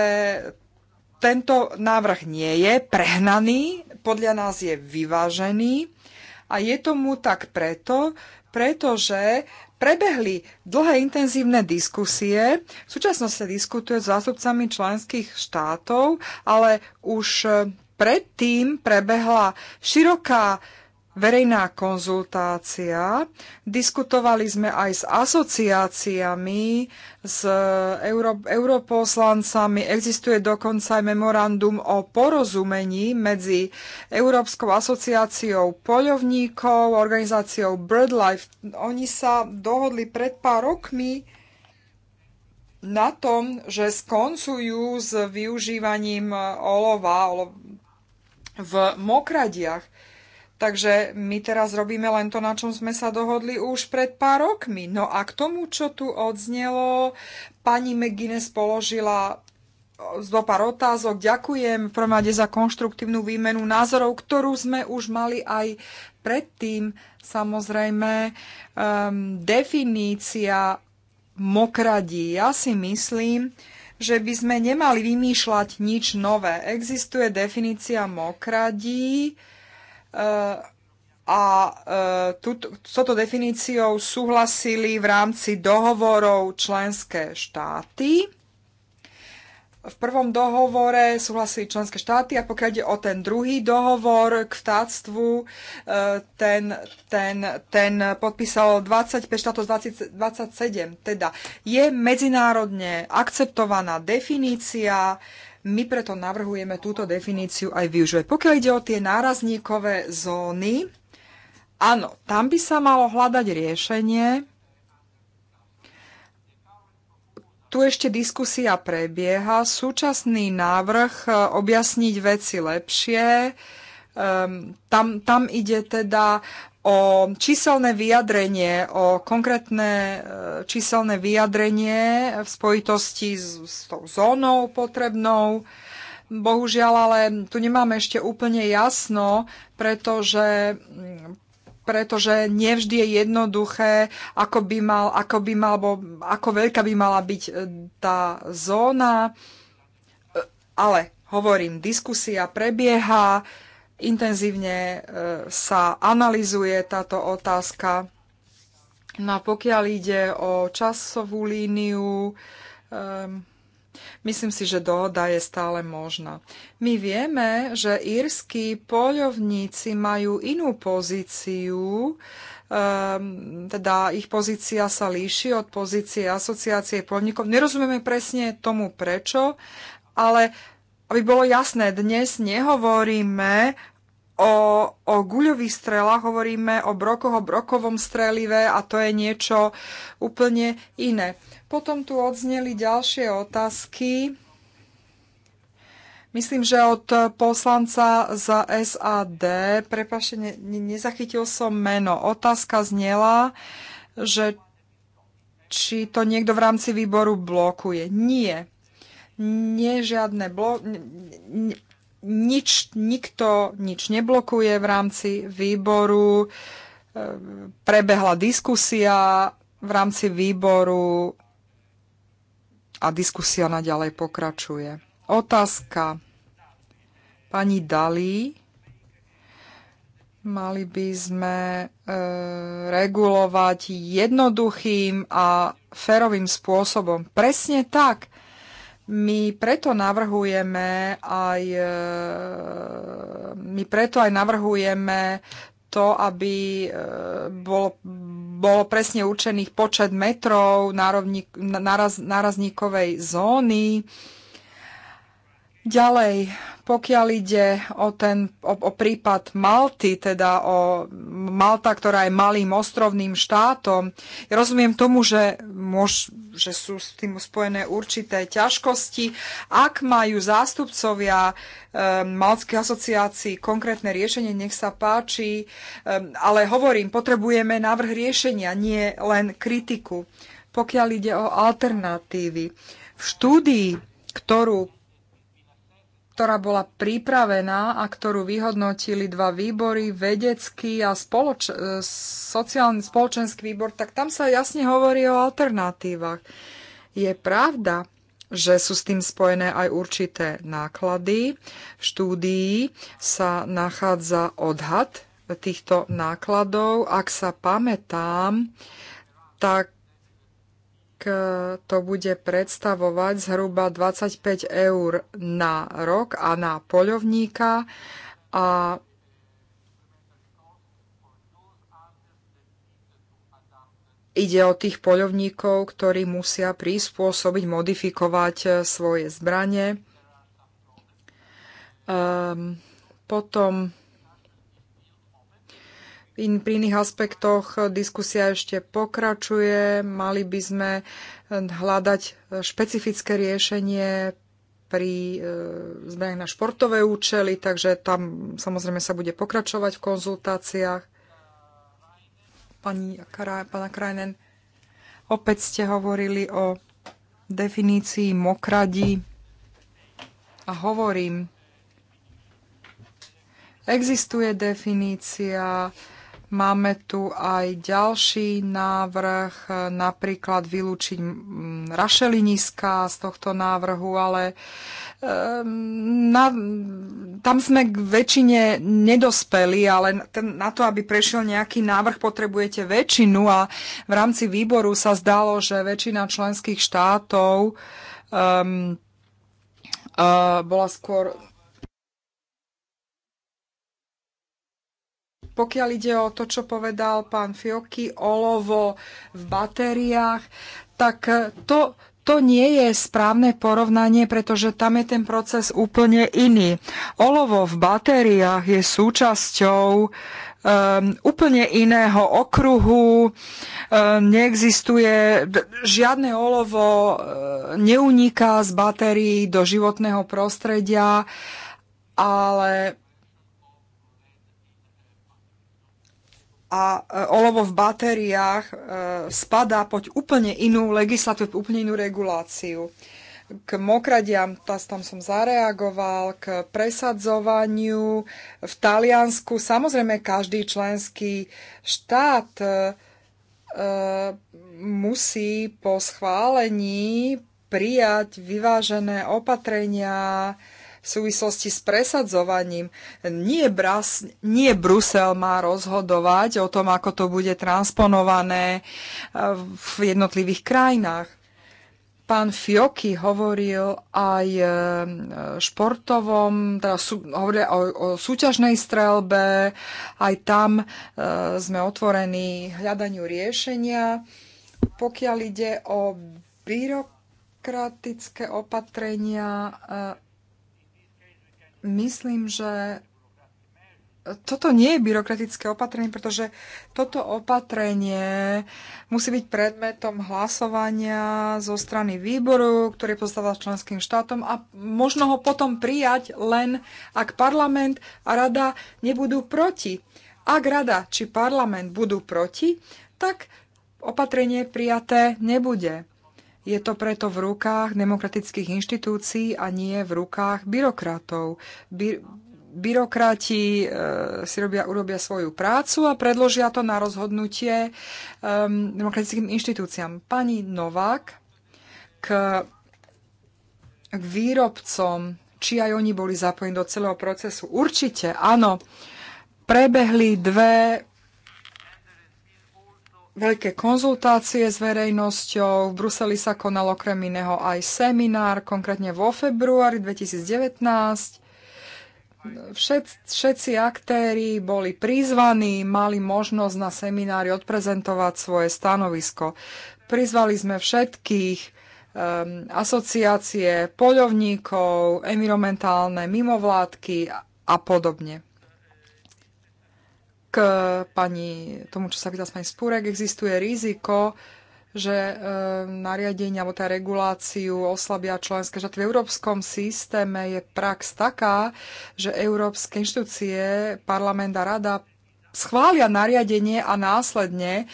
tento návrh nie je prehnaný, podľa nás je vyvážený a je tomu tak preto, pretože Prebehli dlhé intenzívne diskusie, v súčasnosti sa diskutuje s zástupcami členských štátov, ale už predtým prebehla široká verejná konzultácia. Diskutovali sme aj s asociáciami, s euro, europoslancami. Existuje dokonca aj memorandum o porozumení medzi Európskou asociáciou poľovníkov, organizáciou BirdLife. Oni sa dohodli pred pár rokmi na tom, že skoncujú s využívaním olova, olova v mokradiach. Takže my teraz robíme len to, na čom sme sa dohodli už pred pár rokmi. No a k tomu, čo tu odznelo, pani McGuinness položila zo pár otázok. Ďakujem v prvom rade za konštruktívnu výmenu názorov, ktorú sme už mali aj predtým. Samozrejme, um, definícia mokradí. Ja si myslím, že by sme nemali vymýšľať nič nové. Existuje definícia mokradí, a e, tuto, s touto definíciou súhlasili v rámci dohovorov členské štáty. V prvom dohovore súhlasili členské štáty a pokiaľ ide o ten druhý dohovor k vtáctvu, e, ten, ten, ten podpísal 25 štátov 20, 27. Teda je medzinárodne akceptovaná definícia, my preto navrhujeme túto definíciu aj využívať. Pokiaľ ide o tie nárazníkové zóny, áno, tam by sa malo hľadať riešenie. Tu ešte diskusia prebieha. Súčasný návrh e, objasniť veci lepšie. Ehm, tam, tam ide teda o číselné vyjadrenie, o konkrétne e, číselné vyjadrenie v spojitosti s, s tou zónou potrebnou. Bohužiaľ, ale tu nemáme ešte úplne jasno, pretože mm, pretože nevždy je jednoduché, ako by mal, ako by mal, bo, ako veľká by mala byť e, tá zóna. E, ale hovorím, diskusia prebieha, Intenzívne e, sa analizuje táto otázka. No a pokiaľ ide o časovú líniu, um, Myslím si, že dohoda je stále možná. My vieme, že írsky poľovníci majú inú pozíciu, um, teda ich pozícia sa líši od pozície asociácie poľovníkov. Nerozumieme presne tomu prečo, ale aby bolo jasné, dnes nehovoríme o, o guľových strelách, hovoríme o brokoch, o brokovom strelive a to je niečo úplne iné. Potom tu odzneli ďalšie otázky. Myslím, že od poslanca za SAD, prepašte, ne, nezachytil som meno. Otázka znela, že či to niekto v rámci výboru blokuje. Nie nežiadne blo- nič, nikto nič neblokuje v rámci výboru. Ehm, prebehla diskusia v rámci výboru a diskusia naďalej pokračuje. Otázka pani Dalí. Mali by sme e, regulovať jednoduchým a férovým spôsobom. Presne tak. My preto navrhujeme aj, e, my preto aj navrhujeme to, aby e, bolo, bolo presne určených počet metrov nárazníkovej zóny. Ďalej, pokiaľ ide o, ten, o, o prípad Malty, teda o Malta, ktorá je malým ostrovným štátom, ja rozumiem tomu, že, môž, že sú s tým spojené určité ťažkosti. Ak majú zástupcovia e, Maltskej asociácii konkrétne riešenie, nech sa páči, e, ale hovorím, potrebujeme návrh riešenia, nie len kritiku. Pokiaľ ide o alternatívy, v štúdii, ktorú ktorá bola pripravená a ktorú vyhodnotili dva výbory, vedecký a spoloč- e, sociálny, spoločenský výbor, tak tam sa jasne hovorí o alternatívach. Je pravda, že sú s tým spojené aj určité náklady. V štúdii sa nachádza odhad týchto nákladov. Ak sa pamätám, tak E, to bude predstavovať zhruba 25 eur na rok a na poľovníka a Ide o tých poľovníkov, ktorí musia prispôsobiť, modifikovať e, svoje zbranie. Um, potom In, pri iných aspektoch diskusia ešte pokračuje. Mali by sme eh, hľadať eh, špecifické riešenie pri e, zbraniach na športové účely, takže tam samozrejme sa bude pokračovať v konzultáciách. Pani, pána Krajnen, opäť ste hovorili o definícii mokradí a hovorím, existuje definícia, Máme tu aj ďalší návrh, napríklad vylúčiť rašeliniska z tohto návrhu, ale na, tam sme k väčšine nedospeli, ale ten, na to, aby prešiel nejaký návrh, potrebujete väčšinu a v rámci výboru sa zdalo, že väčšina členských štátov um, uh, bola skôr Pokiaľ ide o to, čo povedal pán Fioky, olovo v batériách, tak to, to nie je správne porovnanie, pretože tam je ten proces úplne iný. Olovo v batériách je súčasťou um, úplne iného okruhu, um, neexistuje, žiadne olovo e, neuniká z batérií do životného prostredia, ale a e, olovo v batériách e, spadá pod úplne inú legislatívu, úplne inú reguláciu. K mokradiam, tam som zareagoval, k presadzovaniu v Taliansku. Samozrejme, každý členský štát e, musí po schválení prijať vyvážené opatrenia, v súvislosti s presadzovaním. Nie, Bras, nie Brusel má rozhodovať o tom, ako to bude transponované e, v jednotlivých krajinách. Pán Fioky hovoril aj e, športovom, teda sú, hovoril o, o súťažnej strelbe, aj tam e, sme otvorení hľadaniu riešenia. Pokiaľ ide o byrokratické opatrenia e, myslím, že toto nie je byrokratické opatrenie, pretože toto opatrenie musí byť predmetom hlasovania zo strany výboru, ktorý pozostáva členským štátom a možno ho potom prijať len, ak parlament a rada nebudú proti. Ak rada či parlament budú proti, tak opatrenie prijaté nebude. Je to preto v rukách demokratických inštitúcií a nie v rukách byrokratov. By- byrokrati e, si robia, urobia svoju prácu a predložia to na rozhodnutie e, demokratickým inštitúciám. Pani Novák k, k výrobcom, či aj oni boli zapojení do celého procesu. Určite, áno. Prebehli dve veľké konzultácie s verejnosťou. V Bruseli sa konal okrem iného aj seminár, konkrétne vo februári 2019. Všet, všetci aktéry boli prizvaní, mali možnosť na seminári odprezentovať svoje stanovisko. Prizvali sme všetkých um, asociácie poľovníkov, environmentálne mimovládky a podobne k pani, tomu, čo sa pýta pani Spúrek, existuje riziko, že e, nariadenie alebo tá reguláciu oslabia členské štáty. V európskom systéme je prax taká, že európske inštitúcie, parlament a rada schvália nariadenie a následne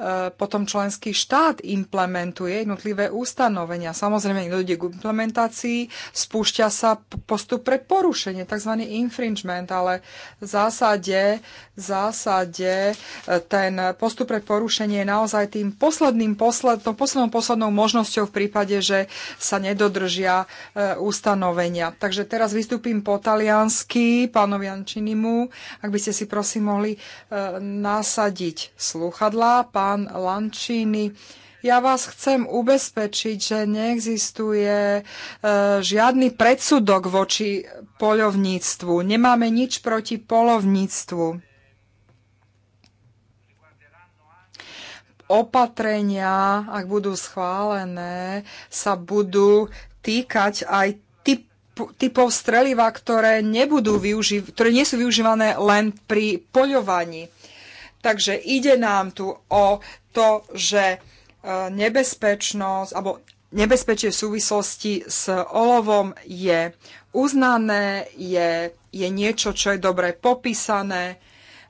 E, potom členský štát implementuje jednotlivé ustanovenia. Samozrejme, nedojde k implementácii, spúšťa sa postup pre porušenie, tzv. infringement, ale v zásade, v zásade e, ten postup pre porušenie je naozaj tým posledným, posled, poslednou, poslednou možnosťou v prípade, že sa nedodržia e, ustanovenia. Takže teraz vystúpim po taliansky pánovi Ančinimu, ak by ste si prosím mohli nasadiť sluchadlá. Pán pán Lančíny. Ja vás chcem ubezpečiť, že neexistuje e, žiadny predsudok voči polovníctvu, Nemáme nič proti polovníctvu. Opatrenia, ak budú schválené, sa budú týkať aj typov streliva, ktoré, nebudú využi- ktoré nie sú využívané len pri poľovaní Takže ide nám tu o to, že e, nebezpečnosť alebo nebezpečie v súvislosti s olovom je uznané, je, je niečo, čo je dobre popísané,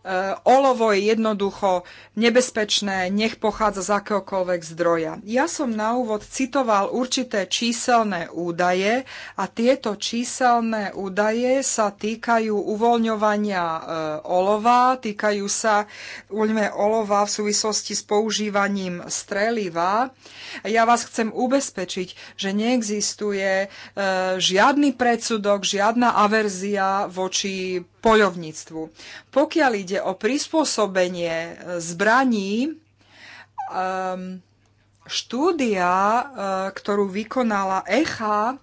E, olovo je jednoducho nebezpečné, nech pochádza z akéhokoľvek zdroja. Ja som na úvod citoval určité číselné údaje a tieto číselné údaje sa týkajú uvoľňovania e, olova, týkajú sa uľme olova v súvislosti s používaním streliva. Ja vás chcem ubezpečiť, že neexistuje e, žiadny predsudok, žiadna averzia voči poľovníctvu. Pokiaľ ide ide o prispôsobenie e, zbraní, ehm, štúdia, e, ktorú vykonala ECHA, e,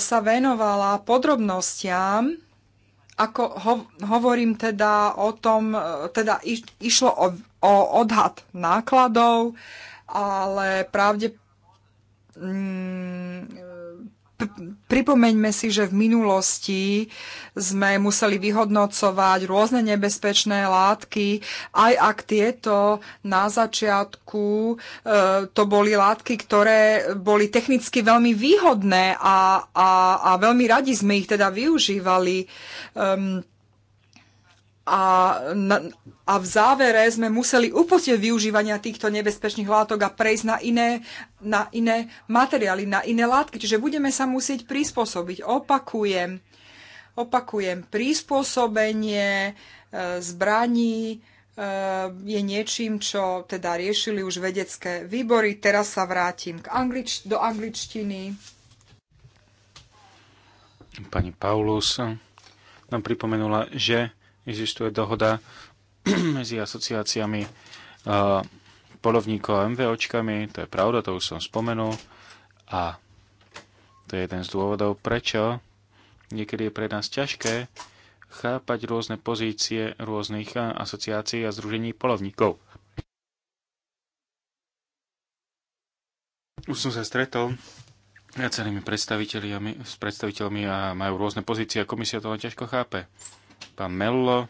sa venovala podrobnostiam, ako hovorím teda o tom, teda išlo o, o odhad nákladov, ale pravde, mm, pripomeňme si, že v minulosti sme museli vyhodnocovať rôzne nebezpečné látky, aj ak tieto na začiatku e, to boli látky, ktoré boli technicky veľmi výhodné a, a, a veľmi radi sme ich teda využívali. Um, a, na, a v závere sme museli upustiť využívania týchto nebezpečných látok a prejsť na iné, na iné materiály, na iné látky. Čiže budeme sa musieť prispôsobiť. Opakujem, opakujem, prispôsobenie e, zbraní e, je niečím, čo teda riešili už vedecké výbory. Teraz sa vrátim k anglič- do angličtiny. Pani Paulus nám pripomenula, že existuje dohoda (clears throat) medzi asociáciami polovníkov a MVOčkami, to je pravda, to už som spomenul, a to je jeden z dôvodov, prečo niekedy je pre nás ťažké chápať rôzne pozície rôznych asociácií a združení polovníkov. Už som sa stretol viacerými predstaviteľmi, s predstaviteľmi a majú rôzne pozície a komisia to len ťažko chápe pán Mello.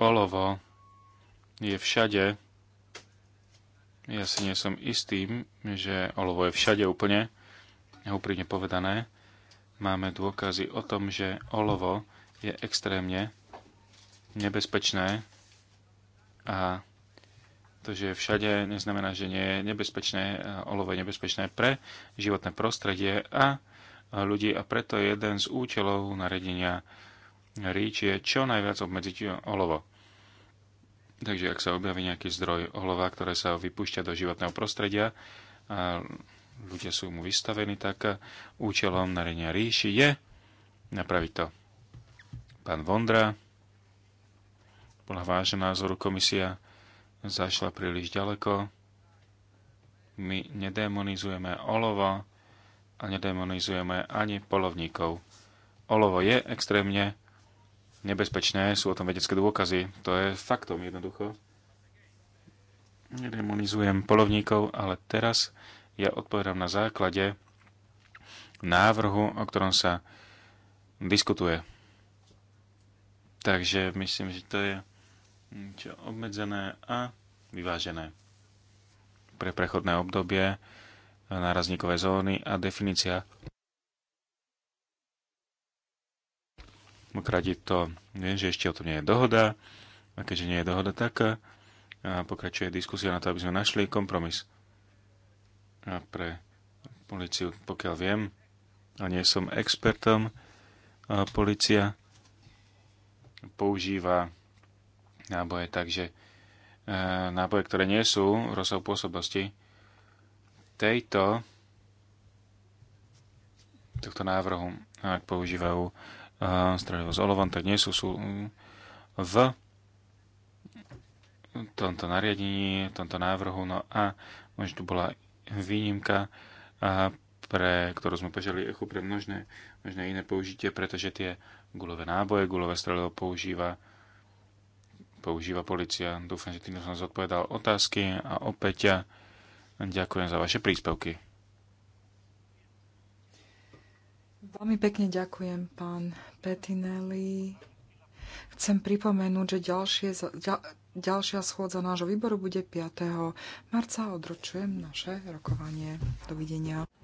Olovo je všade. Ja si nie som istým, že olovo je všade úplne, úprimne povedané. Máme dôkazy o tom, že olovo je extrémne nebezpečné a to, že je všade, neznamená, že nie je nebezpečné, olovo je nebezpečné pre životné prostredie a ľudí a preto jeden z účelov nariadenia ríči je čo najviac obmedziť olovo. Takže ak sa objaví nejaký zdroj olova, ktoré sa vypúšťa do životného prostredia a ľudia sú mu vystavení, tak účelom narenia ríši je napraviť to. Pán Vondra, podľa vášho názoru komisia zašla príliš ďaleko. My nedemonizujeme olovo, a nedemonizujeme ani polovníkov. Olovo je extrémne nebezpečné, sú o tom vedecké dôkazy, to je faktom jednoducho. Nedemonizujem polovníkov, ale teraz ja odpovedám na základe návrhu, o ktorom sa diskutuje. Takže myslím, že to je niečo obmedzené a vyvážené. Pre prechodné obdobie nárazníkové zóny a definícia Demokrati to, viem, že ešte o tom nie je dohoda, a keďže nie je dohoda, tak pokračuje diskusia na to, aby sme našli kompromis. A pre policiu, pokiaľ viem, a nie som expertom, a policia používa náboje, že e, náboje, ktoré nie sú rozsahu pôsobnosti tejto tohto návrhu, ak používajú eh, strojivo s olovom, tak nie sú, sú mm, v tomto nariadení, tomto návrhu. No a možno tu bola výnimka, eh, pre ktorú sme požiadali echu pre množné, možné iné použitie, pretože tie gulové náboje, gulové strelivo používa používa policia. Dúfam, že tým som zodpovedal otázky a opäť eh, Ďakujem za vaše príspevky. Veľmi pekne ďakujem, pán Petinelli. Chcem pripomenúť, že ďalšie, ďal, ďalšia schôdza nášho výboru bude 5. marca. Odročujem naše rokovanie. Dovidenia.